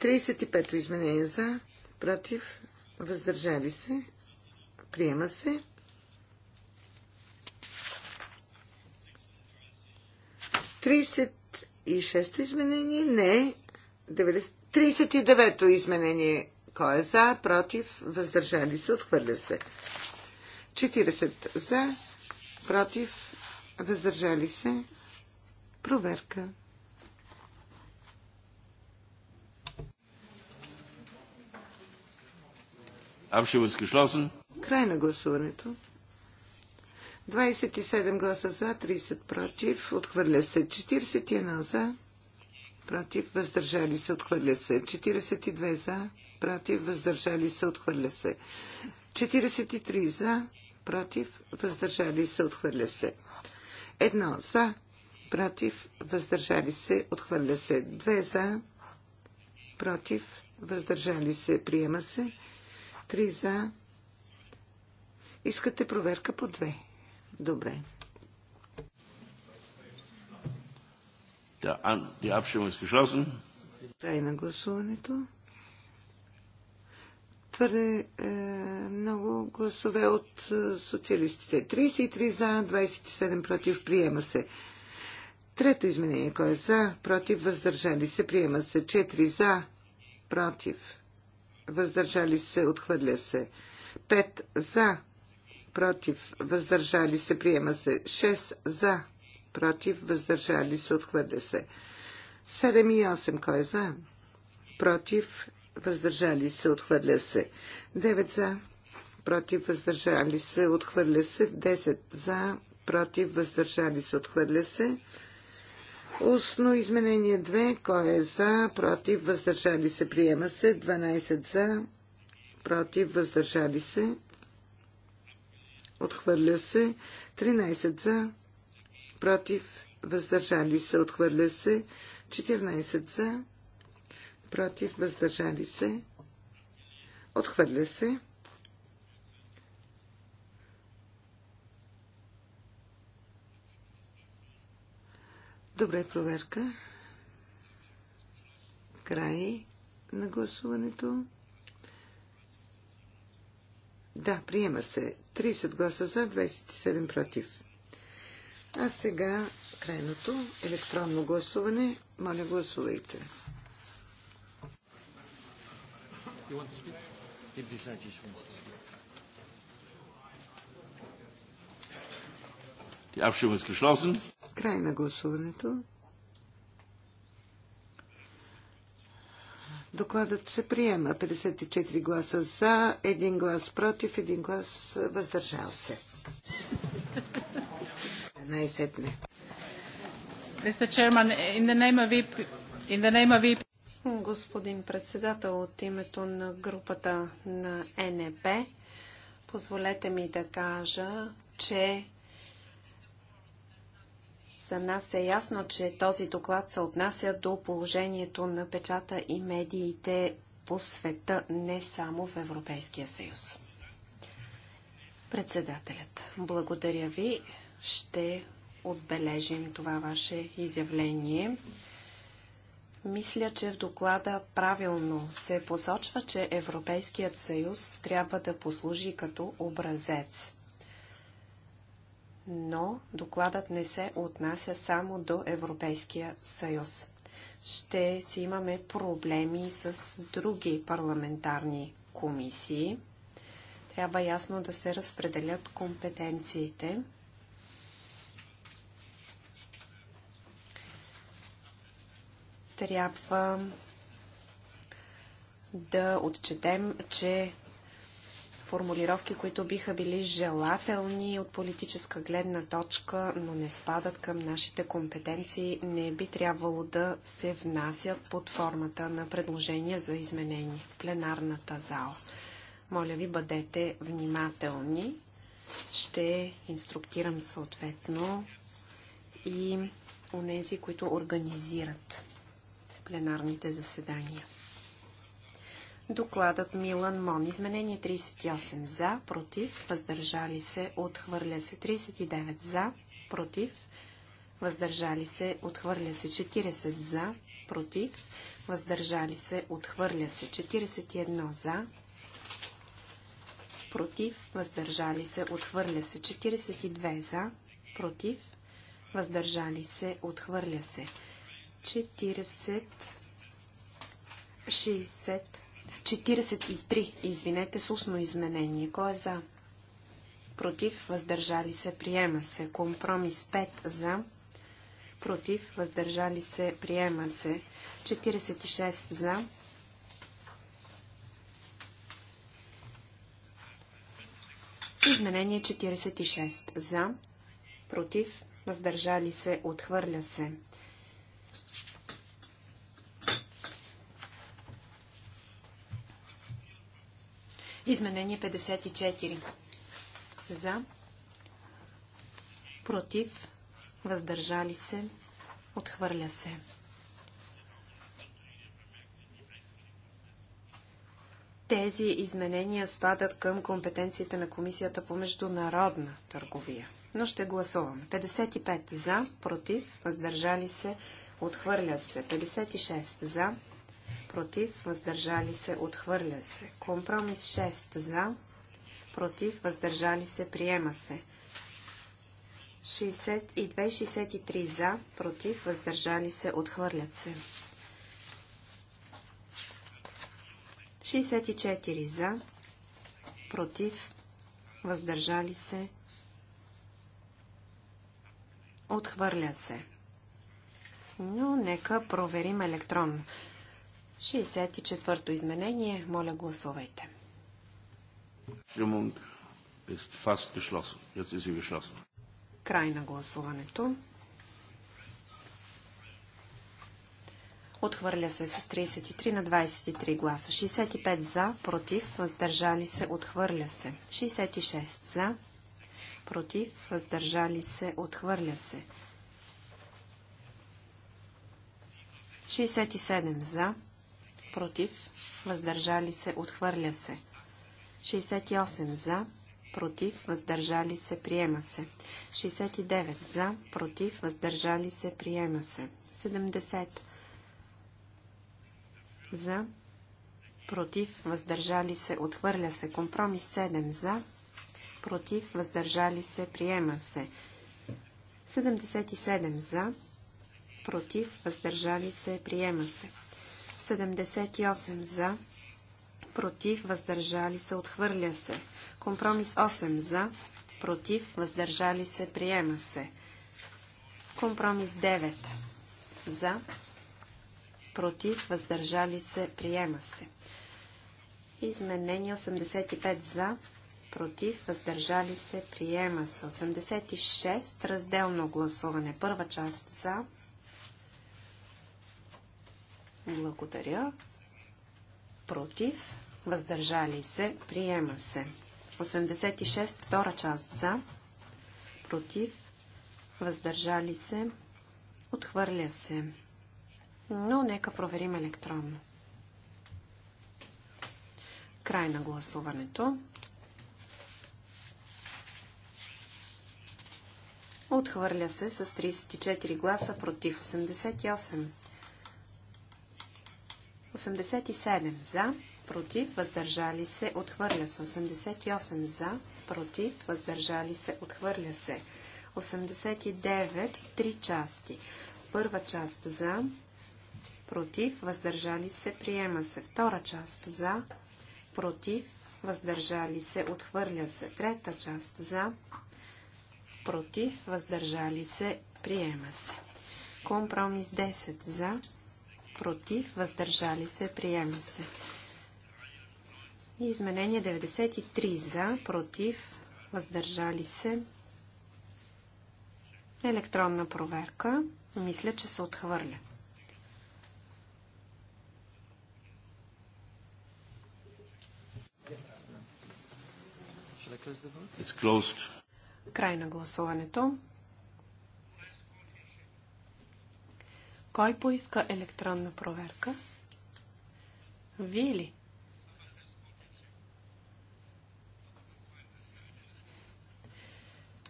35 изменение за, против, въздържали се, приема се. 36 и то изменение? Не. 39-то изменение. Кой е за, против, въздържали се, отхвърля се. 40 за, против, въздържали се. Проверка. Е Край на гласуването. 27 гласа за, 30 против, отхвърля се 41 за, против, въздържали се, отхвърля се 42 за, против, въздържали се, отхвърля се 43 за, против, въздържали се, отхвърля се 1 за, против, въздържали се, отхвърля се 2 за, против, въздържали се, приема се 3 за, Искате проверка по две. Добре. Край на гласуването. Твърде е, много гласове от е, социалистите. 33 за, 27 против. Приема се. Трето изменение. Кой е за, против, въздържали се. Приема се. 4 за, против, въздържали се. Отхвърля се. 5 за, против, въздържали се, приема се. 6 за, против, въздържали се, отхвърля се. 7 и 8, кой е за? Против, въздържали се, отхвърля се. 9 за, против, въздържали се, отхвърля се. 10 за, против, въздържали се, отхвърля се. Устно изменение 2, кой е за, против, въздържали се, приема се. 12 за, против, въздържали се, Отхвърля се. 13 за. Против. Въздържали се. Отхвърля се. 14 за. Против. Въздържали се. Отхвърля се. Добре, проверка. Край на гласуването. Да, приема се. 30 гласа за, 27 против. А сега крайното електронно гласуване. Моля, гласувайте. Край на гласуването. Докладът се приема. 54 гласа за, 1 глас против, 1 глас въздържал се. Най-сетне. E e Господин председател, от името на групата на НЕП, позволете ми да кажа, че за нас е ясно, че този доклад се отнася до положението на печата и медиите по света, не само в Европейския съюз. Председателят, благодаря ви. Ще отбележим това ваше изявление. Мисля, че в доклада правилно се посочва, че Европейският съюз трябва да послужи като образец но докладът не се отнася само до Европейския съюз. Ще си имаме проблеми с други парламентарни комисии. Трябва ясно да се разпределят компетенциите. Трябва да отчетем, че формулировки, които биха били желателни от политическа гледна точка, но не спадат към нашите компетенции, не би трябвало да се внасят под формата на предложения за изменение в пленарната зала. Моля ви, бъдете внимателни. Ще инструктирам съответно и нези, които организират пленарните заседания. Докладът Милан Мон. Изменение 38 за, против, въздържали се, отхвърля се 39 за, против, въздържали се, отхвърля се 40 за, против, въздържали се, отхвърля се 41 за, против, въздържали се, отхвърля се 42 за, против, въздържали се, отхвърля се 40 60 43, извинете, с устно изменение. Кой е за? Против, въздържали се, приема се. Компромис 5 за. Против, въздържали се, приема се. 46 за. Изменение 46 за. Против, въздържали се, отхвърля се. Изменение 54. За. Против. Въздържали се. Отхвърля се. Тези изменения спадат към компетенциите на Комисията по международна търговия. Но ще гласуваме. 55 за, против, въздържали се, отхвърля се. 56 за, против, въздържали се, отхвърля се. Компромис 6 за, против, въздържали се, приема се. 62-63 за, против, въздържали се, отхвърлят се. 64 за, против, въздържали се, отхвърля се. Но нека проверим електронно. 64-то изменение. Моля, гласувайте. Е е Край на гласуването. Отхвърля се с 33 на 23 гласа. 65 за, против, въздържали се, отхвърля се. 66 за, против, въздържали се, отхвърля се. 67 за, против, въздържали се, отхвърля се. 68 за, против, въздържали се, приема се. 69 за, против, въздържали се, приема се. 70 за, против, въздържали се, отхвърля се. Компромис 7 за, против, въздържали се, приема се. 77 за, против, въздържали се, приема се. 78 за, против, въздържали се, отхвърля се. Компромис 8 за, против, въздържали се, приема се. Компромис 9 за, против, въздържали се, приема се. Изменение 85 за, против, въздържали се, приема се. 86 разделно гласуване. Първа част за, благодаря. Против. Въздържали се. Приема се. 86. Втора част за. Против. Въздържали се. Отхвърля се. Но нека проверим електронно. Край на гласуването. Отхвърля се с 34 гласа против 88. 87 за, против, въздържали се, отхвърля се. 88 за, против, въздържали се, отхвърля се. 89 3 три части. Първа част за, против, въздържали се, приема се. Втора част за, против, въздържали се, отхвърля се. Трета част за, против, въздържали се, приема се. Компромис 10 за, против, въздържали се, приема се. И изменение 93 за, против, въздържали се. Електронна проверка. Мисля, че се отхвърля. Край на гласуването. Кой поиска електронна проверка? Вие ли?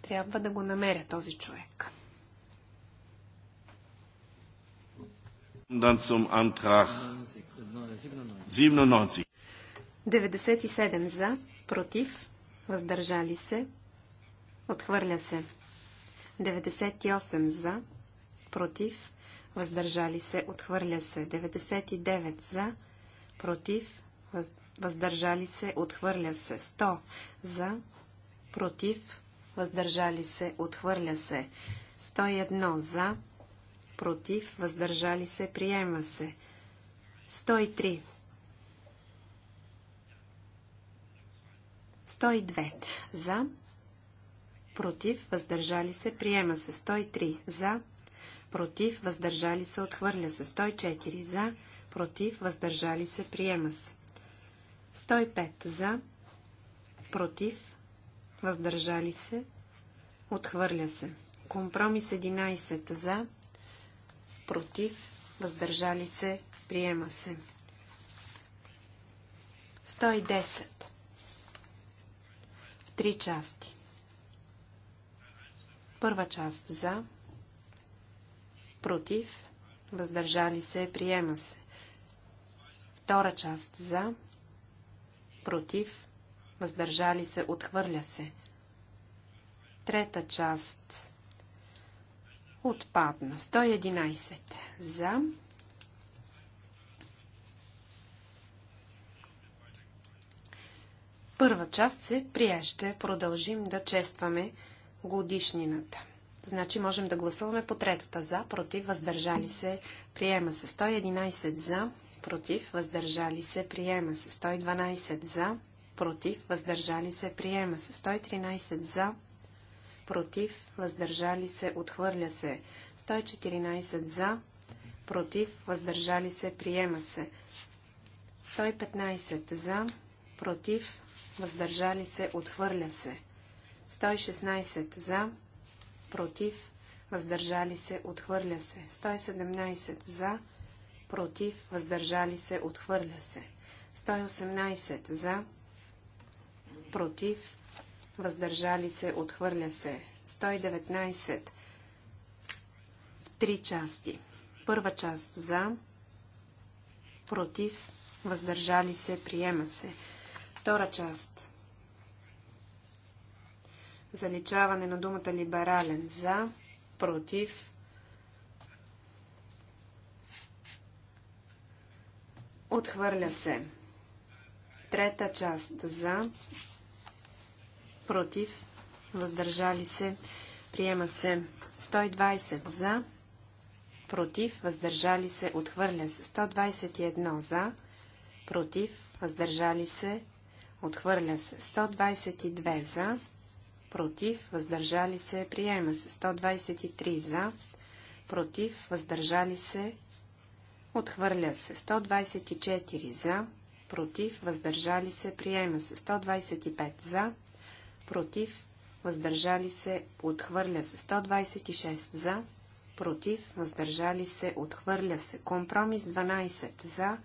Трябва да го намеря този човек. Dann zum Antrag 97 за, против, въздържали се, отхвърля се. 98 за, против, въздържали се, отхвърля се. 99 за, против, въздържали се, отхвърля се. 100 за, против, въздържали се, отхвърля се. 101 за, против, въздържали се, приема се. 103. 102. За, против, въздържали се, приема се. 103. За, против, въздържали се, отхвърля се. 104 за, против, въздържали се, приема се. 105 за, против, въздържали се, отхвърля се. Компромис 11 за, против, въздържали се, приема се. 110 в три части. Първа част за, против, въздържали се, приема се. Втора част за, против, въздържали се, отхвърля се. Трета част отпадна. 111 за, Първа част се прие. Ще продължим да честваме годишнината. Значи можем да гласуваме по третата за, против, въздържали се, приема се. 111 за, против, въздържали се, приема се. 112 за, против, въздържали се, приема се. 113 за, против, въздържали се, отхвърля се. 114 за, против, въздържали се, приема се. 115 за, против, въздържали се, отхвърля се. 116 за, против, въздържали се, отхвърля се. 117 за, против, въздържали се, отхвърля се. 118 за, против, въздържали се, отхвърля се. 119 в три части. Първа част за, против, въздържали се, приема се. Втора част Заличаване на думата либерален за, против. Отхвърля се. Трета част за, против, въздържали се, приема се 120 за, против, въздържали се, отхвърля се 121 за, против, въздържали се, отхвърля се 122 за, против, въздържали се, приема се. 123 за, против, въздържали се, отхвърля се. 124 за, против, въздържали се, приема се. 125 за, против, въздържали се, отхвърля се. 126 за, против, въздържали се, отхвърля се. Компромис 12 за,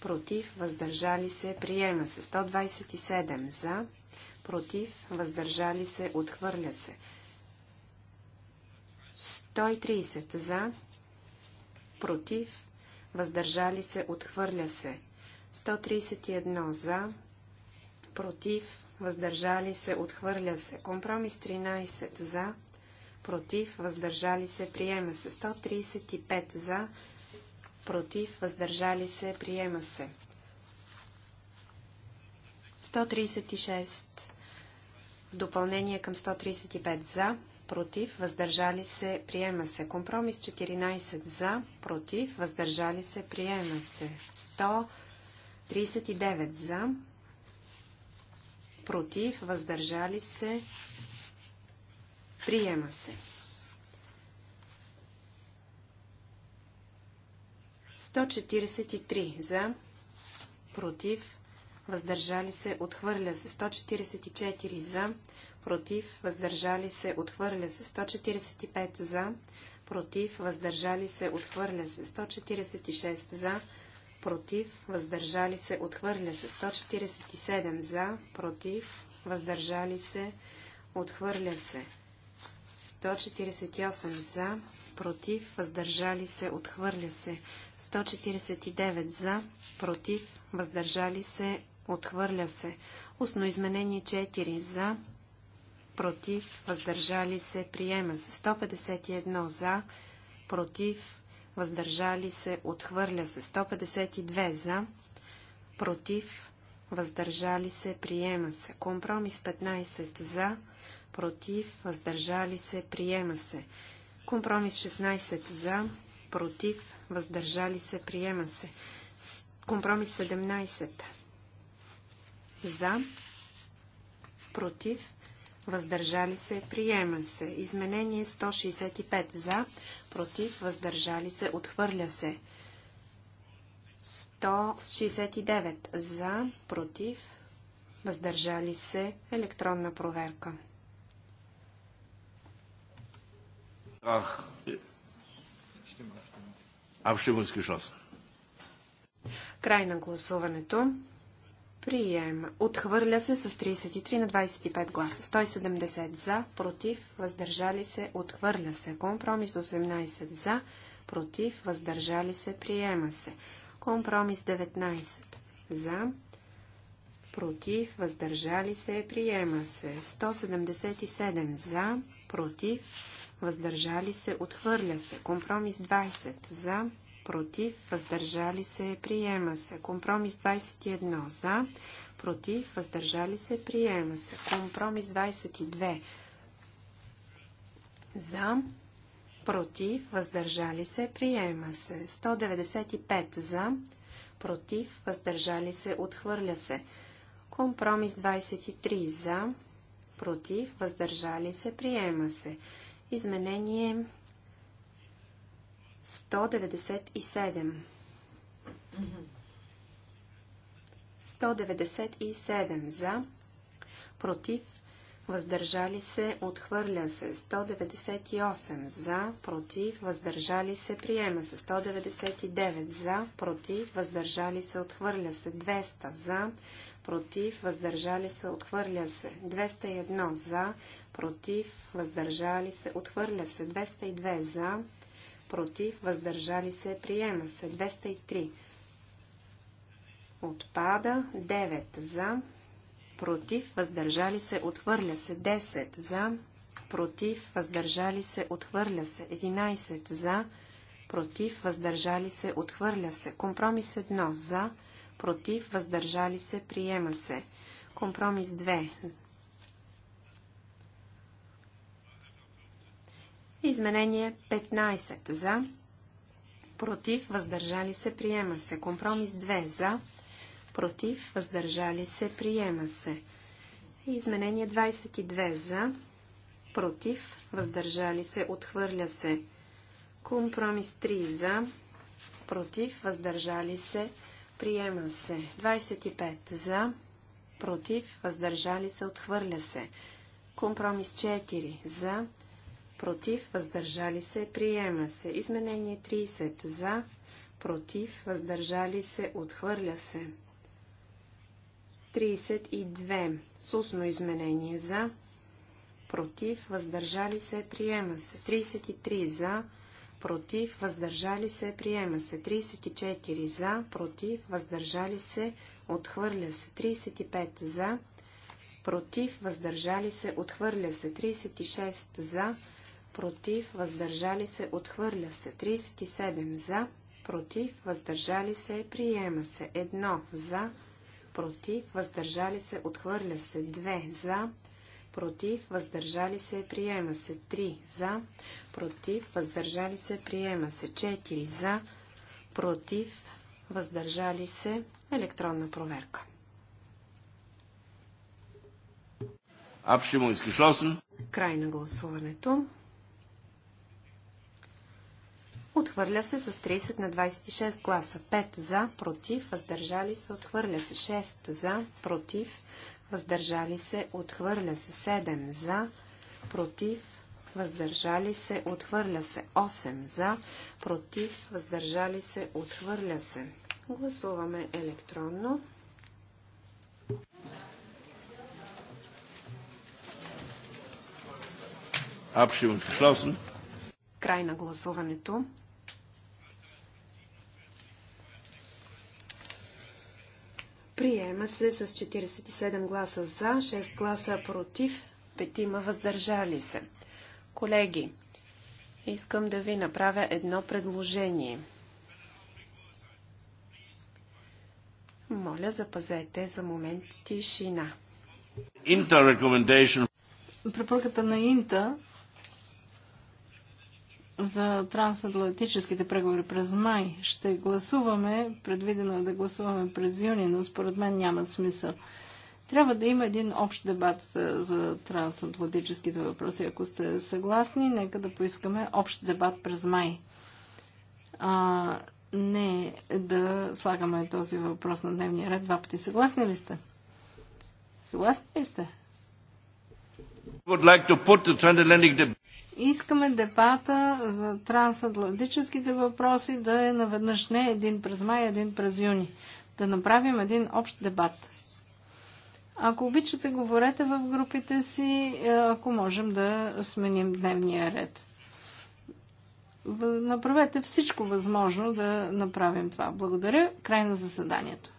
против, въздържали се, приема се. 127 за, против, въздържали се, отхвърля се. 130 за, против, въздържали се, отхвърля се. 131 за, против, въздържали се, отхвърля се. Компромис 13 за, против, въздържали се, приема се. 135 за, против, въздържали се, приема се. 136 Допълнение към 135 за, против, въздържали се, приема се. Компромис 14 за, против, въздържали се, приема се. 139 за, против, въздържали се, приема се. 143 за, против, въздържали се, отхвърля се. 144 за, против, въздържали се, отхвърля се. 145 за, против, въздържали се, отхвърля се. 146 за, против, въздържали се, отхвърля се. 147 за, против, въздържали се, отхвърля се. 148 за, против, въздържали се, отхвърля се. 149 за, против, въздържали се, Отхвърля се. Устно изменение 4 за. Против. Въздържали се. Приема се. 151 за. Против. Въздържали се. Отхвърля се. 152 за. Против. Въздържали се. Приема се. Компромис 15 за. Против. Въздържали се. Приема се. Компромис 16 за. Против. Въздържали се. Приема се. Компромис 17 за. Против. Въздържали се. Приема се. Изменение 165. За. Против. Въздържали се. Отхвърля се. 169. За. Против. Въздържали се. Електронна проверка. Ах. шос. Край на гласуването. Приема. Отхвърля се с 33 на 25 гласа. 170 за, против, въздържали се, отхвърля се. Компромис 18 за, против, въздържали се, приема се. Компромис 19 за, против, въздържали се, приема се. 177 за, против, въздържали се, отхвърля се. Компромис 20 за, против, въздържали се, приема се. Компромис 21 за, против, въздържали се, приема се. Компромис 22 за, против, въздържали се, приема се. 195 за, против, въздържали се, отхвърля се. Компромис 23 за, против, въздържали се, приема се. Изменение 197. 197 за, против, въздържали се, отхвърля се. 198 за, против, въздържали се, приема се. 199 за, против, въздържали се, отхвърля се. 200 за, против, въздържали се, отхвърля се. 201 за, против, въздържали се, отхвърля се. 202 за, против, въздържали се, приема се. 203 отпада, 9 за, против, въздържали се, отхвърля се, 10 за, против, въздържали се, отхвърля се, 11 за, против, въздържали се, отхвърля се, компромис 1 за, против, въздържали се, приема се, компромис 2 Изменение 15 за. Против, въздържали се, приема се. Компромис 2 за. Против, въздържали се, приема се. Изменение 22 за. Против, въздържали се, отхвърля се. Компромис 3 за. Против, въздържали се, приема се. 25 за. Против, въздържали се, отхвърля се. Компромис 4 за. Против, против, въздържали се, приема се. Изменение 30 за, против, въздържали се, отхвърля се. 32. Сусно изменение за, против, въздържали се, приема се. 33 за, против, въздържали се, приема се. 34 за, против, въздържали се, отхвърля се. 35 за, против, въздържали се, отхвърля се. 36 за, против, въздържали се, отхвърля се. 37 за, против, въздържали се, приема се. 1 за, против, въздържали се, отхвърля се. 2 за, против, въздържали се, приема се. 3 за, против, въздържали се, приема се. 4 за, против, въздържали се, електронна проверка. Край на гласуването. Отхвърля се с 30 на 26 гласа. 5 за, против, въздържали се, отхвърля се. 6 за, против, въздържали се, отхвърля се. 7 за, против, въздържали се, отхвърля се. 8 за, против, въздържали се, отхвърля се. Гласуваме електронно. Край на гласуването. Приема се с 47 гласа за, 6 гласа против, 5 въздържали се. Колеги, искам да ви направя едно предложение. Моля, запазете за момент тишина. Препоръката на Инта за трансатлантическите преговори през май. Ще гласуваме, предвидено е да гласуваме през юни, но според мен няма смисъл. Трябва да има един общ дебат за трансатлантическите въпроси. Ако сте съгласни, нека да поискаме общ дебат през май. А, не да слагаме този въпрос на дневния ред два пъти. Съгласни ли сте? Съгласни ли сте? Would like to put the Искаме дебата за трансатлантическите въпроси да е наведнъж не един през май, един през юни. Да направим един общ дебат. Ако обичате, говорете в групите си, е, ако можем да сменим дневния ред. Направете всичко възможно да направим това. Благодаря. Край на заседанието.